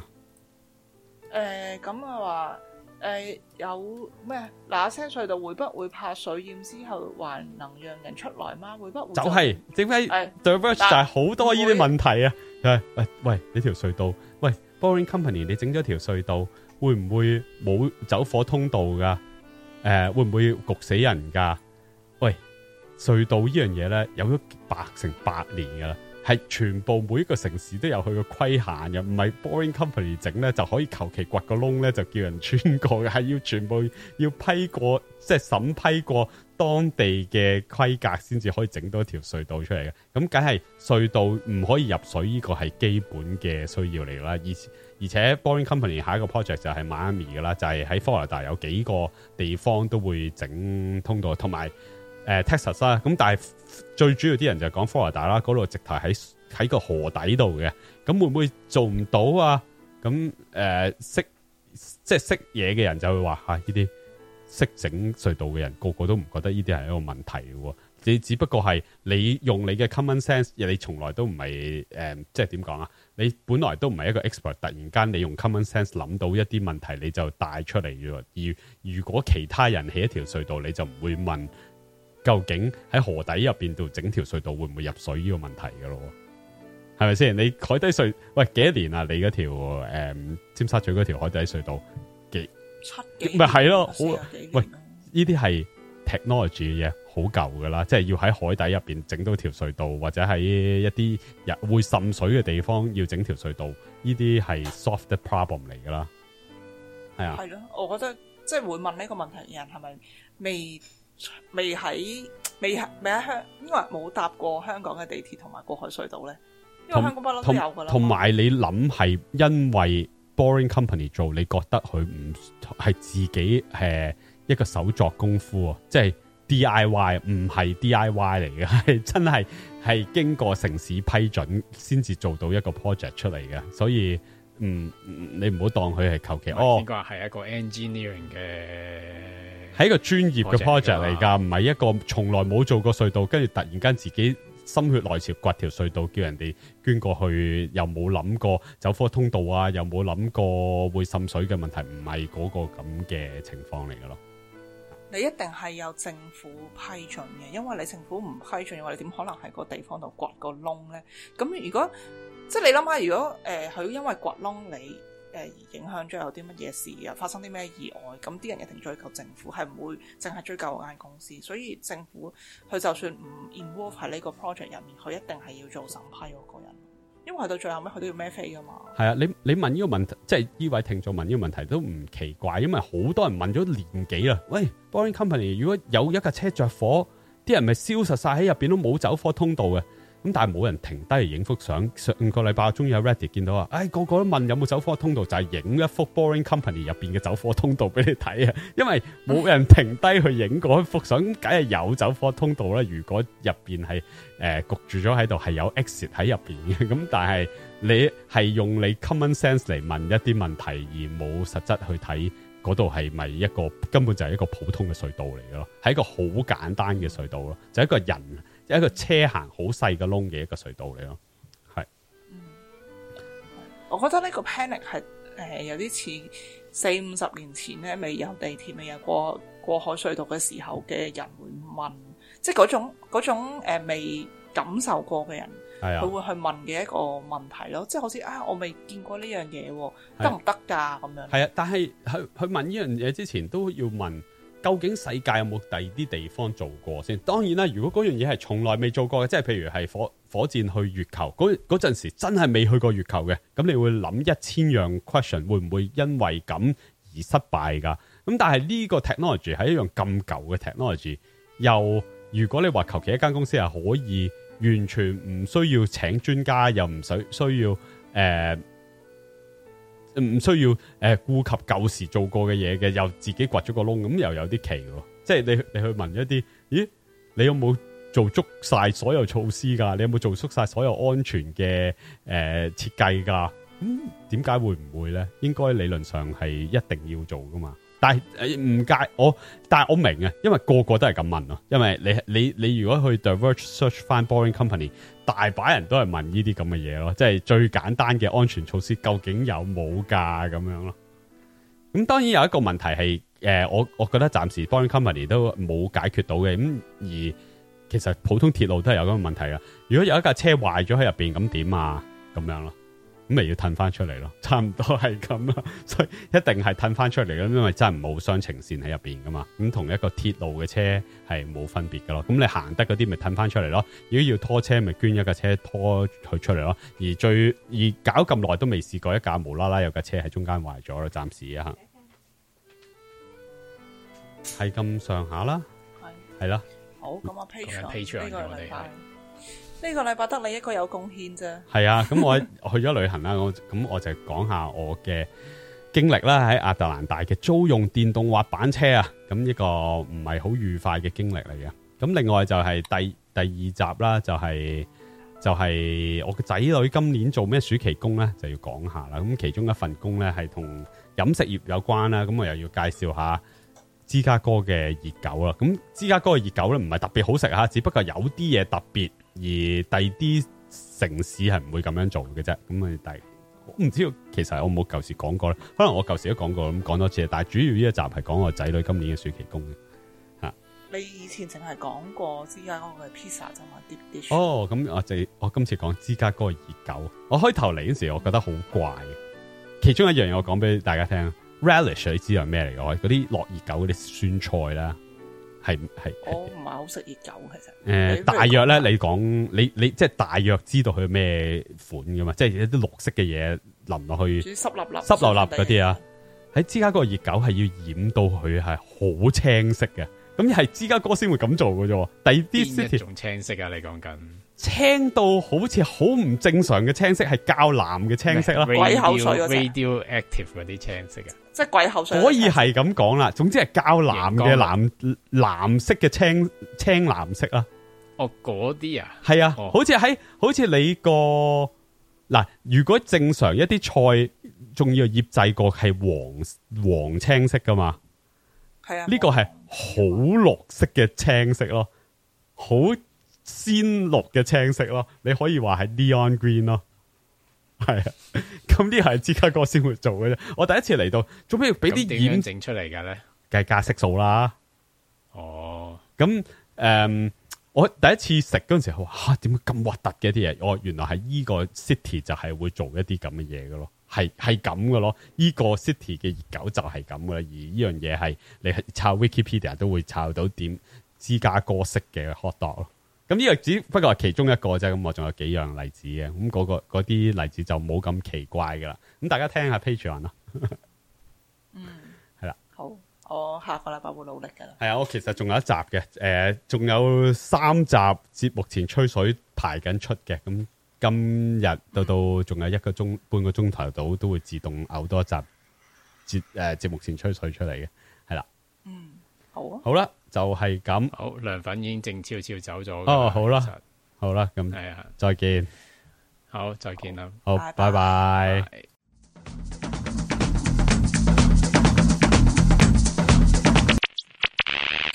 Speaker 4: 誒、欸，咁我話。誒，有咩嗱聲隧道會不會怕水淹之後，還能讓人出來嗎？會不會就係整翻？就係好多呢啲問
Speaker 2: 題啊！誒喂，喂，你條隧道喂 Boring Company，你整咗條隧道會唔會冇走火通道㗎？誒，會唔會焗死人㗎？喂，隧道呢樣嘢咧，有咗百成百年㗎喇。係全部每一個城市都有佢嘅規限嘅，唔係 Boring Company 整呢就可以求其掘個窿呢就叫人穿過嘅，係要全部要批過即係審批過當地嘅規格先至可以整多條隧道出嚟嘅。咁梗係隧道唔可以入水，呢、呢個係基本嘅需要嚟啦。而且而且 Boring Company 下一個 project 就係 Miami 嘅啦，就係喺 Florida 有幾個地方都會整通道，同埋。誒 Texas 啦，咁但係最主要啲人就係講 Florida 啦，嗰度直頭喺喺個河底度嘅，咁會唔會做唔到啊？咁誒、呃、識即係識嘢嘅人就會話嚇呢啲識整隧道嘅人個個都唔覺得呢啲係一個問題喎。你只不過係你用你嘅 common sense，你從來都唔係、呃、即係點講啊？你本來都唔係一個 expert，突然間你用 common sense 諗到一啲問題，你就帶出嚟喎。而如果其他人起一條隧道，你就唔會問。究竟喺河底入邊度整條隧道會唔會入水呢個問題噶咯，係咪先？你海底隧喂幾多年啊？你嗰條誒，尖沙咀嗰條海底隧道幾七幾年？咪係咯，好、嗯、喂，呢啲係 technology 嘅嘢，好舊噶啦，即係要喺海底入邊整到條隧道，或者喺一啲會滲水嘅地方要整條隧道，呢啲係 solved problem 嚟噶啦。
Speaker 4: 係啊，係咯，我覺得即係會問呢個問題嘅人係咪未？未喺，未喺，未喺香，因為冇搭過香港嘅地鐵同埋過海隧道咧。因為香港不嬲都有噶啦。同埋
Speaker 2: 你諗係因為 Boring Company 做，你覺得佢唔係自己誒一個手作功夫啊，即係 DIY 唔係 DIY 嚟嘅，係真係係經過城市批准先至做到一個 project 出嚟嘅，所以。嗯，你唔好當佢係求其哦，呢個
Speaker 3: 係一個 engineering 嘅，
Speaker 2: 係一個專業嘅 project 嚟噶，唔係一個從來冇做過隧道，跟住突然間自己心血來潮掘條隧道，叫人哋捐過去，又冇諗過走火通道啊，又冇諗過會滲水嘅問題，唔係嗰個咁嘅情況嚟噶咯。
Speaker 4: 你一定係有政府批准嘅，因為你政府唔批准嘅話，你點可能喺個地方度掘個窿呢？咁如果即你諗下，如果誒佢、呃、因為掘窿你、呃、而影響咗有啲乜嘢事啊，發生啲咩意外，咁啲人一定追究政府，係唔會淨係追究間公司。所以政府佢就算唔 involve 喺呢個 project 入面，佢一定係要做審批嗰個人。因為到最後
Speaker 2: 咩，佢都要孭飛噶嘛。係啊，你你問呢個問題，即係呢位聽眾問呢個問題都唔奇怪，因為好多人問咗年幾啊。喂，Boring Company，如果有一架車着火，啲人咪消失晒喺入邊都冇走火通道嘅。咁但係冇人停低嚟，影幅相。上個禮拜我終於有 Reddit 見到啊，哎個個都問有冇走火通道，就係、是、影一幅 Boring Company 入面嘅走火通道俾你睇啊。因為冇人停低去影嗰幅相，梗係有走火通道啦。如果入面係誒焗住咗喺度，係有 exit 喺入面嘅。咁但係你係用你 common sense 嚟問一啲問題，而冇實質去睇嗰度係咪一個根本就係一個普通嘅隧道嚟咯，係一個好簡單嘅隧道咯，就係、一個人。一個車行好細嘅窿嘅一個隧道嚟咯，
Speaker 4: 係。我覺得呢個 planning 係誒、呃、有啲似四五十年前咧，未有地鐵、未有過過海隧道嘅時候嘅人會問，即係嗰種嗰種誒、呃、未感受過嘅人，係啊，佢會去問嘅一個問題咯，即係好似啊我未見過呢樣嘢，得唔得噶咁樣？係
Speaker 2: 啊，但係佢佢問呢樣嘢之前都要問。究竟世界有冇第二啲地方做過先？當然啦，如果嗰樣嘢係從來未做過嘅，即係譬如係火火箭去月球嗰嗰陣時，真係未去過月球嘅，咁你會諗一千樣 question 會唔會因為咁而失敗㗎？咁但係呢個 technology 係一樣咁舊嘅 technology，又如果你話求其一間公司係可以完全唔需要請專家，又唔使需要誒。呃唔需要誒顧及舊時做過嘅嘢嘅，又自己掘咗個窿，咁又有啲奇喎。即係你你去問一啲，咦，你有冇做足晒所有措施㗎？你有冇做足晒所有安全嘅誒設計㗎？咁點解會唔會咧？應該理論上係一定要做㗎嘛。但係唔、欸、介，我但係我明啊，因為個個都係咁問咯，因為你你你如果去 diverge search 翻 Boring Company，大把人都係問呢啲咁嘅嘢咯，即係最簡單嘅安全措施究竟有冇噶？咁樣咯。咁、嗯、當然有一個問題係、呃，我我覺得暫時 Boring Company 都冇解決到嘅，咁而其實普通鐵路都係有咁嘅問題啊。如果有一架車壞咗喺入面咁點啊？咁樣，樣咯。咁咪要褪翻出嚟咯，差唔多係咁啦，所以一定係褪翻出嚟咯，因為真係冇雙程綫喺入邊噶嘛，咁同一個鐵路嘅車係冇分別噶咯，咁你行得嗰啲咪褪翻出嚟咯，如果要拖車咪捐一架車拖佢出嚟咯，而最而搞咁耐都未試過一架無啦啦有架車喺中間壞咗啦，暫時啊，係咁上下啦，係啦，
Speaker 4: 好，咁啊，批出呢個禮呢、呢個禮拜
Speaker 2: 得你一個有貢獻啫，係啊，咁我去咗旅行啦，咁 我就講下我嘅經歷啦，喺亞特蘭大嘅租用電動滑板車啊，咁呢個唔係好愉快嘅經歷嚟嘅，咁另外就係第第二集啦，就係，就係就係我嘅仔女今年做咩暑期工呢？就要講下啦，咁其中一份工呢，係同飲食業有關啦，咁我又要介紹下。芝加哥嘅熱狗啦，咁芝加哥嘅熱狗咧唔係特別好食吓，只不過有啲嘢特別，而第啲城市係唔會咁樣做嘅啫。咁啊，但係我唔知道，其實我冇舊時講過啦，可能我舊時都講過，咁講多次。但係主要呢一集係講我仔女今年嘅暑期工嘅吓。
Speaker 4: 啊。你以前淨係講過芝加哥嘅 pizza 就嘛
Speaker 2: ？Dish 哦，咁我就我今次講芝加哥嘅熱狗。我開頭嚟嗰時，我覺得好怪。嗯。其中一樣嘢，我講俾大家聽。relish 你知係咩嚟嘅？嗰啲落熱狗嗰啲酸菜啦，係係我
Speaker 4: 唔係好食熱狗其實。誒、呃，大約
Speaker 2: 咧，你講你你即係、就是、大約知道佢咩款噶嘛？即、就、係、是、一啲綠色嘅嘢淋落去，濕
Speaker 4: 立立、濕立立嗰啲啊。
Speaker 2: 喺、嗯、芝加哥熱狗係要染到佢係好青色嘅，咁係芝加哥先會咁做嘅啫。第啲
Speaker 3: 咩種青色啊？你講緊
Speaker 2: 青到好似好唔正常嘅青色，係較藍嘅青色啦，鬼口水
Speaker 3: radioactive 嗰啲青色嘅、啊。即鬼後可以係
Speaker 2: 咁講啦。總之係較藍嘅藍藍色嘅青青藍色啊。哦，嗰啲啊，係啊，哦、好似喺好似你個嗱、啊，如果正常一啲菜仲要醃製過係黃黃青色噶嘛，係啊，呢、這個係好綠色嘅青色咯，好鮮綠嘅青色咯，你可以話係 Neon Green 咯。係啊，咁呢係芝加哥先會做嘅啫。我第一次嚟到，做咩要俾啲染整出嚟嘅咧？計加色素啦。哦，咁誒、呃，我第一次食嗰陣時候，吓點解咁核突嘅啲嘢？哦，原來係呢個 city 就係會做一啲咁嘅嘢嘅咯，係係咁嘅咯。呢、呢個 city 嘅熱狗就係咁嘅啦，而呢樣嘢係你係抄 Wikipedia 都會抄到點芝加哥式嘅 hot dog。咁呢個只不過係其中一個啫，咁我仲有幾樣例子嘅，咁、那、嗰個嗰啲例子就冇咁奇怪噶啦。咁大家聽下 Patreon 喇。嗯，係啦，
Speaker 4: 好，我下個禮拜會努力噶
Speaker 2: 啦。係啊，我其實仲有一集嘅，誒、呃，仲有三集節目前吹水排緊出嘅，咁、嗯、今日到到仲有一個鐘半個鐘頭到，都會自動嘔多一集節誒節目前吹水出嚟嘅。好、啊，好啦，就係、是、咁。
Speaker 3: 好，涼粉已經靜悄悄走咗。哦，好啦，
Speaker 2: 好啦，咁係啊，再見。
Speaker 3: 好，再見啦。好，拜拜。
Speaker 2: 拜拜。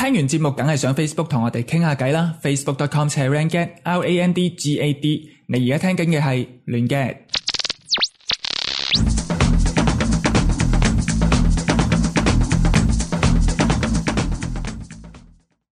Speaker 1: 聽完節目，梗係上 Facebook 同我哋傾下偈啦。f a c e b o o k c o m c r a n g e t l a n d g a d 你而家聽緊嘅係亂 get。